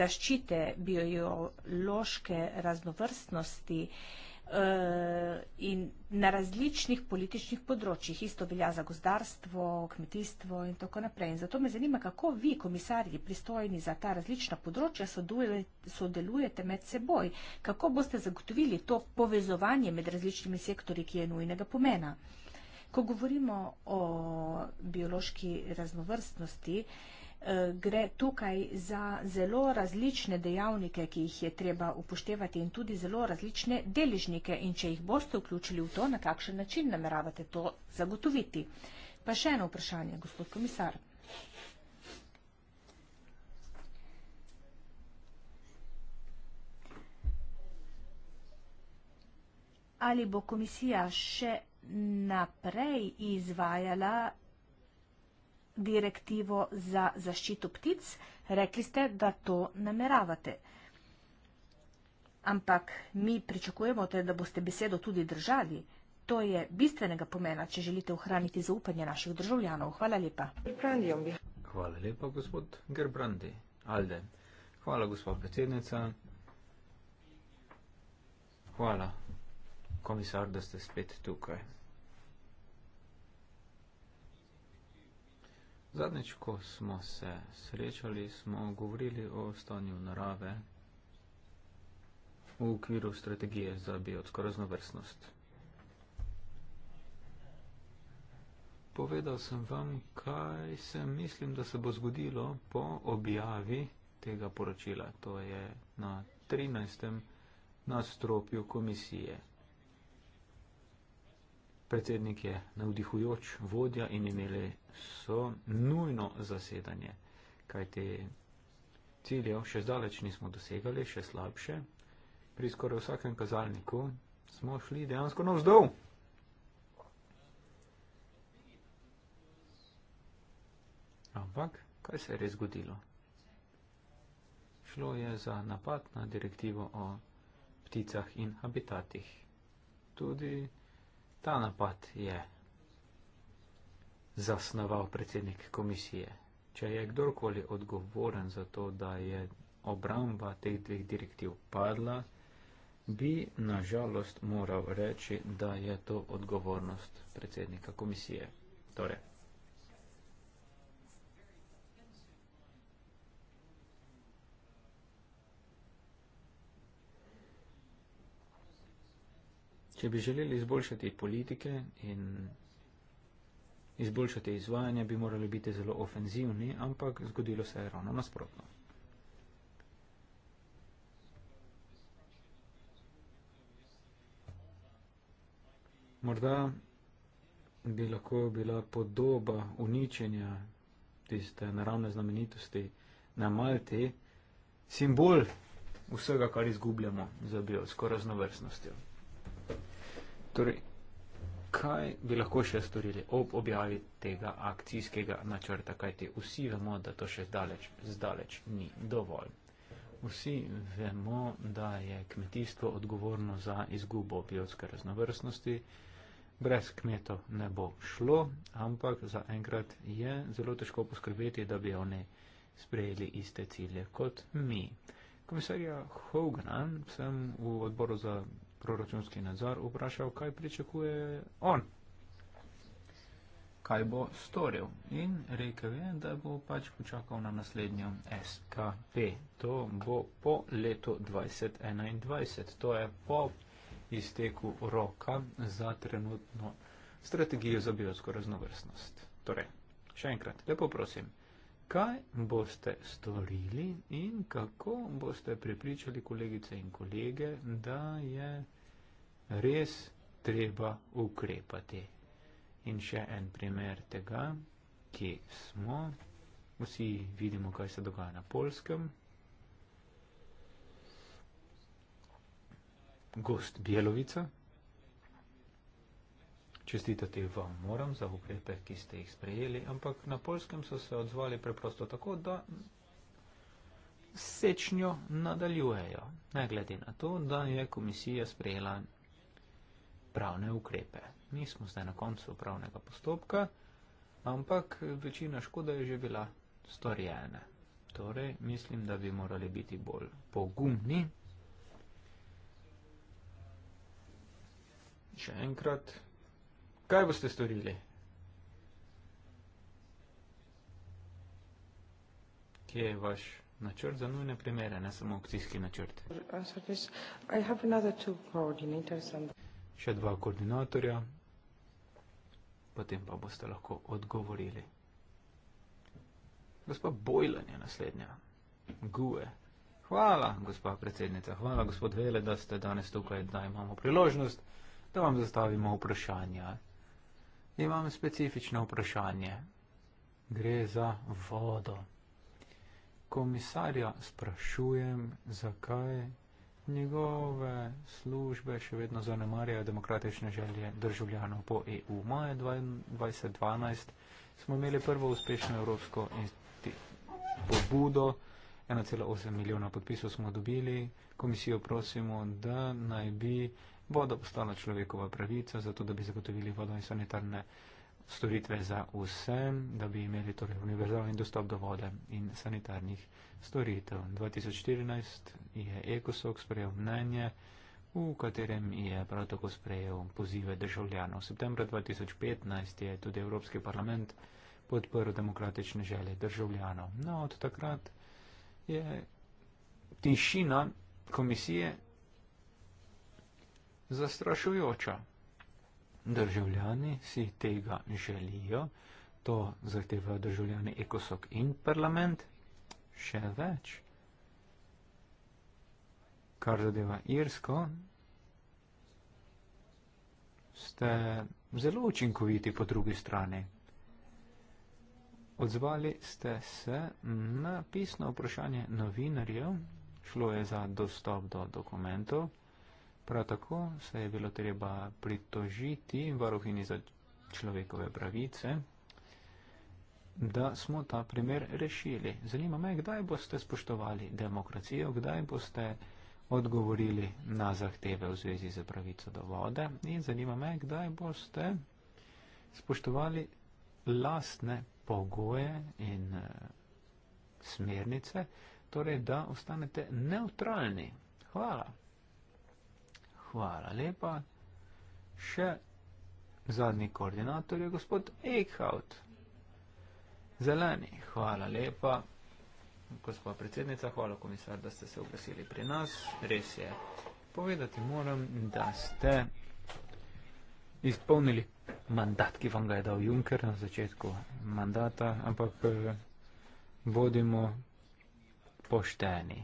zaščite biološke raznovrstnosti. Uh, Eh, in na različnih političnih področjih. Isto velja za gozdarstvo, kmetijstvo in tako naprej. In zato me zanima, kako vi, komisarji, pristojni za ta različna področja, sodelujete med seboj. Kako boste zagotovili to povezovanje med različnimi sektori, ki je nujnega pomena? Ko govorimo o biološki raznovrstnosti, Eh, gre tukaj za zelo različne dejavnike, ki jih je treba upoštevati in tudi zelo različne deležnike in če jih boste vključili v to, na kakšen način nameravate to zagotoviti. Pa še eno vprašanje, gospod komisar. Ali bo komisija še naprej izvajala direktivo za zaščito ptic. Rekli ste, da to nameravate. Ampak mi pričakujemo, te, torej, da boste besedo tudi držali. To je bistvenega pomena, če želite ohraniti zaupanje naših državljanov. Hvala lepa. Hvala lepa, gospod Gerbrandi. Alde. Hvala, gospod predsednica. Hvala, komisar, da ste spet tukaj. Zadnjič, ko smo se srečali, smo govorili o stanju narave v okviru strategije za biotsko raznovrstnost. Povedal sem vam, kaj se mislim, da se bo zgodilo po objavi tega poročila. To je na 13. nastropju komisije predsednik je navdihujoč vodja in imeli so nujno zasedanje, kajte ciljev še zdaleč nismo dosegali, še slabše. Pri skoraj vsakem kazalniku smo šli dejansko navzdol. Ampak, kaj se je res zgodilo? Šlo je za napad na direktivo o pticah in habitatih. Tudi Ta napad je zasnoval predsednik komisije. Če je kdorkoli odgovoren za to, da je obramba teh dveh direktiv padla, bi nažalost moral reči, da je to odgovornost predsednika komisije. Torej, Če bi želeli izboljšati politike in izboljšati izvajanje, bi morali biti zelo ofenzivni, ampak zgodilo se je ravno nasprotno. Morda bi lahko bila podoba uničenja tiste naravne znamenitosti na Malti simbol vsega, kar izgubljamo za biotsko raznovrstnostjo. Torej, kaj bi lahko še storili ob objavi tega akcijskega načrta, kajti vsi vemo, da to še zdaleč, zdaleč ni dovolj. Vsi vemo, da je kmetijstvo odgovorno za izgubo biotske raznovrstnosti. Brez kmetov ne bo šlo, ampak zaenkrat je zelo težko poskrbeti, da bi oni sprejeli iste cilje kot mi. Komisarja Hogana sem v odboru za proračunski nadzor vprašal, kaj pričakuje on, kaj bo storil. In rekel je, da bo pač počakal na naslednjo SKP. To bo po letu 2021. To je po izteku roka za trenutno strategijo za biosko raznovrstnost. Torej, še enkrat, lepo prosim kaj boste storili in kako boste prepričali kolegice in kolege, da je res treba ukrepati. In še en primer tega, ki smo, vsi vidimo, kaj se dogaja na polskem. Gost Bjelovica čestitati vam moram za ukrepe, ki ste jih sprejeli, ampak na polskem so se odzvali preprosto tako, da sečnjo nadaljujejo, ne glede na to, da je komisija sprejela pravne ukrepe. Mi smo zdaj na koncu pravnega postopka, ampak večina škode je že bila storjena. Torej, mislim, da bi morali biti bolj pogumni. Še enkrat. Kaj boste storili? Kje je vaš načrt za nujne primere, ne samo akcijski načrt? Še dva koordinatorja, potem pa boste lahko odgovorili. Gospa Bojlan je naslednja. Gue. Hvala, gospa predsednica. Hvala, gospod Vele, da ste danes tukaj, da imamo priložnost, da vam zastavimo vprašanja imam specifično vprašanje. Gre za vodo. Komisarja sprašujem, zakaj njegove službe še vedno zanemarjajo demokratične želje državljanov po EU. Maja 2012 smo imeli prvo uspešno evropsko pobudo, 1,8 milijona podpisov smo dobili, komisijo prosimo, da naj bi voda postala človekova pravica, zato da bi zagotovili vodo in sanitarne storitve za vse, da bi imeli torej univerzalni dostop do vode in sanitarnih storitev. 2014 je Ecosoc sprejel mnenje, v katerem je prav tako sprejel pozive državljanov. V septembra 2015 je tudi Evropski parlament podprl demokratične želje državljanov. No, od takrat je tišina komisije zastrašujoča. Državljani si tega želijo, to zahtevajo državljani Ekosok in parlament, še več. Kar zadeva Irsko, ste zelo učinkoviti po drugi strani. Odzvali ste se na pisno vprašanje novinarjev, šlo je za dostop do dokumentov. Prav tako se je bilo treba pritožiti varuhini za človekove pravice, da smo ta primer rešili. Zanima me, kdaj boste spoštovali demokracijo, kdaj boste odgovorili na zahteve v zvezi z pravico do vode in zanima me, kdaj boste spoštovali lastne pogoje in eh, smernice, torej da ostanete neutralni. Hvala. Hvala lepa. Še zadnji koordinator je gospod Eichhout. Zeleni, hvala lepa. Gospod predsednica, hvala komisar, da ste se oglasili pri nas. Res je. Povedati moram, da ste izpolnili mandat, ki vam ga je dal Juncker na začetku mandata, ampak eh, bodimo pošteni.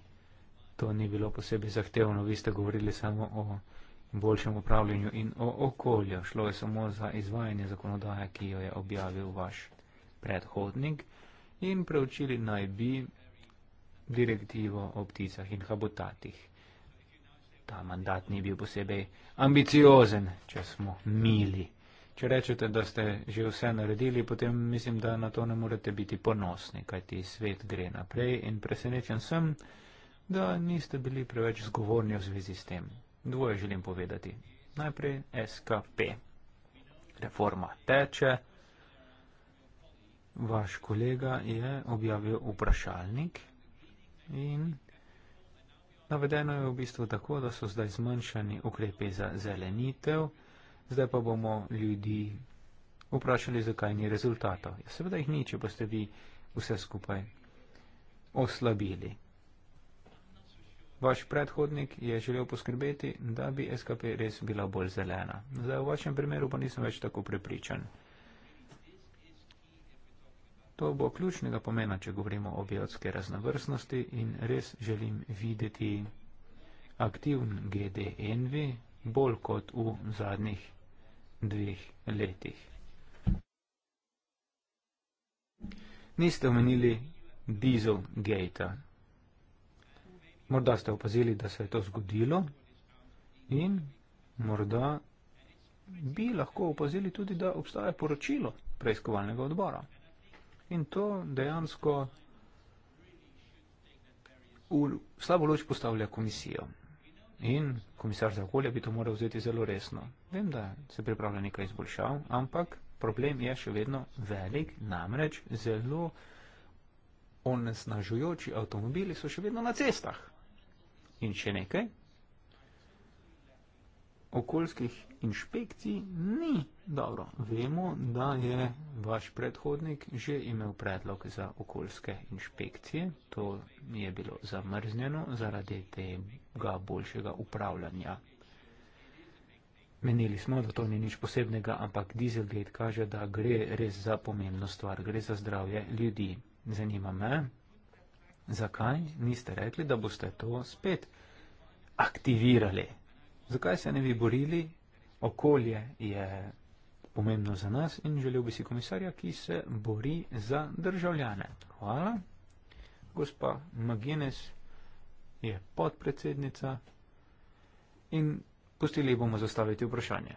To ni bilo posebej zahtevno, vi ste govorili samo o boljšem upravljanju in o okolju. Šlo je samo za izvajanje zakonodaje, ki jo je objavil vaš predhodnik in preučili naj bi direktivo o pticah in habitatih. Ta mandat ni bil posebej ambiciozen, če smo mili. Če rečete, da ste že vse naredili, potem mislim, da na to ne morete biti ponosni, kajti svet gre naprej in presenečen sem, da niste bili preveč zgovorni v zvezi s tem. Dvoje želim povedati. Najprej SKP. Reforma teče. Vaš kolega je objavil vprašalnik in navedeno je v bistvu tako, da so zdaj zmanjšani ukrepi za zelenitev. Zdaj pa bomo ljudi vprašali, zakaj ni rezultatov. Ja, seveda jih ni, če boste vi vse skupaj oslabili. Vaš predhodnik je želel poskrbeti, da bi SKP res bila bolj zelena. Zdaj v vašem primeru pa nisem več tako prepričan. To bo ključnega pomena, če govorimo o biotske raznovrstnosti in res želim videti aktivn GD NV bolj kot v zadnjih dveh letih. Niste omenili Dieselgate-a. Morda ste opazili, da se je to zgodilo in morda bi lahko opazili tudi, da obstaja poročilo preiskovalnega odbora. In to dejansko v slabo loč postavlja komisijo. In komisar za okolje bi to moral vzeti zelo resno. Vem, da se pripravlja nekaj izboljšav, ampak problem je še vedno velik, namreč zelo onesnažujoči avtomobili so še vedno na cestah in še nekaj. Okoljskih inšpekcij ni dobro. Vemo, da je vaš predhodnik že imel predlog za okoljske inšpekcije. To je bilo zamrznjeno zaradi tega boljšega upravljanja. Menili smo, da to ni nič posebnega, ampak Dieselgate kaže, da gre res za pomembno stvar, gre za zdravje ljudi. Zanima me, Zakaj niste rekli, da boste to spet aktivirali? Zakaj se ne bi borili? Okolje je pomembno za nas in želel bi si komisarja, ki se bori za državljane. Hvala. Gospa Magines je podpredsednica in Pustili bomo zastaviti vprašanje.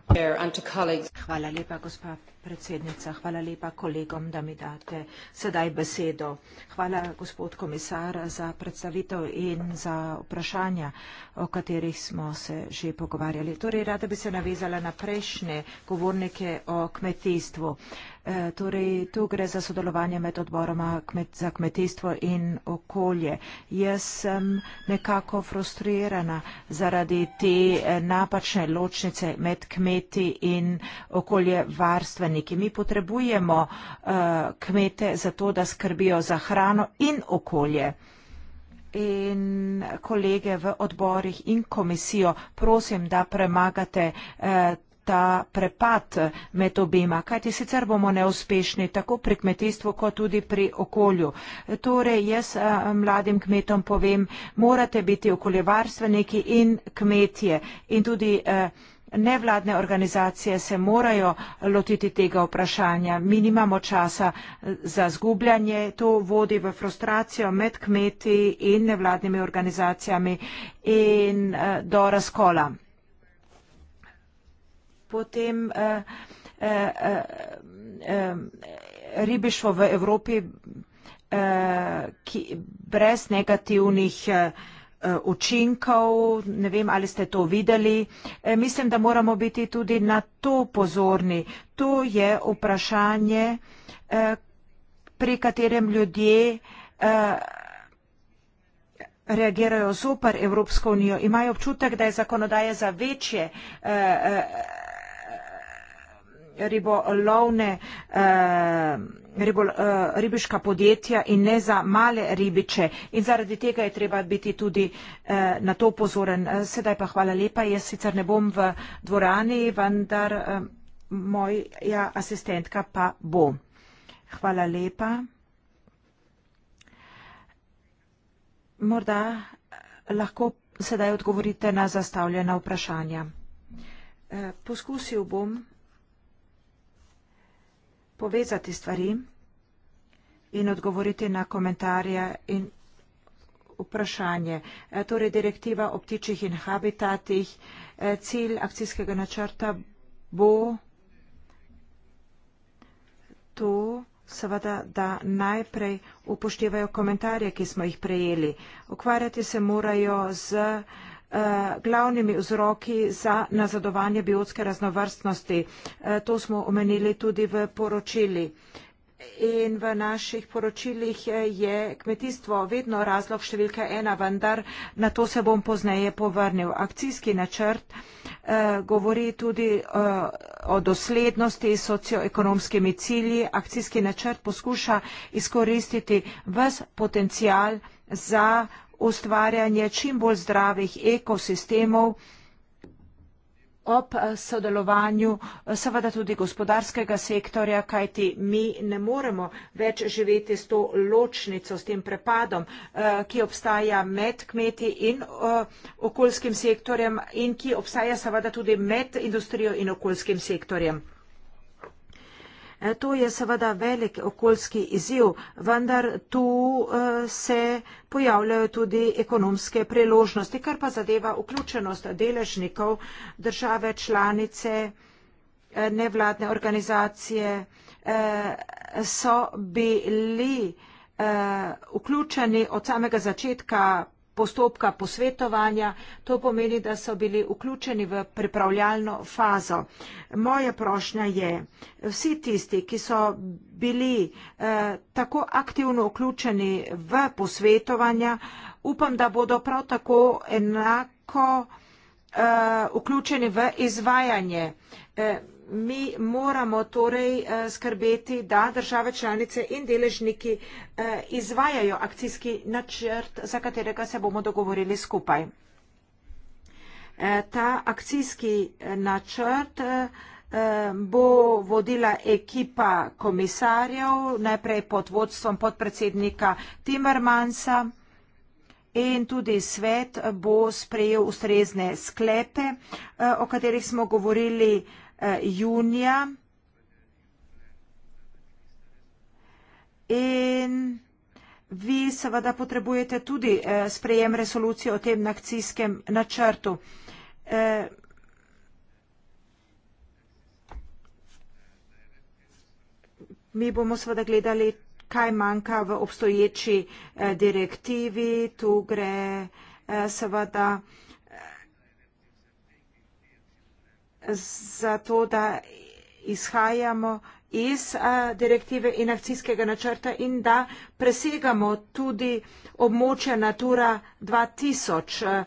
Hvala lepa, gospa predsednica. Hvala lepa kolegom, da mi date sedaj besedo. Hvala, gospod komisar, za predstavitev in za vprašanja, o katerih smo se že pogovarjali. Torej, rada bi se navezala na prejšnje govornike o kmetijstvu. Uh, Eh, torej, tu gre za sodelovanje med odboroma kmet, za kmetijstvo in okolje. Jaz sem nekako frustrirana zaradi te eh, napačne ločnice med kmeti in okolje varstveniki. Mi potrebujemo uh, kmete za to, da skrbijo za hrano in okolje. In kolege v odborih in komisijo, prosim, da premagate uh, ta prepad med obema, kajti sicer bomo neuspešni tako pri kmetijstvu, kot tudi pri okolju. Torej, jaz mladim kmetom povem, morate biti okoljevarstveniki in kmetje in tudi Nevladne organizacije se morajo lotiti tega vprašanja. Mi nimamo časa za zgubljanje. To vodi v frustracijo med kmeti in nevladnimi organizacijami in do razkola potem eh, eh, eh, eh, ribištvo v Evropi eh, ki, brez negativnih eh, eh, učinkov. Ne vem, ali ste to videli. Eh, mislim, da moramo biti tudi na to pozorni. To je vprašanje, eh, pri katerem ljudje. Eh, reagirajo zoper Evropsko unijo, imajo občutek, da je zakonodaja za večje eh, eh ribolovne, eh, ribo, eh, ribiška podjetja in ne za male ribiče. In zaradi tega je treba biti tudi eh, na to pozoren. Sedaj pa hvala lepa, jaz sicer ne bom v dvorani, vendar moja asistentka pa bo. Hvala lepa. Morda lahko sedaj odgovorite na zastavljena vprašanja. Poskusil bom povezati stvari in odgovoriti na komentarje in vprašanje. E, torej, direktiva o ptičih in habitatih, e, cilj akcijskega načrta bo to, seveda, da najprej upoštevajo komentarje, ki smo jih prejeli. Ukvarjati se morajo z uh, Eh, glavnimi vzroki za nazadovanje biotske raznovrstnosti. Eh, to smo omenili tudi v poročili. In v naših poročilih eh, je kmetijstvo vedno razlog številka ena, vendar na to se bom pozneje povrnil. Akcijski načrt govori tudi o doslednosti s socioekonomskimi cilji. Akcijski načrt poskuša izkoristiti vse potencial za ustvarjanje čim bolj zdravih ekosistemov ob eh, sodelovanju eh, seveda tudi gospodarskega sektorja, kajti mi ne moremo več živeti s to ločnico, s tem prepadom, eh, ki obstaja med kmeti in okoljskim sektorjem in ki obstaja seveda tudi med industrijo in okoljskim sektorjem. E, to je seveda velik okoljski izziv, vendar tu e, se pojavljajo tudi ekonomske priložnosti, kar pa zadeva vključenost deležnikov države članice, e, nevladne organizacije, so bili vključeni od samega začetka postopka posvetovanja, to pomeni, da so bili vključeni v pripravljalno fazo. Moja prošnja je, vsi tisti, ki so bili eh, tako aktivno vključeni v posvetovanja, upam, da bodo prav tako enako eh, vključeni v izvajanje. Eh, mi moramo torej eh, skrbeti, da države članice in deležniki eh, izvajajo akcijski načrt, za katerega se bomo dogovorili skupaj. Eh, ta akcijski načrt bo vodila ekipa komisarjev, najprej pod vodstvom podpredsednika Timmermansa in tudi svet bo sprejel ustrezne sklepe, o katerih smo govorili, Eh, junija in vi seveda potrebujete tudi eh, sprejem resolucije o tem akcijskem načrtu. Eh, mi bomo seveda gledali, kaj manjka v obstoječi direktivi, tu gre seveda za zato, da izhajamo iz direktive in akcijskega načrta in da presegamo tudi območja Natura 2000,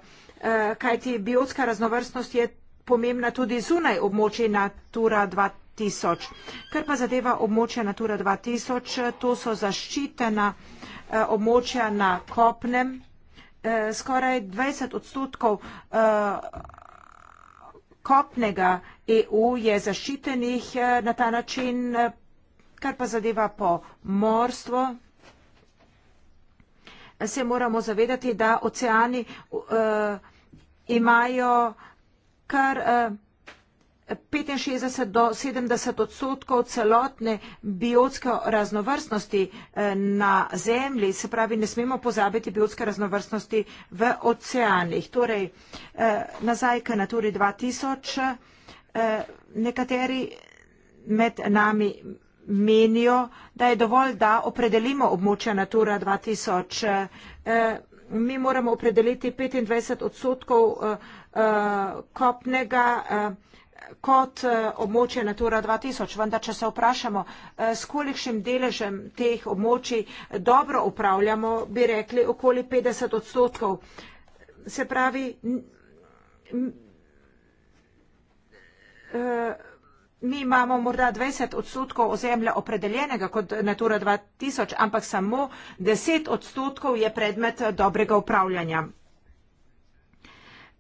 kajti biotska raznovrstnost je pomembna tudi zunaj območji Natura 2000. Kar pa zadeva območja Natura 2000, to so zaščitena območja na kopnem, skoraj 20 odstotkov kopnega EU je zaščitenih eh, na ta način, eh, kar pa zadeva po morstvo. Se moramo zavedati, da oceani uh, imajo kar uh, 65 do 70 odstotkov celotne biotske raznovrstnosti eh, na zemlji, se pravi, ne smemo pozabiti biotske raznovrstnosti v oceanih. Torej, eh, nazaj k Naturi 2000, eh, nekateri med nami menijo, da je dovolj, da opredelimo območja Natura 2000. Mi moramo opredeliti 25 odstotkov kopnega kot eh, območje Natura 2000. Vendar, če se vprašamo, eh, s kolikšnim deležem teh območij dobro upravljamo, bi rekli okoli 50 odstotkov. Se pravi, eh, mi imamo morda 20 odstotkov ozemlja opredeljenega kot Natura 2000, ampak samo 10 odstotkov je predmet dobrega upravljanja.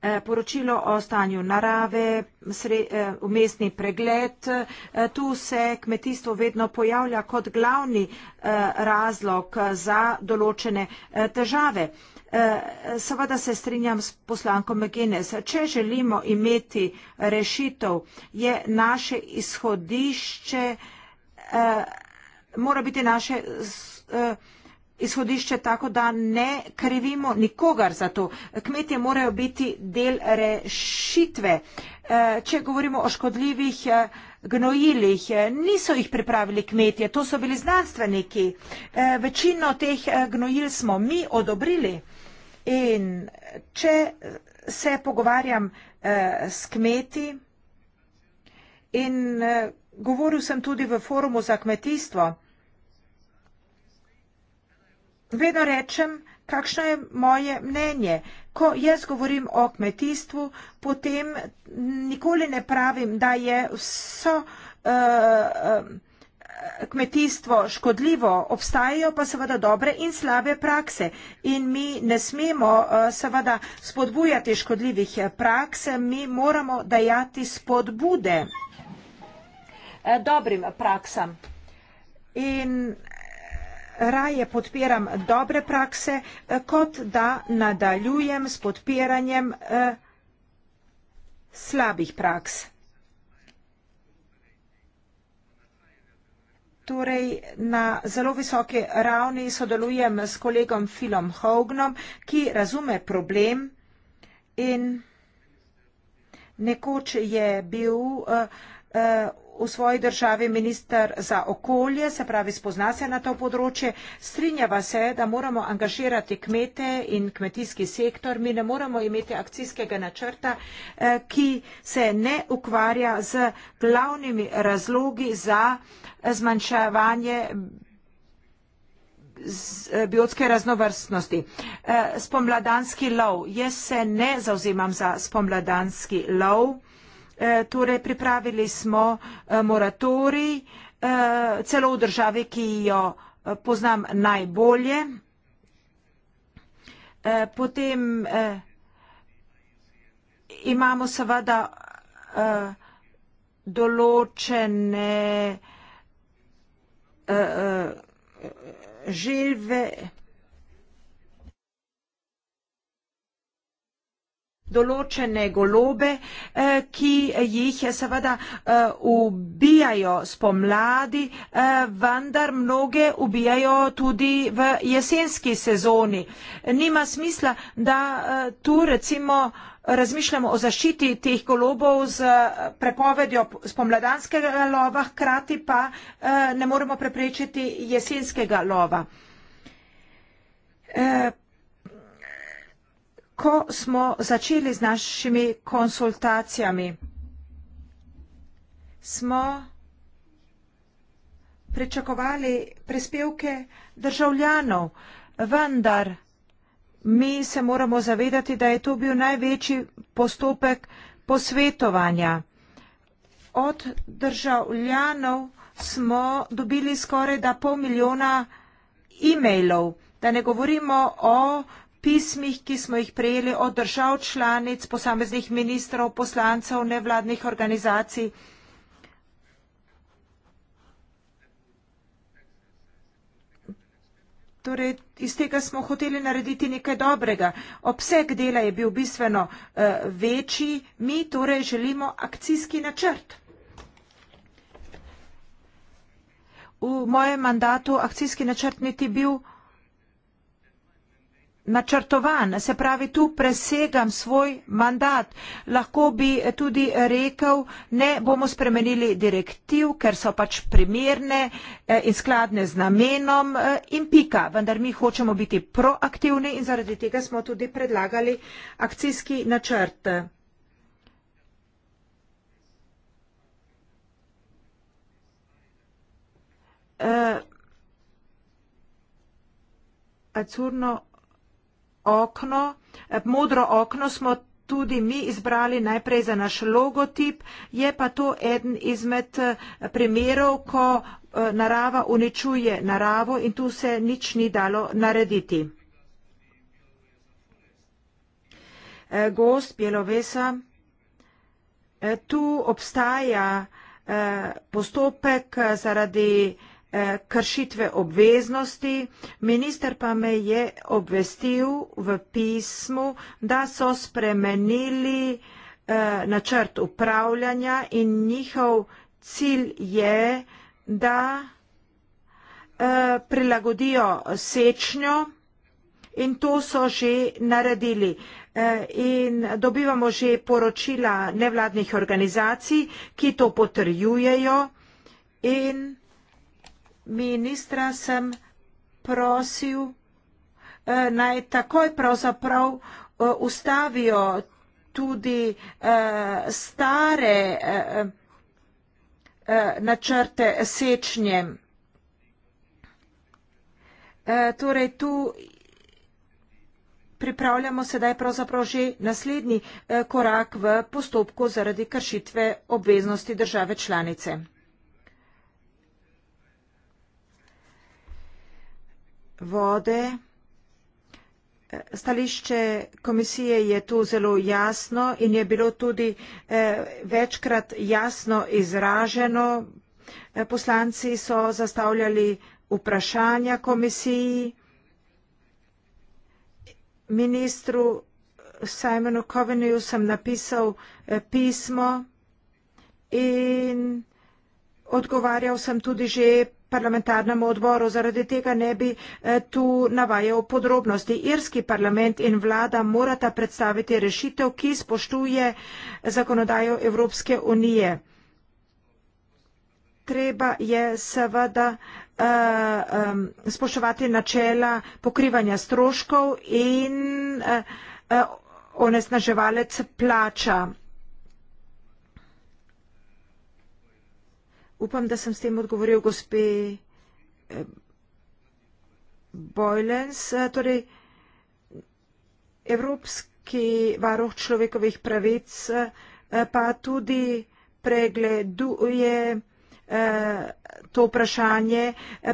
Eh, poročilo o stanju narave, eh, umestni pregled. Eh, tu se kmetijstvo vedno pojavlja kot glavni razlog za določene težave. Seveda se strinjam s poslankom Genes. Če želimo imeti rešitev, je naše izhodišče, mora biti naše izhodišče tako, da ne krivimo nikogar za to. Kmetje morajo biti del rešitve. Eh, če govorimo o škodljivih eh, gnojilih, eh, niso jih pripravili kmetje, to so bili znanstveniki. Večino teh gnojil smo mi odobrili. In če se pogovarjam s kmeti in govoril sem tudi v forumu za kmetijstvo, vedno rečem, kakšno je moje mnenje. Ko jaz govorim o kmetijstvu, potem nikoli ne pravim, da je vso uh, kmetijstvo škodljivo. Obstajajo pa seveda dobre in slabe prakse. In mi ne smemo uh, seveda spodbujati škodljivih praks, mi moramo dajati spodbude uh, dobrim praksam. In raje podpiram dobre prakse, eh, kot da nadaljujem s podpiranjem eh, slabih praks. Torej, na zelo visoke ravni sodelujem s kolegom Filom Hognom, ki razume problem in nekoč je bil eh, v svoji državi ministr za okolje, se pravi spozna se na to področje, strinjava se, da moramo angažirati kmete in kmetijski sektor, mi ne moramo imeti akcijskega načrta, eh, ki se ne ukvarja z glavnimi razlogi za eh, zmanjševanje eh, biotske raznovrstnosti. Spomladanski lov. Jaz se ne zauzemam za spomladanski lov. Eh, torej pripravili smo eh, moratorij eh, celo v državi, ki jo poznam najbolje. Potem imamo seveda določene želve, določene golobe, eh, ki jih seveda eh, ubijajo spomladi, eh, vendar mnoge ubijajo tudi v jesenski sezoni. Nima smisla, da tu recimo razmišljamo o zaščiti teh golobov z prepovedjo spomladanskega lova, hkrati pa ne moremo preprečiti jesenskega lova ko smo začeli z našimi konsultacijami, smo pričakovali prispevke državljanov, vendar mi se moramo zavedati, da je to bil največji postopek posvetovanja. Od državljanov smo dobili skoraj da pol milijona e-mailov, da ne govorimo o državljanov, pismih, ki smo jih prejeli od držav članic, posameznih ministrov, poslancev, nevladnih organizacij. Torej, iz tega smo hoteli narediti nekaj dobrega. Obseg dela je bil bistveno uh, večji, mi torej želimo akcijski načrt. V mojem mandatu akcijski načrt niti bil načrtovan, se pravi, tu presegam svoj mandat. Lahko bi tudi rekel, ne bomo spremenili direktiv, ker so pač primerne eh, in skladne z namenom eh, in pika, vendar mi hočemo biti proaktivni in zaradi tega smo tudi predlagali akcijski načrt. Uh, eh, Azzurro okno. Eh, modro okno smo tudi mi izbrali najprej za naš logotip, je pa to eden izmed eh, primerov, ko eh, narava uničuje naravo in tu se nič ni dalo narediti. Gost Bjelovesa, tu obstaja postopek zaradi vsega, kršitve obveznosti, minister pa me je obvestil v pismu, da so spremenili eh, načrt upravljanja in njihov cilj je, da eh, prilagodijo sečnjo in to so že naredili. Eh, in dobivamo že poročila nevladnih organizacij, ki to potrjujejo in ministra sem prosil, eh, naj takoj pravzaprav eh, ustavijo tudi eh, stare načrte sečnje. Torej, tu pripravljamo sedaj pravzaprav že naslednji korak v postopku zaradi kršitve obveznosti države članice. vode. Stališče komisije je tu zelo jasno in je bilo tudi eh, večkrat jasno izraženo. Eh, poslanci so zastavljali vprašanja komisiji. Ministru Simonu Coveneyju sem napisal eh, pismo in odgovarjal sem tudi že parlamentarnemu odboru, zaradi tega ne bi eh, tu navajal podrobnosti. Irski parlament in vlada morata predstaviti rešitev, ki spoštuje zakonodajo Evropske unije. Treba je seveda uh, um, spoštovati načela pokrivanja stroškov in uh, uh, onesnaževalec plača. Upam, da sem s tem odgovoril gospe eh, Bojlens. Eh, torej, Evropski varoh človekovih pravic eh, pa tudi pregleduje to vprašanje,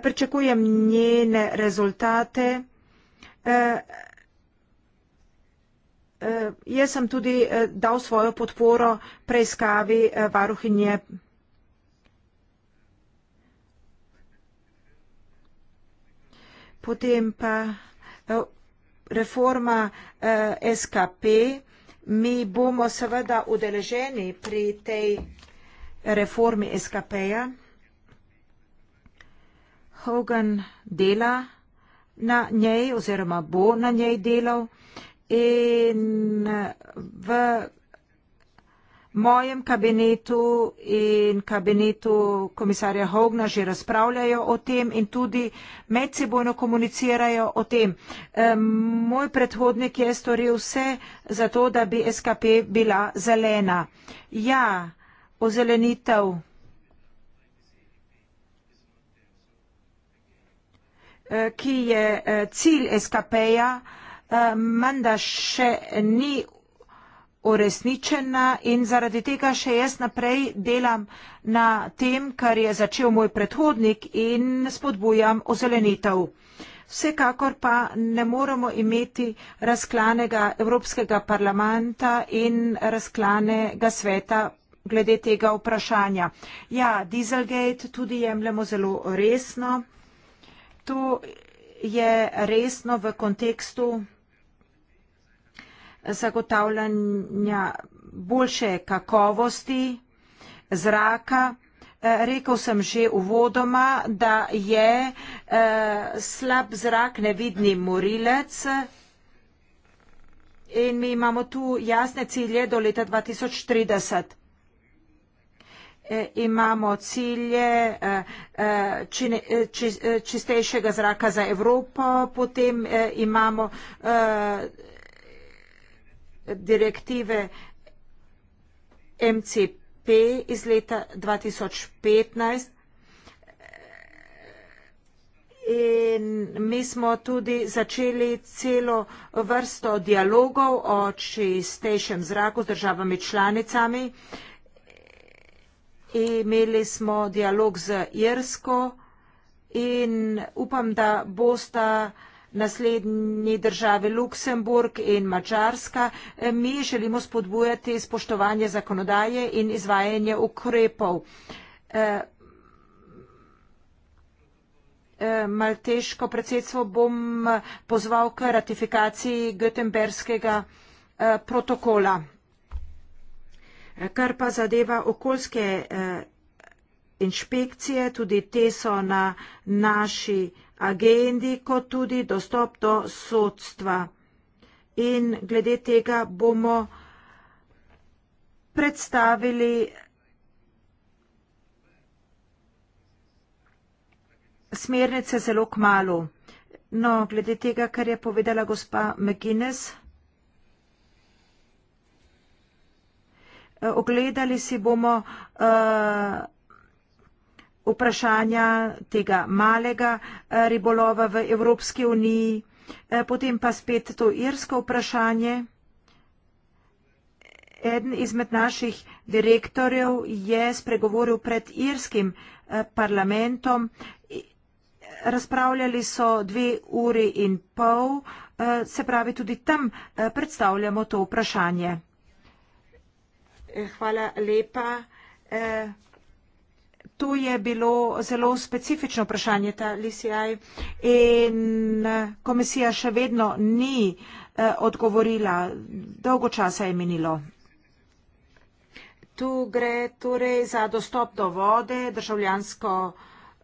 pričakujem njene rezultate. Jaz sem tudi dal svojo podporo preiskavi varuhinje pravic. potem pa eh, reforma eh, SKP. Mi bomo seveda udeleženi pri tej reformi SKP-ja. Hogan dela na njej oziroma bo na njej delal in eh, v mojem kabinetu in kabinetu komisarja Hogna že razpravljajo o tem in tudi medsebojno komunicirajo o tem. Moj predhodnik je storil vse za to, da bi SKP bila zelena. Ja, ozelenitev. E, ki je e, cilj SKP-ja, e, menda še ni uresničena in zaradi tega še jaz naprej delam na tem, kar je začel moj predhodnik in spodbujam ozelenitev. Vsekakor pa ne moremo imeti razklanega Evropskega parlamenta in razklanega sveta glede tega vprašanja. Ja, Dieselgate tudi jemljemo zelo resno. To je resno v kontekstu zagotavljanja boljše kakovosti zraka. E, rekel sem že uvodoma, da je e, slab zrak nevidni morilec. In mi imamo tu jasne cilje do leta 2030. E, imamo cilje e, e čine, či, čistejšega zraka za Evropo, potem e, imamo direktive MCP iz leta 2015 in mi smo tudi začeli celo vrsto dialogov o čistejšem zraku z državami članicami. Imeli smo dialog z Jersko in upam, da bosta naslednji države Luksemburg in Mačarska, e, mi želimo spodbujati spoštovanje zakonodaje in izvajanje ukrepov. E, e, malteško predsedstvo bom pozval k ratifikaciji Götenbergskega protokola. Kar pa zadeva okoljske inšpekcije, tudi te so na naši agendi, kot tudi dostop do sodstva. In glede tega bomo predstavili smernice zelo k malu. No, glede tega, kar je povedala gospa McGuinness, eh, ogledali si bomo uh, vprašanja tega malega eh, ribolova v Evropski uniji, eh, potem pa spet to irsko vprašanje. Eden izmed naših direktorjev je spregovoril pred irskim eh, parlamentom. Razpravljali so dve uri in pol, se pravi tudi tam predstavljamo to vprašanje. Hvala lepa. To je bilo zelo specifično vprašanje, ta LCI, in eh, komisija še vedno ni eh, odgovorila. Dolgo časa je minilo. Tu gre torej za dostop do vode, državljansko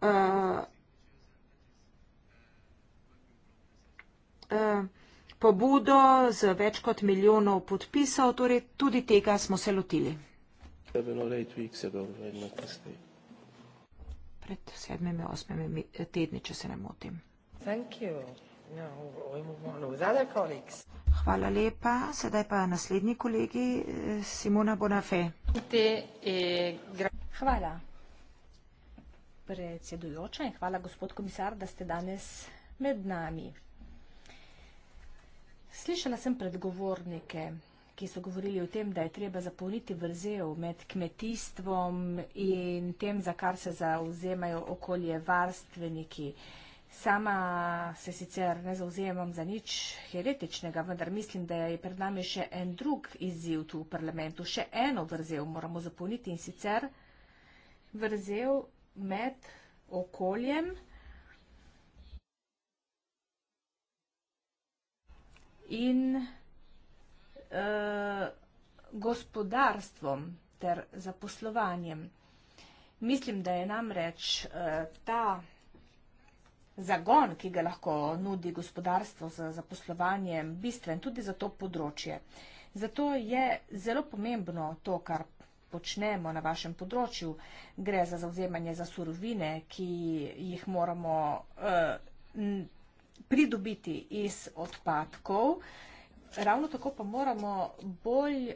eh, pobudo z več kot milijonov podpisov, torej tudi tega smo se lotili. 7 ali 8 tednov nazaj, verjetno kasneje pred sedmimi, osmimi tedni, če se ne motim. No, hvala lepa. Sedaj pa naslednji kolegi eh, Simona Bonafe. Eh, hvala predsedujoča in hvala gospod komisar, da ste danes med nami. Slišala sem predgovornike ki so govorili o tem, da je treba zapolniti vrzel med kmetijstvom in tem, za kar se zauzemajo okolje varstveniki. Sama se sicer ne zauzemam za nič heretičnega, vendar mislim, da je pred nami še en drug izziv tu v parlamentu. Še eno vrzel moramo zapolniti in sicer vrzel med okoljem in Eh, gospodarstvom ter zaposlovanjem. Mislim, da je namreč eh, ta zagon, ki ga lahko nudi gospodarstvo za zaposlovanje, bistven tudi za to področje. Zato je zelo pomembno to, kar počnemo na vašem področju. Gre za zauzemanje za surovine, ki jih moramo eh, pridobiti iz odpadkov, eh, ravno tako pa moramo bolj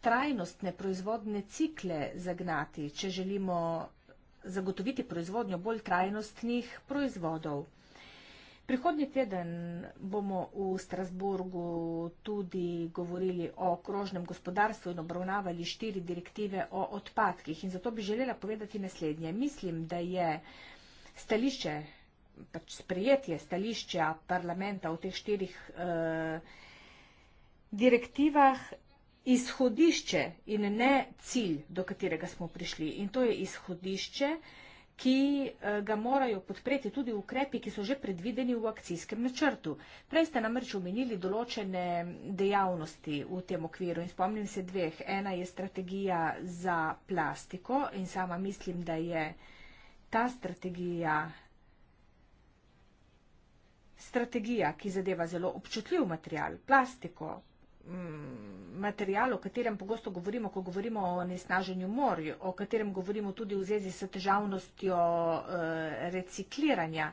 trajnostne proizvodne cikle zagnati, če želimo zagotoviti proizvodnjo bolj trajnostnih proizvodov. Prihodnji teden bomo v Strasburgu tudi govorili o krožnem gospodarstvu in obravnavali štiri direktive o odpadkih. In zato bi želela povedati naslednje. Mislim, da je stališče, pač sprejetje stališča parlamenta v teh štirih eh, direktivah izhodišče in ne cilj, do katerega smo prišli. In to je izhodišče, ki eh, ga morajo podpreti tudi ukrepi, ki so že predvideni v akcijskem načrtu. Prej ste namreč omenili določene dejavnosti v tem okviru in spomnim se dveh. Ena je strategija za plastiko in sama mislim, da je ta strategija strategija, ki zadeva zelo občutljiv material, plastiko, Mm, material, o katerem pogosto govorimo, ko govorimo o nesnaženju morju, o katerem govorimo tudi v zvezi s težavnostjo eh, recikliranja.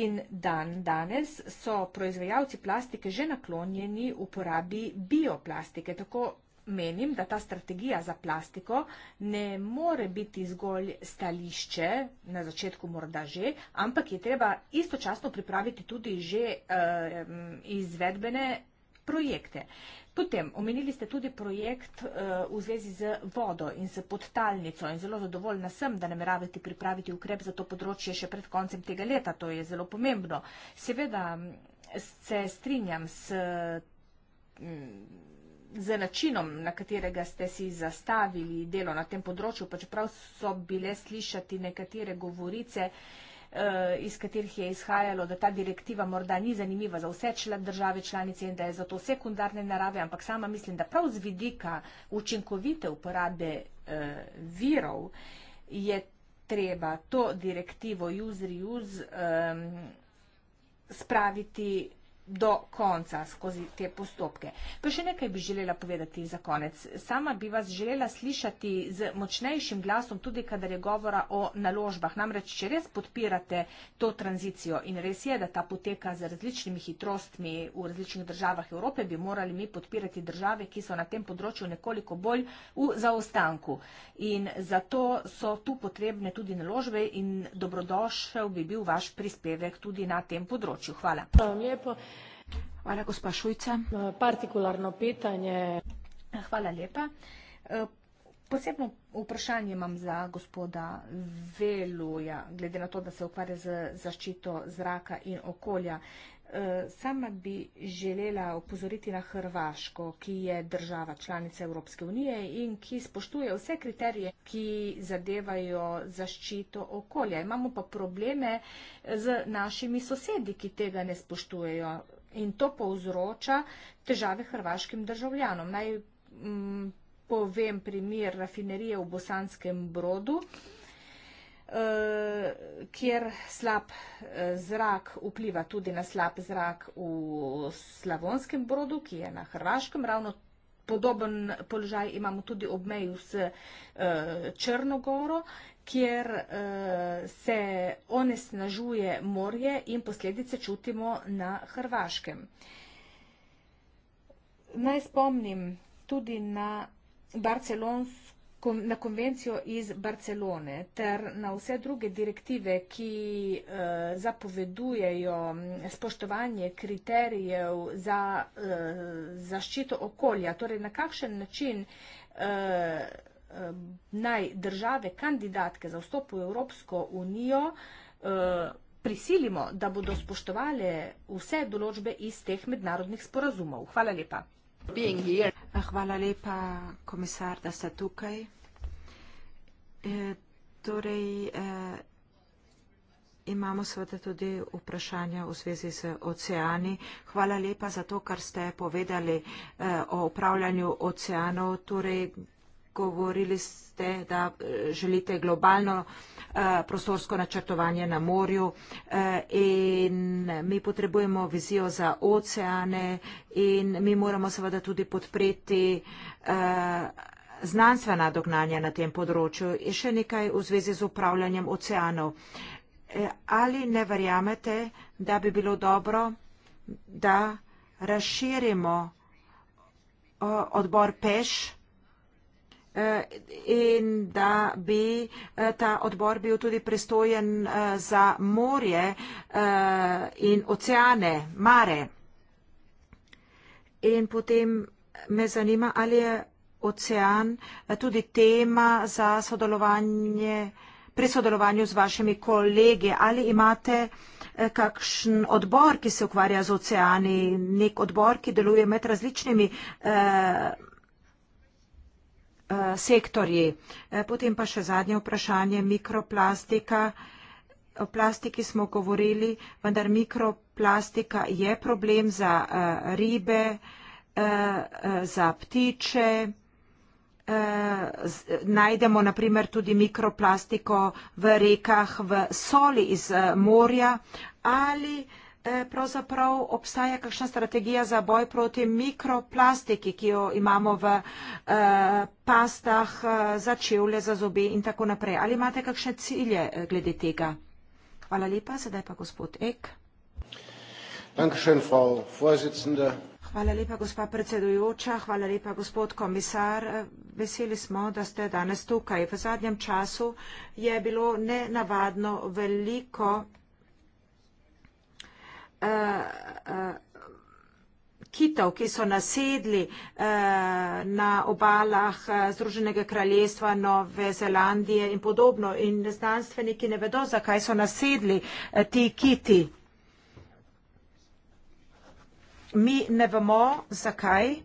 In dan danes so proizvajalci plastike že naklonjeni uporabi bioplastike. Tako menim, da ta strategija za plastiko ne more biti zgolj stališče, na začetku morda že, ampak je treba istočasno pripraviti tudi že eh, izvedbene projekte. Potem, omenili ste tudi projekt eh, v zvezi z vodo in z podtalnico in zelo zadovoljna sem, da nameravate pripraviti ukrep za to področje še pred koncem tega leta, to je zelo pomembno. Seveda se strinjam s, z načinom, na katerega ste si zastavili delo na tem področju, pa čeprav so bile slišati nekatere govorice, Eh, iz katerih je izhajalo, da ta direktiva morda ni zanimiva za vse države članice in da je zato sekundarne narave, ampak sama mislim, da prav z vidika učinkovite uporabe eh, virov je treba to direktivo use-reuse um, spraviti do konca skozi te postopke. Pa še nekaj bi želela povedati za konec. Sama bi vas želela slišati z močnejšim glasom, tudi kadar je govora o naložbah. Namreč, če res podpirate to tranzicijo in res je, da ta poteka z različnimi hitrostmi v različnih državah Evrope, bi morali mi podpirati države, ki so na tem področju nekoliko bolj v zaostanku. In zato so tu potrebne tudi naložbe in dobrodošel bi bil vaš prispevek tudi na tem področju. Hvala. Hvala lepo. Partikularno pitanje. Hvala lepa. E, posebno vprašanje imam za gospoda Veluja, glede na to, da se ukvarja z zaščito zraka in okolja. E, sama bi želela opozoriti na Hrvaško, ki je država članica Evropske unije in ki spoštuje vse kriterije, ki zadevajo zaščito okolja. Imamo pa probleme z našimi sosedi, ki tega ne spoštujejo in to povzroča težave hrvaškim državljanom. Naj m, mm, povem primer rafinerije v Bosanskem brodu, eh, kjer slab eh, zrak vpliva tudi na slab zrak v Slavonskem brodu, ki je na Hrvaškem. Ravno podoben položaj imamo tudi ob meju s eh, Črnogoro kjer uh, se onesnažuje morje in posledice čutimo na Hrvaškem. Naj spomnim tudi na barcelonsko na konvencijo iz Barcelone ter na vse druge direktive, ki eh, zapovedujejo spoštovanje kriterijev za eh, zaščito okolja, torej na kakšen način eh, naj države kandidatke za vstop v Evropsko unijo eh, prisilimo, da bodo spoštovali vse določbe iz teh mednarodnih sporazumov. Hvala lepa. Ah, hvala lepa, komisar, da ste tukaj. E, torej, e, imamo seveda tudi vprašanja v zvezi z oceani. Hvala lepa za to, kar ste povedali e, o upravljanju oceanov. Torej, govorili ste, da eh, želite globalno eh, prostorsko načrtovanje na morju eh, in mi potrebujemo vizijo za oceane in mi moramo seveda tudi podpreti znanstvena dognanja na tem področju. In še nekaj v zvezi z upravljanjem oceanov. Ali ne verjamete, da bi bilo dobro, da razširimo odbor PEŠ? Eh, in da bi eh, ta odbor bil tudi prestojen eh, za morje in oceane, mare. In potem me zanima, ali je ocean tudi tema za sodelovanje, pri sodelovanju z vašimi kolegi, ali imate kakšen odbor, ki se ukvarja z oceani, nek odbor, ki deluje med različnimi eh, Eh, sektorji. Eh, potem pa še zadnje vprašanje, mikroplastika. O plastiki smo govorili, vendar mikroplastika je problem za eh, ribe, za ptiče. Najdemo naprimer tudi mikroplastiko v rekah, v soli iz morja ali Eh, pravzaprav obstaja kakšna strategija za boj proti mikroplastiki, ki jo imamo v eh, pastah eh, za čevlje, za zobe in tako naprej. Ali imate kakšne cilje glede tega? Hvala lepa, sedaj pa gospod Ek. Hvala lepa, gospa predsedujoča, hvala lepa, gospod komisar. Veseli smo, da ste danes tukaj. V zadnjem času je bilo nenavadno veliko kitov, ki so nasedli eh, na obalah eh, Združenega kraljestva Nove Zelandije in podobno. In znanstveniki ne vedo, zakaj so nasedli eh, ti kiti. Mi ne vemo, zakaj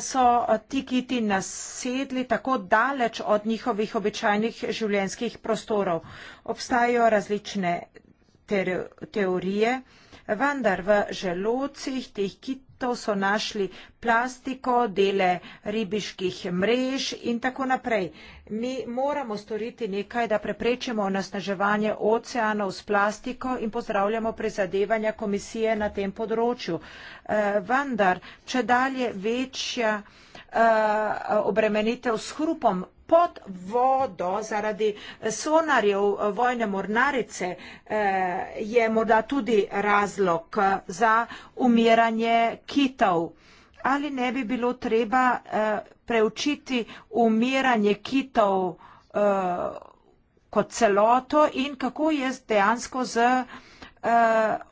so ti kiti nasedli tako daleč od njihovih običajnih življenjskih prostorov. Obstajajo različne teorije, vendar v želocih teh kitov so našli plastiko, dele ribiških mrež in tako naprej. Mi moramo storiti nekaj, da preprečimo onesnaževanje oceanov s plastiko in pozdravljamo prizadevanja komisije na tem področju. E, vendar, če dalje večja e, obremenitev s hrupom pod vodo zaradi eh, sonarjev eh, vojne mornarice eh, je morda tudi razlog za umiranje kitov. Ali ne bi bilo treba preučiti umiranje kitov kot celoto in kako je dejansko z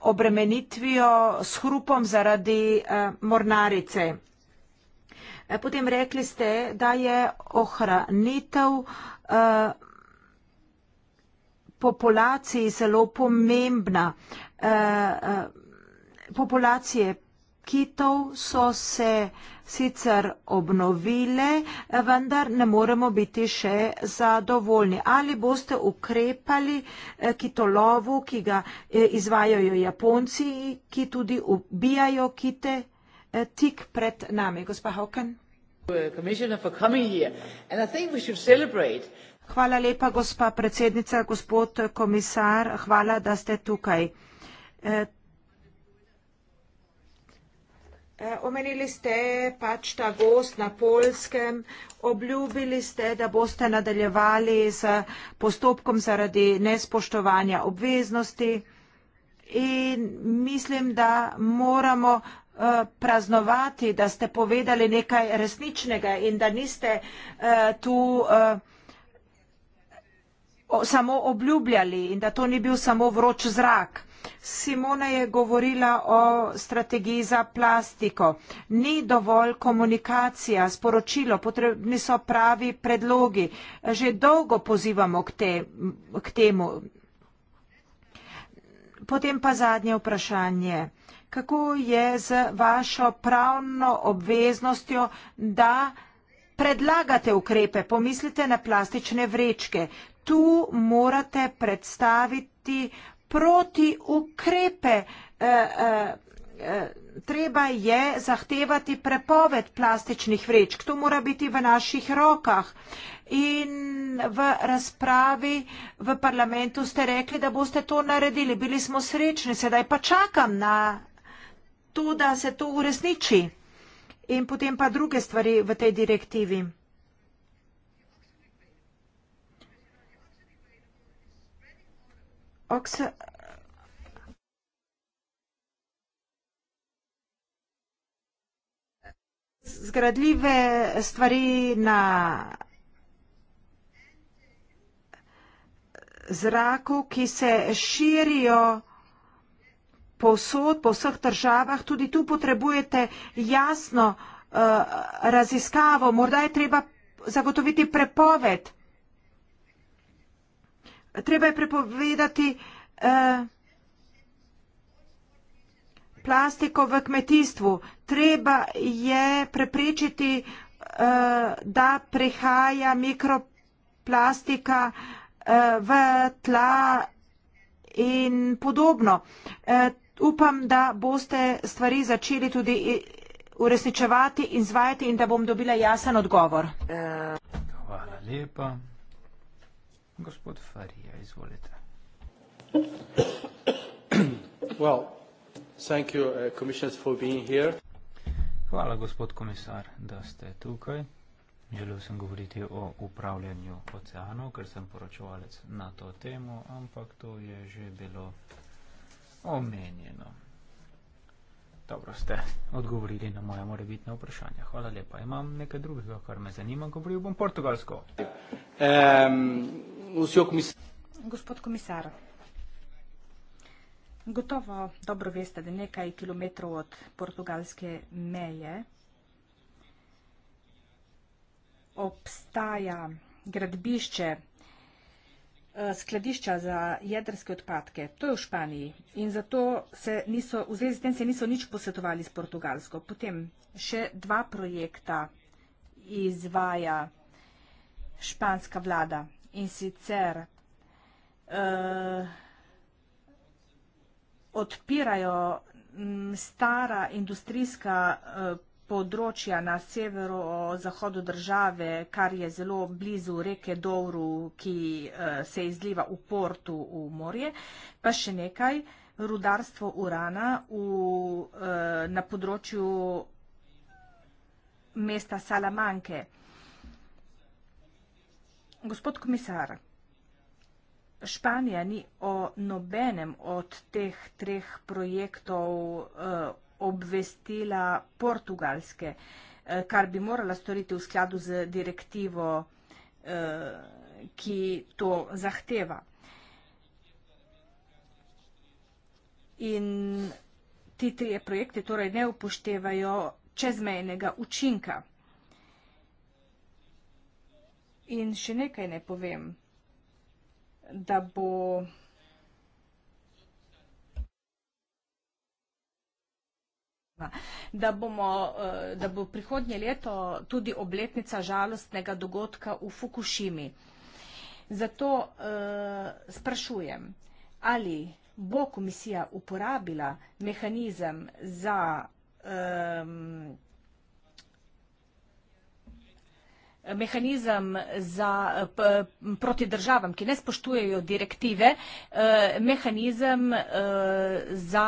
obremenitvijo s hrupom zaradi mornarice? Eh, potem rekli ste, da je ohranitev eh, populacije zelo pomembna. Eh, populacije kitov so se sicer obnovile, vendar ne moremo biti še zadovoljni. Ali boste ukrepali kitolovu, ki ga izvajajo Japonci, ki tudi ubijajo kite? Eh, tik pred nami. Gospa Hawken. Hvala lepa, gospa predsednica, gospod komisar, hvala, da ste tukaj. Eh, eh, omenili ste pač ta gost na polskem, obljubili ste, da boste nadaljevali z postopkom zaradi nespoštovanja obveznosti in mislim, da moramo praznovati, da ste povedali nekaj resničnega in da niste eh, tu eh, samo obljubljali in da to ni bil samo vroč zrak. Simona je govorila o strategiji za plastiko. Ni dovolj komunikacija, sporočilo, potrebni so pravi predlogi. Že dolgo pozivamo k, te, k temu. Potem pa zadnje vprašanje kako je z vašo pravno obveznostjo, da predlagate ukrepe, pomislite na plastične vrečke. Tu morate predstaviti proti ukrepe. Eh, eh, eh, treba je zahtevati prepoved plastičnih vrečk. To mora biti v naših rokah. In v razpravi v parlamentu ste rekli, da boste to naredili. Bili smo srečni, sedaj pa čakam na to, da se to uresniči in potem pa druge stvari v tej direktivi. Zgradljive stvari na zraku, ki se širijo vsega, posod, po vseh državah, tudi tu potrebujete jasno uh, raziskavo, morda je treba zagotoviti prepoved. Treba je prepovedati uh, plastiko v kmetijstvu, treba je preprečiti, uh, da prihaja mikroplastika uh, v tla in podobno. Uh, upam, da boste stvari začeli tudi uresničevati in zvajati in da bom dobila jasen odgovor. Hvala lepa. Gospod Farija, izvolite. Well, you, uh, Hvala, gospod komisar, da ste tukaj. Želel sem govoriti o upravljanju oceanov, ker sem poročevalec na to temo, ampak to je že bilo omenjeno. Dobro ste odgovorili na moje morebitne vprašanje. Hvala lepa. Imam nekaj drugega, kar me zanima. Govoril bom portugalsko. Um, Gospod komisar, gotovo dobro veste, da nekaj kilometrov od portugalske meje obstaja gradbišče Eh, skladišča za jedrske odpadke. To je v Španiji in zato se niso, v zvezi s tem se niso nič posvetovali s Portugalsko. Potem še dva projekta izvaja španska vlada in sicer uh, odpirajo stara industrijska uh, področja na severozahodu države, kar je zelo blizu reke Dovru, ki eh, se izliva v portu v morje, pa še nekaj, rudarstvo urana v, eh, na področju mesta Salamanke. Gospod komisar, Španija ni o nobenem od teh treh projektov uh, obvestila portugalske, eh, kar bi morala storiti v skladu z direktivo, eh, ki to zahteva. In ti trije projekte torej ne upoštevajo čezmejnega učinka. In še nekaj ne povem, da bo da bomo, eh, da bo prihodnje leto tudi obletnica žalostnega dogodka v Fukušimi. Zato uh, sprašujem, ali bo komisija uporabila mehanizem za um, mehanizem za proti državam, ki ne spoštujejo direktive, eh, mehanizem eh, za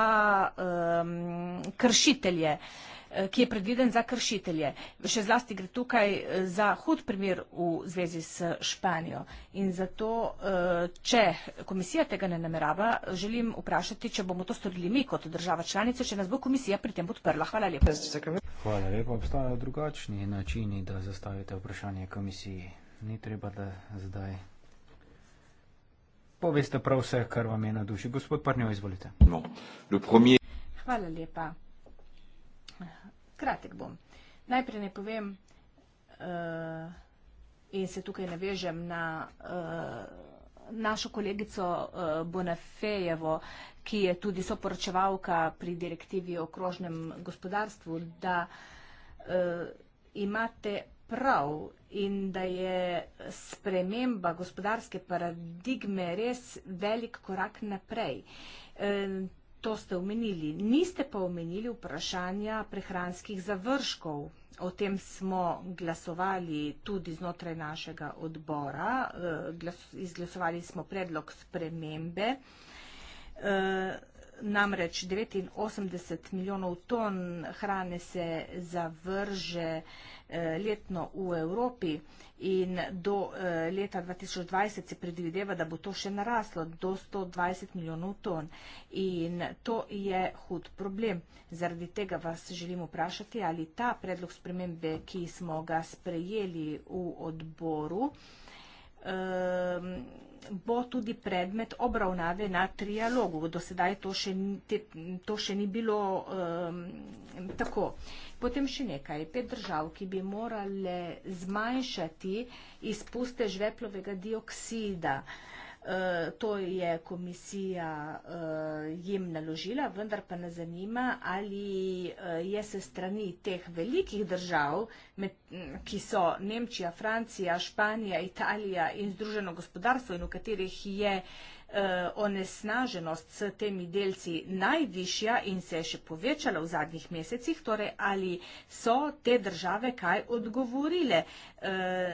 eh, kršitelje. Eh, ki je predviden za kršitelje. Še zlasti gre tukaj eh, za hud primer v zvezi s Španijo. In zato, eh, če komisija tega ne namerava, želim vprašati, če bomo to storili mi kot država članica, če nas bo komisija pri tem podprla. Hvala lepa. Hvala lepa. Obstajajo drugačni načini, da zastavite vprašanje komisiji. Ni treba, da zdaj. Poveste prav vse, kar vam je na duši. Gospod Parnjo, izvolite. No. Premier... Hvala lepa kratek bom. Najprej ne povem uh, in se tukaj navežem na uh, našo kolegico uh, Bonafejevo, ki je tudi soporočevalka pri direktivi o krožnem gospodarstvu, da uh, imate prav in da je sprememba gospodarske paradigme res velik korak naprej. Uh, to ste omenili. Niste pa omenili vprašanja prehranskih završkov. O tem smo glasovali tudi znotraj našega odbora. Eh, izglasovali smo predlog spremembe. Eh, namreč 89 milijonov ton hrane se zavrže. Eh, letno v Evropi in do eh, leta 2020 se predvideva, da bo to še naraslo do 120 milijonov ton. In to je hud problem. Zaradi tega vas želim vprašati, ali ta predlog spremembe, ki smo ga sprejeli v odboru, um, bo tudi predmet obravnave na trialogu. Do sedaj to še, te, to še ni bilo um, tako. Potem še nekaj. Pet držav, ki bi morale zmanjšati izpuste žveplovega dioksida. Uh, Eh, to je komisija eh, jim naložila, vendar pa ne zanima, ali eh, je se strani teh velikih držav, mm, ki so Nemčija, Francija, Španija, Italija in Združeno gospodarstvo in v katerih je uh, onesnaženost s temi delci najvišja in se je še povečala v zadnjih mesecih. Torej, ali so te države kaj odgovorile uh,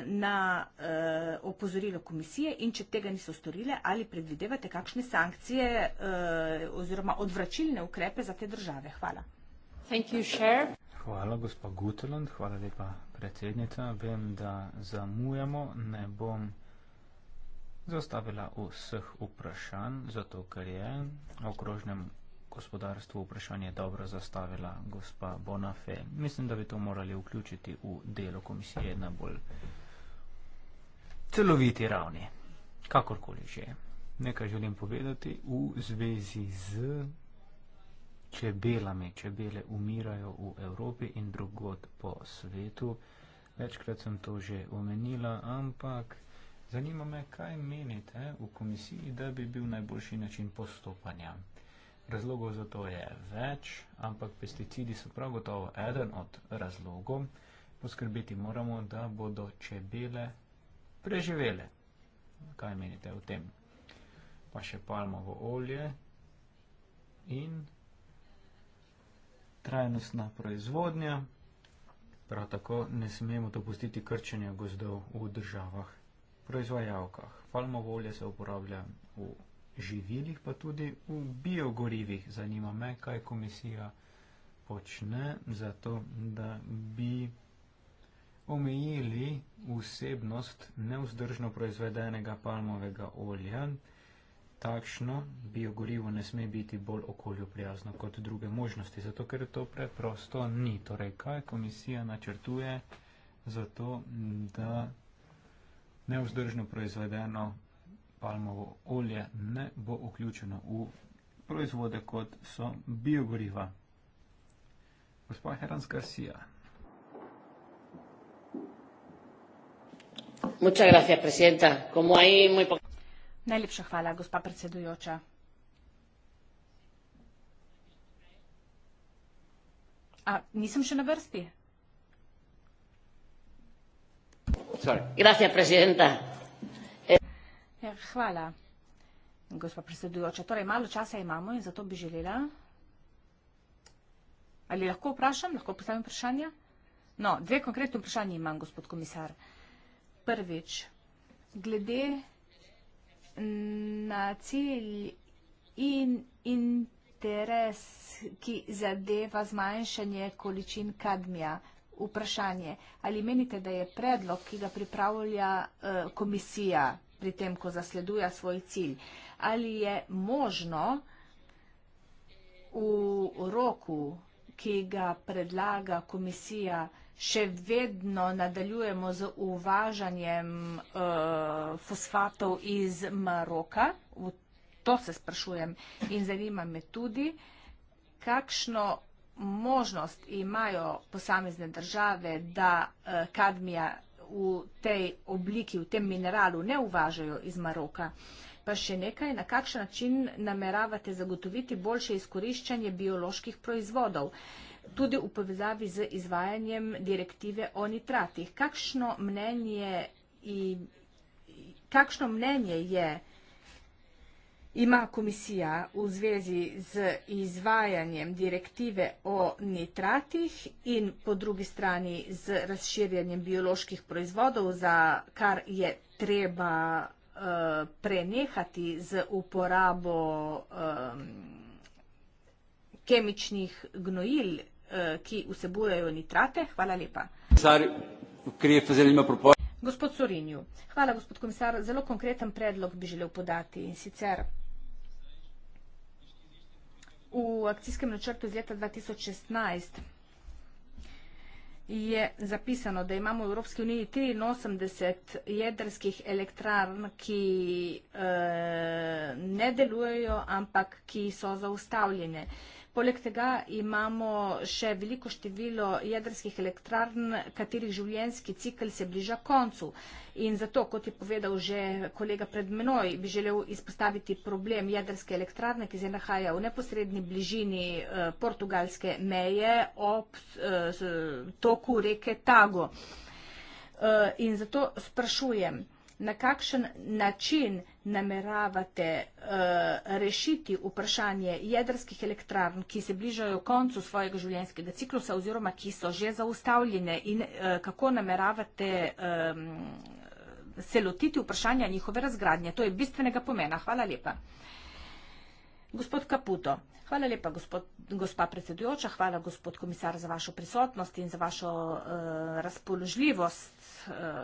na uh, opozorilo komisije in če tega niso storile, ali predvidevate kakšne sankcije uh, oziroma odvračilne ukrepe za te države? Hvala. Thank you, hvala, gospa Guteland. Hvala lepa, predsednica. Vem, da zamujamo. Ne bom zastavila vseh vprašanj, zato ker je v okrožnem gospodarstvu vprašanje dobro zastavila gospa Bonafe. Mislim, da bi to morali vključiti v delo komisije na bolj celoviti ravni. Kakorkoli že. Nekaj želim povedati v zvezi z čebelami. Čebele umirajo v Evropi in drugod po svetu. Večkrat sem to že omenila, ampak Zanima me, kaj menite v komisiji, da bi bil najboljši način postopanja. Razlogov za to je več, ampak pesticidi so prav gotovo eden od razlogov. Poskrbeti moramo, da bodo čebele preživele. Kaj menite o tem? Pa še palmovo olje in trajnostna proizvodnja. Prav tako ne smemo dopustiti krčenja gozdov v državah proizvajalkah. Palmovo olje se uporablja v živilih, pa tudi v biogorivih. Zanima me, kaj komisija počne za to, da bi omejili vsebnost neuzdržno proizvedenega palmovega olja. Takšno biogorivo ne sme biti bolj okolju prijazno kot druge možnosti, zato ker to preprosto ni. Torej, kaj komisija načrtuje za to, da. Mm nevzdržno proizvedeno palmovo olje ne bo vključeno v proizvode, kot so biogoriva. Gospa Herans Garcia. Najlepša hvala, gospa predsedujoča. A nisem še na vrsti? Eh, ja, hvala, gospod predsedujoča. Torej, malo časa imamo in zato bi želela. Ali lahko vprašam, lahko postavim vprašanja? No, dve konkretne vprašanje imam, gospod komisar. Prvič, glede na cilj in interes, ki zadeva zmanjšanje količin kadmija vprašanje. Ali menite, da je predlog, ki ga pripravlja eh, komisija pri tem, ko zasleduje svoj cilj, ali je možno v roku, ki ga predlaga komisija, še vedno nadaljujemo z uvažanjem eh, fosfatov iz Maroka? To se sprašujem in zanima me tudi, kakšno možnost imajo posamezne države, da eh, kadmija v tej obliki, v tem mineralu ne uvažajo iz Maroka. Pa še nekaj, na kakšen način nameravate zagotoviti boljše izkoriščanje bioloških proizvodov, tudi v povezavi z izvajanjem direktive o nitratih. Kakšno mnenje, i, kakšno mnenje je? ima komisija v zvezi z izvajanjem direktive o nitratih in po drugi strani z razširjanjem bioloških proizvodov, za kar je treba uh, prenehati z uporabo um, kemičnih gnojil, uh, ki vsebujejo nitrate. Hvala lepa. Gospod Sorinju, hvala gospod komisar. Zelo konkreten predlog bi želel podati in sicer v akcijskem načrtu iz leta 2016 je zapisano, da imamo v Evropski uniji 83 jedrskih elektrarn, ki e, ne delujejo, ampak ki so zaustavljene. E, Poleg tega imamo še veliko število jedrskih elektrarn, katerih življenjski cikl se bliža koncu. In zato, kot je povedal že kolega pred menoj, bi želel izpostaviti problem jedrske elektrarne, ki se nahaja v neposrednji bližini eh, portugalske meje ob eh, toku reke Tago. Eh, in zato sprašujem, na kakšen način nameravate uh, rešiti vprašanje jedrskih elektrarn, ki se bližajo koncu svojega življenjskega ciklusa oziroma ki so že zaustavljene in uh, kako nameravate um, se lotiti vprašanja njihove razgradnje. To je bistvenega pomena. Hvala lepa. Gospod Kaputo, hvala lepa, gospa predsedujoča, hvala gospod komisar za vašo prisotnost in za vašo eh, razpoložljivost, eh,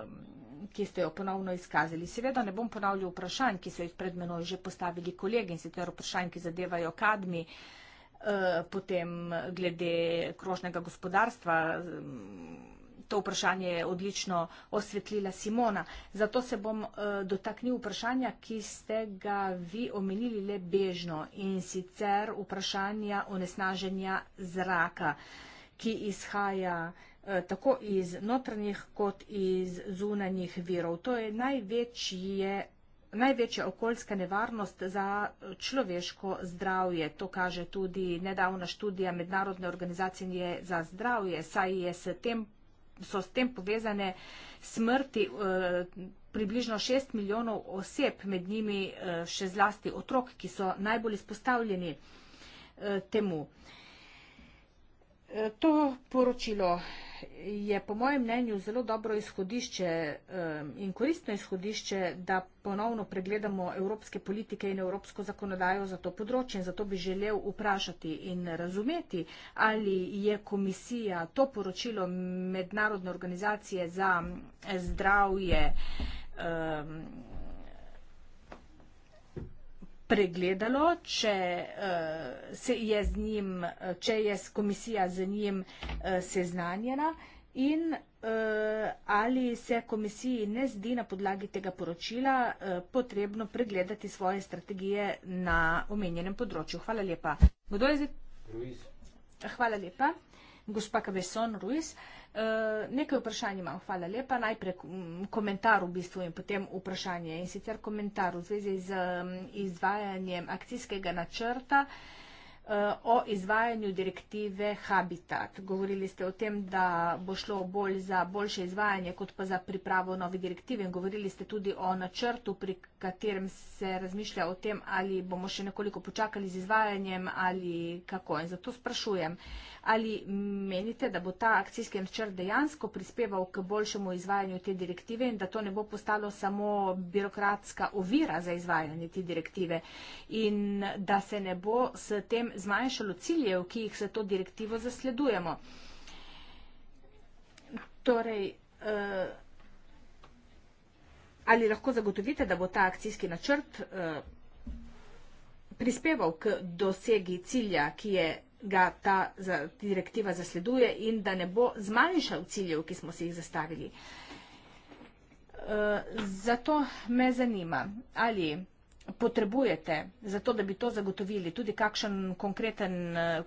ki ste jo ponovno izkazali. Seveda ne bom ponavljal vprašanj, ki so jih pred menoj že postavili kolegi in sicer vprašanj, ki zadevajo kadmi, eh, potem glede krožnega gospodarstva, vprašanj, to vprašanje je odlično osvetlila Simona. Zato se bom eh, dotaknil vprašanja, ki ste ga vi omenili le bežno in sicer vprašanja onesnaženja zraka, ki izhaja eh, tako iz notranjih kot iz zunanjih virov. To je največje največja okoljska nevarnost za človeško zdravje. To kaže tudi nedavna študija Mednarodne organizacije za zdravje, saj je s tem so s tem povezane smrti eh, približno 6 milijonov oseb, med njimi eh, še zlasti otrok, ki so najbolj izpostavljeni eh, temu. To poročilo je po mojem mnenju zelo dobro izhodišče in koristno izhodišče, da ponovno pregledamo evropske politike in evropsko zakonodajo za to področje. Zato bi želel vprašati in razumeti, ali je komisija to poročilo Mednarodne organizacije za zdravje pregledalo, če uh, se je z njim, eh, če je komisija z njim uh, seznanjena in uh, ali se komisiji ne zdi na podlagi tega poročila uh, potrebno pregledati svoje strategije na omenjenem področju. Hvala lepa. Kdo je zdaj? Ruiz. Hvala lepa. Gospa Kabeson Ruiz. Uh, Eh, nekaj vprašanj imam, hvala lepa. Najprej mm, komentar v bistvu in potem vprašanje. In sicer komentar v zvezi z mm, izvajanjem akcijskega načrta eh, o izvajanju direktive Habitat. Govorili ste o tem, da bo šlo bolj za boljše izvajanje, kot pa za pripravo nove direktive. Govorili ste tudi o načrtu, pri katerem se razmišlja o tem, ali bomo še nekoliko počakali z izvajanjem ali kako. In zato sprašujem, Ali menite, da bo ta akcijski načrt dejansko prispeval k boljšemu izvajanju te direktive in da to ne bo postalo samo birokratska ovira za izvajanje te direktive in da se ne bo s tem zmanjšalo ciljev, ki jih se to direktivo zasledujemo? Torej, uh, ali lahko zagotovite, da bo ta akcijski načrt uh, prispeval k dosegi cilja, ki je ga ta direktiva zasleduje in da ne bo zmanjšal ciljev, ki smo si jih zastavili. E, zato me zanima, ali potrebujete za to, da bi to zagotovili, tudi kakšen konkreten eh,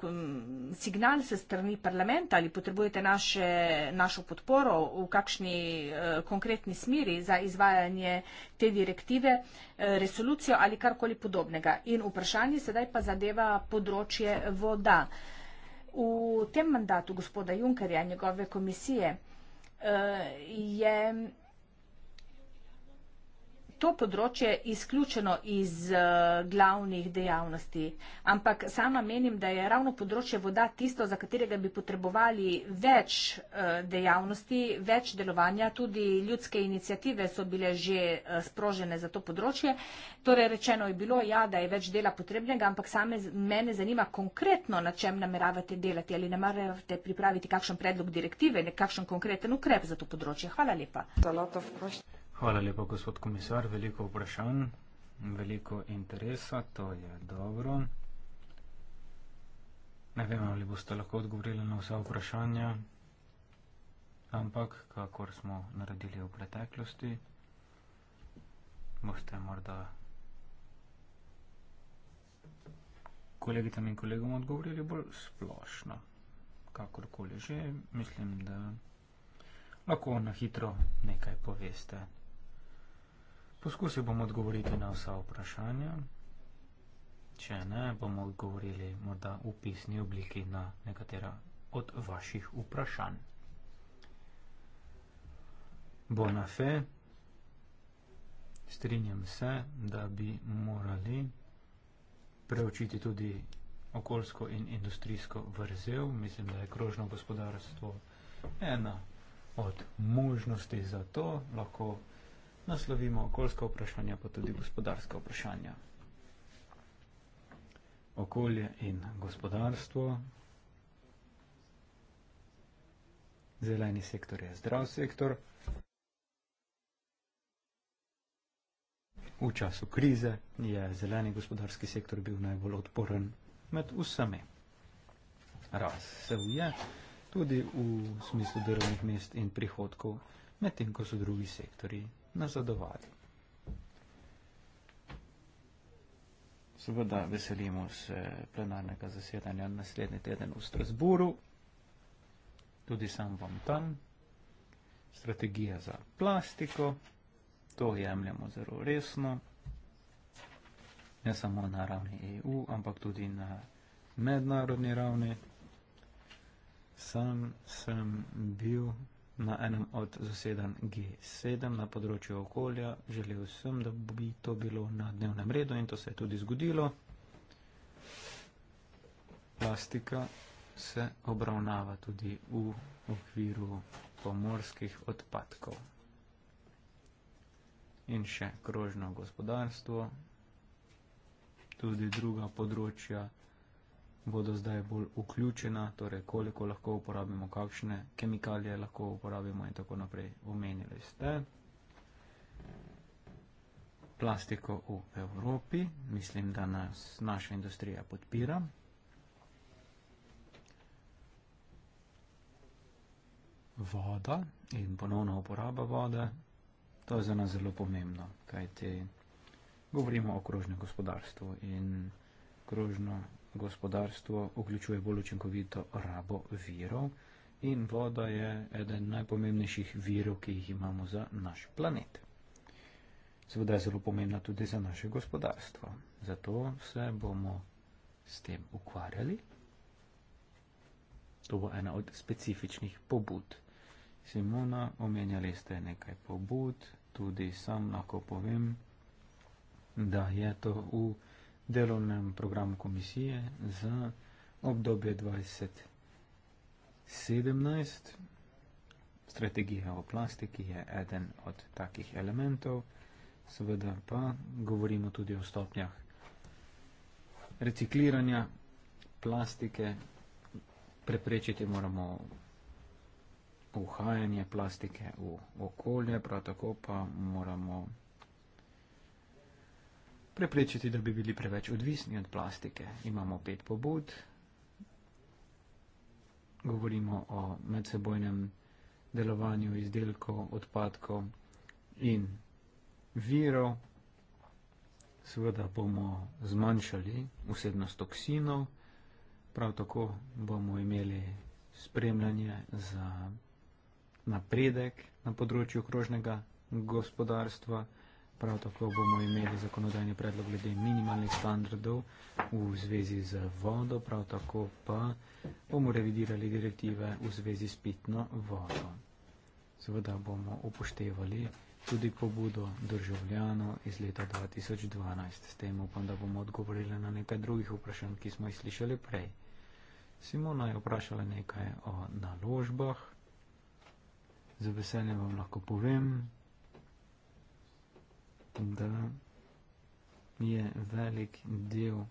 signal se strani parlamenta ali potrebujete naše, našo podporo v kakšni eh, konkretni smeri za izvajanje te direktive, eh, resolucijo ali karkoli podobnega. In vprašanje sedaj pa zadeva področje voda. V tem mandatu gospoda Junkerja in njegove komisije je to področje izključeno iz uh, glavnih dejavnosti. Ampak sama menim, da je ravno področje voda tisto, za katerega bi potrebovali več uh, dejavnosti, več delovanja. Tudi ljudske inicijative so bile že uh, sprožene za to področje. Torej, rečeno je bilo, ja, da je več dela potrebnega, ampak same mene zanima konkretno, na čem nameravate delati ali nameravate pripraviti kakšen predlog direktive, nekakšen konkreten ukrep za to področje. Hvala lepa. Hvala lepa, gospod komisar. Veliko vprašanj, veliko interesa, to je dobro. Ne vem, ali boste lahko odgovorili na vsa vprašanja, ampak kakor smo naredili v preteklosti, boste morda kolegitam in kolegom odgovorili bolj splošno. Kakorkoli že, mislim, da lahko na hitro nekaj poveste. Poskusil bom odgovoriti na vsa vprašanja. Če ne, bomo odgovorili morda v pisni obliki na nekatera od vaših vprašanj. Bonafe, strinjam se, da bi morali preučiti tudi okoljsko in industrijsko vrzel. Mislim, da je krožno gospodarstvo ena od možnosti za to. Lahko vprašanje naslovimo okoljska vprašanja, pa tudi gospodarska vprašanja. Okolje in gospodarstvo. Zeleni sektor je zdrav sektor. V času krize je zeleni gospodarski sektor bil najbolj odporen med vsemi. Raz se je tudi v smislu delovnih mest in prihodkov, medtem ko so drugi sektori nazadovali. Seveda veselimo se plenarnega zasedanja naslednji teden v Strasburu. Tudi sam vam tam. Strategija za plastiko. To jemljamo zelo resno. Ne samo na ravni EU, ampak tudi na mednarodni ravni. Sam sem bil na enem od zasedanj G7 na področju okolja. Želel sem, da bi to bilo na dnevnem redu in to se je tudi zgodilo. Plastika se obravnava tudi v okviru pomorskih odpadkov. In še krožno gospodarstvo, tudi druga področja bodo zdaj bolj vključena, torej koliko lahko uporabimo, kakšne kemikalije lahko uporabimo in tako naprej. Omenili ste plastiko v Evropi, mislim, da nas naša industrija podpira. Voda in ponovna uporaba vode, to je za nas zelo pomembno, kajti govorimo o krožnem gospodarstvu in krožno gospodarstvo vključuje bolj učinkovito rabo virov in voda je eden najpomembnejših virov, ki jih imamo za naš planet. Seveda je zelo pomembna tudi za naše gospodarstvo. Zato se bomo s tem ukvarjali. To bo ena od specifičnih pobud. Simona, omenjali ste nekaj pobud, tudi sam lahko povem, da je to v delovnem programu komisije za obdobje 2017. Strategija o plastiki je eden od takih elementov, seveda pa govorimo tudi o stopnjah recikliranja plastike, preprečiti moramo uhajanje plastike v okolje, prav tako pa moramo preprečiti, da bi bili preveč odvisni od plastike. Imamo pet pobud, govorimo o medsebojnem delovanju izdelkov, odpadkov in virov. Seveda bomo zmanjšali vsebnost toksinov, prav tako bomo imeli spremljanje za napredek na področju okrožnega gospodarstva. Prav tako bomo imeli zakonodajni predlog glede minimalnih standardov v zvezi z vodo, prav tako pa bomo revidirali direktive v zvezi s pitno vodo. Seveda bomo upoštevali tudi pobudo državljanov iz leta 2012. S tem upam, da bomo odgovorili na nekaj drugih vprašanj, ki smo jih slišali prej. Simona je vprašala nekaj o naložbah. Za veseljem vam lahko povem, da je velik del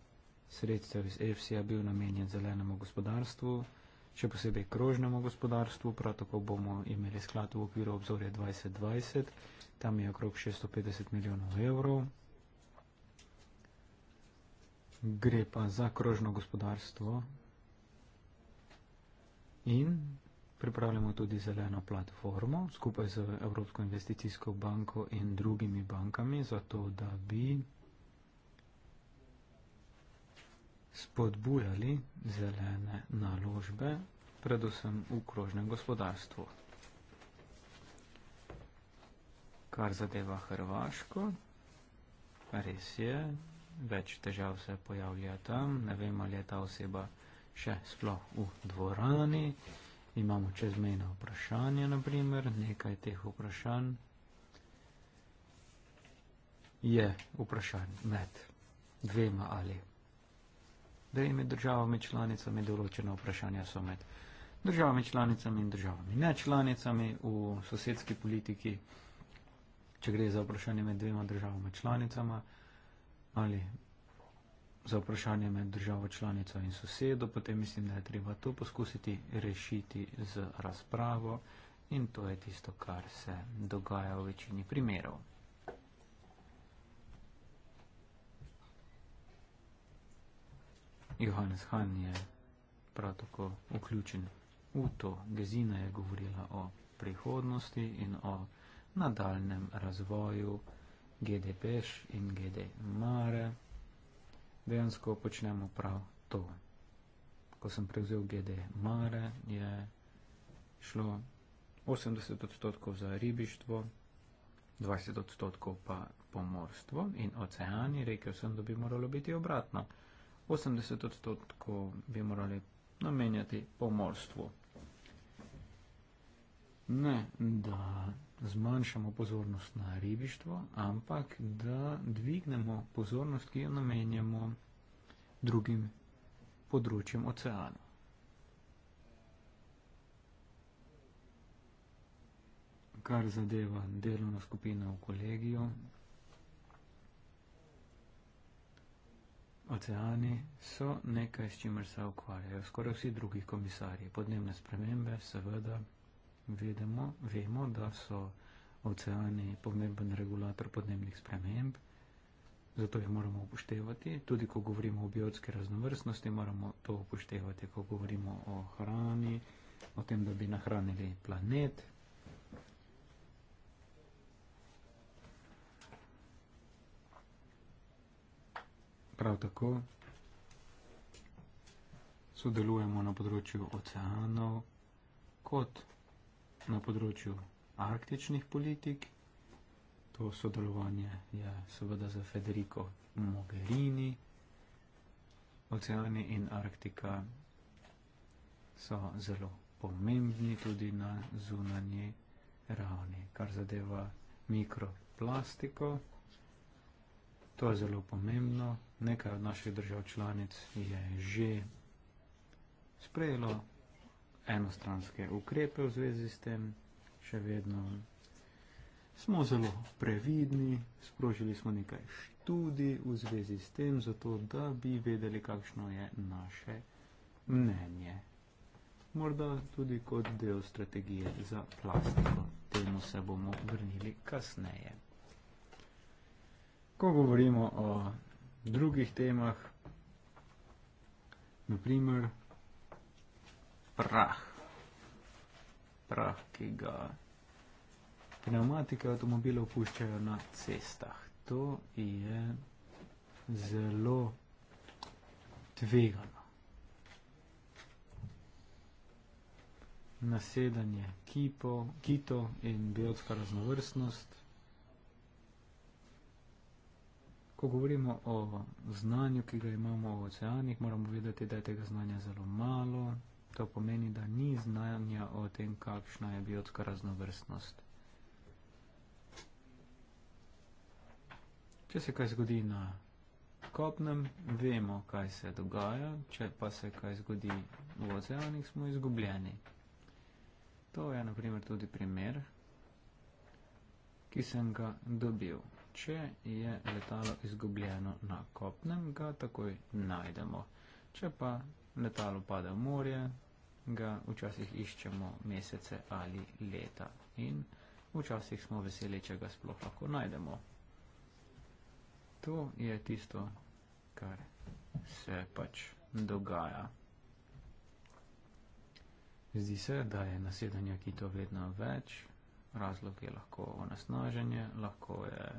sredstev iz EFSI-ja bil namenjen zelenemu gospodarstvu, še posebej krožnemu gospodarstvu, prav tako bomo imeli sklad v okviru obzorja 2020, tam je okrog 650 milijonov evrov. Gre pa za krožno gospodarstvo in Pripravljamo tudi zeleno platformo skupaj z Evropsko investicijsko banko in drugimi bankami, zato da bi spodbujali zelene naložbe, predvsem v krožnem gospodarstvu. Kar zadeva Hrvaško, res je, več težav se pojavlja tam, ne vem, ali je ta oseba še sploh v dvorani, imamo čezmejna vprašanja, naprimer, nekaj teh vprašanj je vprašanj med dvema ali dvemi državami članicami, določena vprašanja so med državami članicami in državami ne članicami v sosedski politiki, če gre za vprašanje med dvema državama članicama ali za vprašanje med državo članico in sosedo, potem mislim, da je treba to poskusiti rešiti z razpravo in to je tisto, kar se dogaja v večini primerov. Johannes Han je prav tako vključen v to. Gezina je govorila o prihodnosti in o nadaljem razvoju GDPŠ in GDMare dejansko počnemo prav to. Ko sem prevzel GD Mare, je šlo 80 odstotkov za ribištvo, 20 odstotkov pa pomorstvo in oceani. Rekel sem, da bi moralo biti obratno. 80 odstotkov bi morali namenjati pomorstvu. Ne, da zmanjšamo pozornost na ribištvo, ampak da dvignemo pozornost, ki jo namenjamo drugim področjem oceanu. Kar zadeva delovno skupino v kolegiju, oceani so nekaj, s čimer se ukvarjajo skoraj vsi drugi komisarji. Podnebne spremembe, seveda vedemo, vemo, da so oceani pomemben regulator podnebnih sprememb, zato jih moramo upoštevati. Tudi, ko govorimo o biotski raznovrstnosti, moramo to upoštevati, ko govorimo o hrani, o tem, da bi nahranili planet. Prav tako sodelujemo na področju oceanov kot na področju arktičnih politik. To sodelovanje je seveda za Federico Mogherini. Oceani in Arktika so zelo pomembni tudi na zunanji ravni, kar zadeva mikroplastiko. To je zelo pomembno. Nekaj od naših držav članic je že sprejelo enostranske ukrepe v zvezi s tem, še vedno smo zelo previdni, sprožili smo nekaj študij v zvezi s tem, zato da bi vedeli, kakšno je naše mnenje. Morda tudi kot del strategije za plastiko. Temu se bomo vrnili kasneje. Ko govorimo o drugih temah, naprimer, prah. Prah, ki ga pneumatike avtomobilov puščajo na cestah. To je zelo tvegano. Nasedanje kipo, kito in biotska raznovrstnost. Ko govorimo o znanju, ki ga imamo v oceanih, moramo vedeti, da je tega znanja zelo malo. To pomeni, da ni znanja o tem, kakšna je biotska raznovrstnost. Če se kaj zgodi na kopnem, vemo, kaj se dogaja, če pa se kaj zgodi v oceanih, smo izgubljeni. To je naprimer tudi primer, ki sem ga dobil. Če je letalo izgubljeno na kopnem, ga takoj najdemo. Če pa letalo pade v morje, ga včasih iščemo mesece ali leta in včasih smo veseli, če ga sploh lahko najdemo. To je tisto, kar se pač dogaja. Zdi se, da je nasedanja kito vedno več, razlog je lahko onesnaženje, lahko je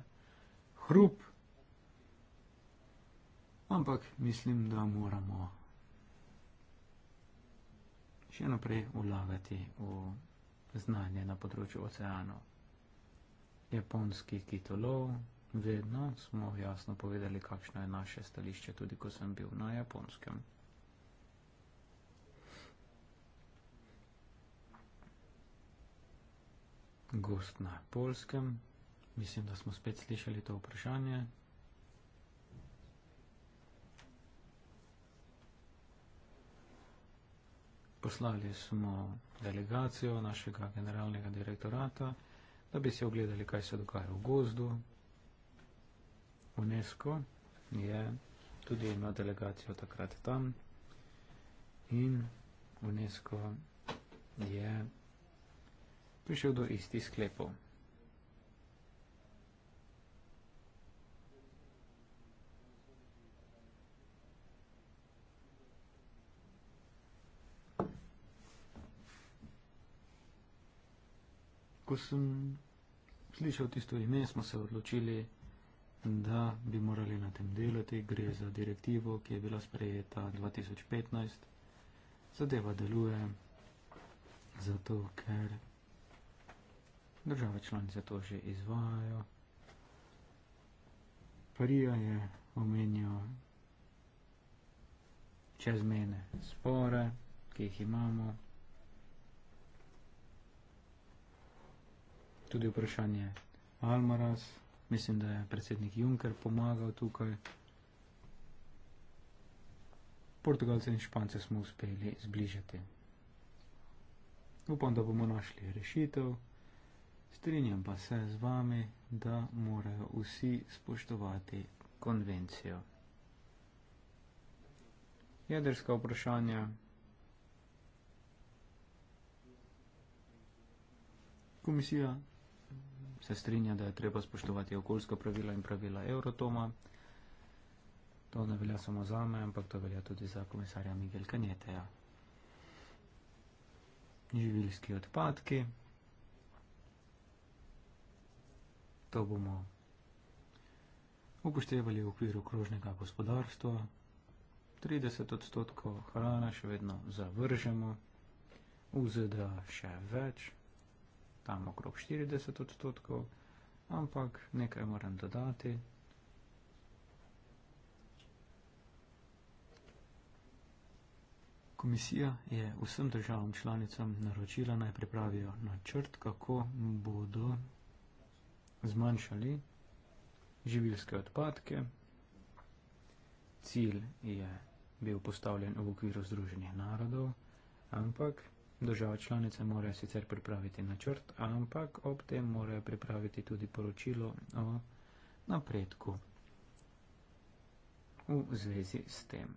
hrup, ampak mislim, da moramo še naprej vlagati v znanje na področju oceanov. Japonski kitolov, vedno smo jasno povedali, kakšno je naše stališče, tudi ko sem bil na japonskem. Gost na polskem, mislim, da smo spet slišali to vprašanje, poslali smo delegacijo našega generalnega direktorata, da bi se ogledali, kaj se dogaja v gozdu. UNESCO je tudi imel delegacijo takrat tam in UNESCO je prišel do istih sklepov. ko sem slišal tisto ime, smo se odločili, da bi morali na tem delati. Gre za direktivo, ki je bila sprejeta 2015. Zadeva deluje zato, ker države članice to že izvajajo. Parija je omenjal čezmene spore, ki jih imamo tudi vprašanje Almaraz, mislim, da je predsednik Juncker pomagal tukaj. Portugalce in Špance smo uspeli zbližati. Upam, da bomo našli rešitev. Strinjam pa se z vami, da morajo vsi spoštovati konvencijo. Jedrska vprašanja. Komisija se strinja, da je treba spoštovati okoljska pravila in pravila Eurotoma. To ne velja samo za me, ampak to velja tudi za komisarja Miguel Kanjeteja. Živilski odpadki. To bomo upoštevali v okviru krožnega gospodarstva. 30 odstotkov hrana še vedno zavržemo, v ZDA še več tam okrog 40 odstotkov, ampak nekaj moram dodati. Komisija je vsem državam članicam naročila naj pripravijo načrt, kako bodo zmanjšali živilske odpadke. Cilj je bil postavljen v okviru Združenih narodov, ampak Država članica mora sicer pripraviti načrt, ampak ob tem mora pripraviti tudi poročilo o napredku v zvezi s tem.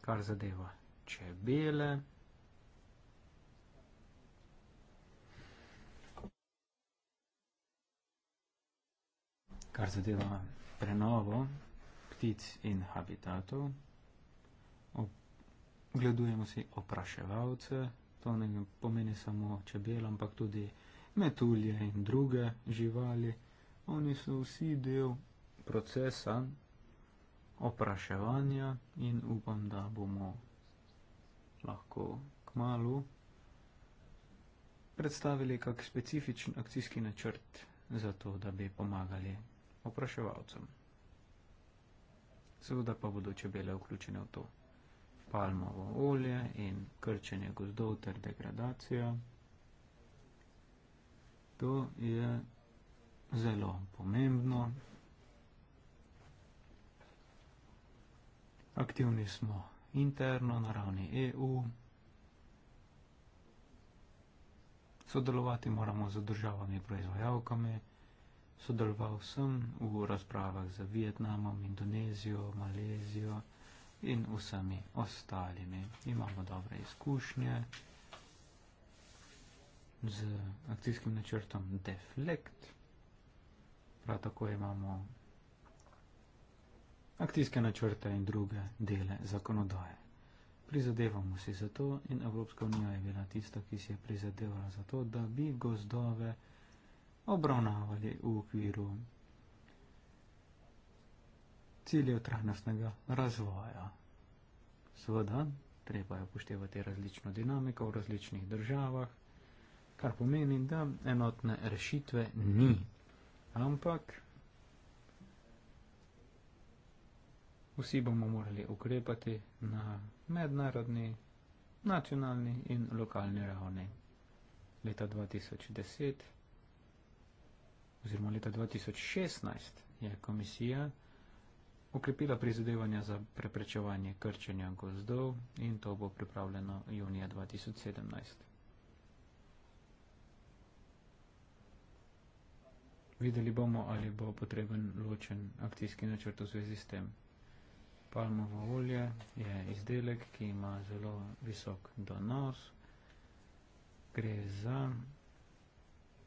Kar zadeva čebele. Kar zadeva prenovo ptic in habitatov. Gledujemo si opraševalce, to ne pomeni samo čebele, ampak tudi metulje in druge živali. Oni so vsi del procesa opraševanja in upam, da bomo lahko k malu predstavili kak specifičen akcijski načrt za to, da bi pomagali opraševalcem. Seveda pa bodo čebele vključene v to palmovo olje in krčenje gozdov ter degradacijo. To je zelo pomembno. Aktivni smo interno na ravni EU. Sodelovati moramo z državami proizvajalkami. Sodeloval sem v razpravah z Vietnamom, Indonezijo, Malezijo in vsemi ostalimi. Imamo dobre izkušnje z akcijskim načrtom Deflect. Prav tako imamo akcijske načrte in druge dele zakonodaje. Prizadevamo si za to in Evropska unija je bila tista, ki si je prizadevala za to, da bi gozdove obravnavali v okviru ciljev trajnostnega razvoja. Seveda, treba je upoštevati različno dinamiko v različnih državah, kar pomeni, da enotne rešitve ni. Ampak vsi bomo morali ukrepati na mednarodni, nacionalni in lokalni ravni. Leta 2010 oziroma leta 2016 je komisija okrepila prizadevanja za preprečevanje krčenja gozdov in to bo pripravljeno junija 2017. Videli bomo, ali bo potreben ločen akcijski načrt v zvezi s tem. Palmovo olje je izdelek, ki ima zelo visok donos. Gre za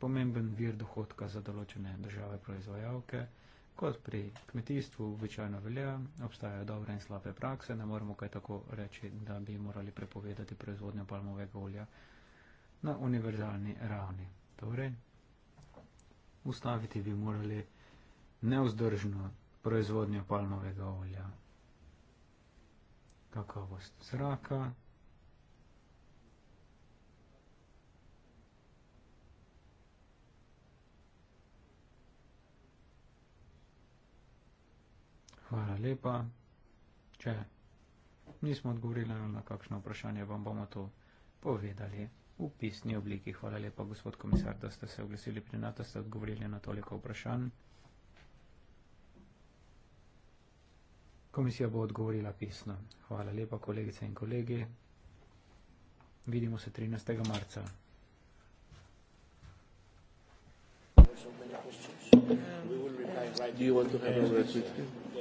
pomemben vir dohodka za določene države proizvajalke, ki je zelo visok donos kot pri kmetijstvu običajno velja, obstajajo dobre in slabe prakse, ne moremo kaj tako reči, da bi morali prepovedati proizvodnjo palmovega olja na univerzalni ravni. Torej, ustaviti bi morali neuzdržno proizvodnjo palmovega olja, kakovost zraka, Hvala lepa. Če nismo odgovorili na kakšno vprašanje, vam bomo to povedali v pisni obliki. Hvala lepa, gospod komisar, da ste se oglasili pri NATO, ste odgovorili na toliko vprašanj. Komisija bo odgovorila pisno. Hvala lepa, kolegice in kolegi. Vidimo se 13. marca. Do you want to have a word with him?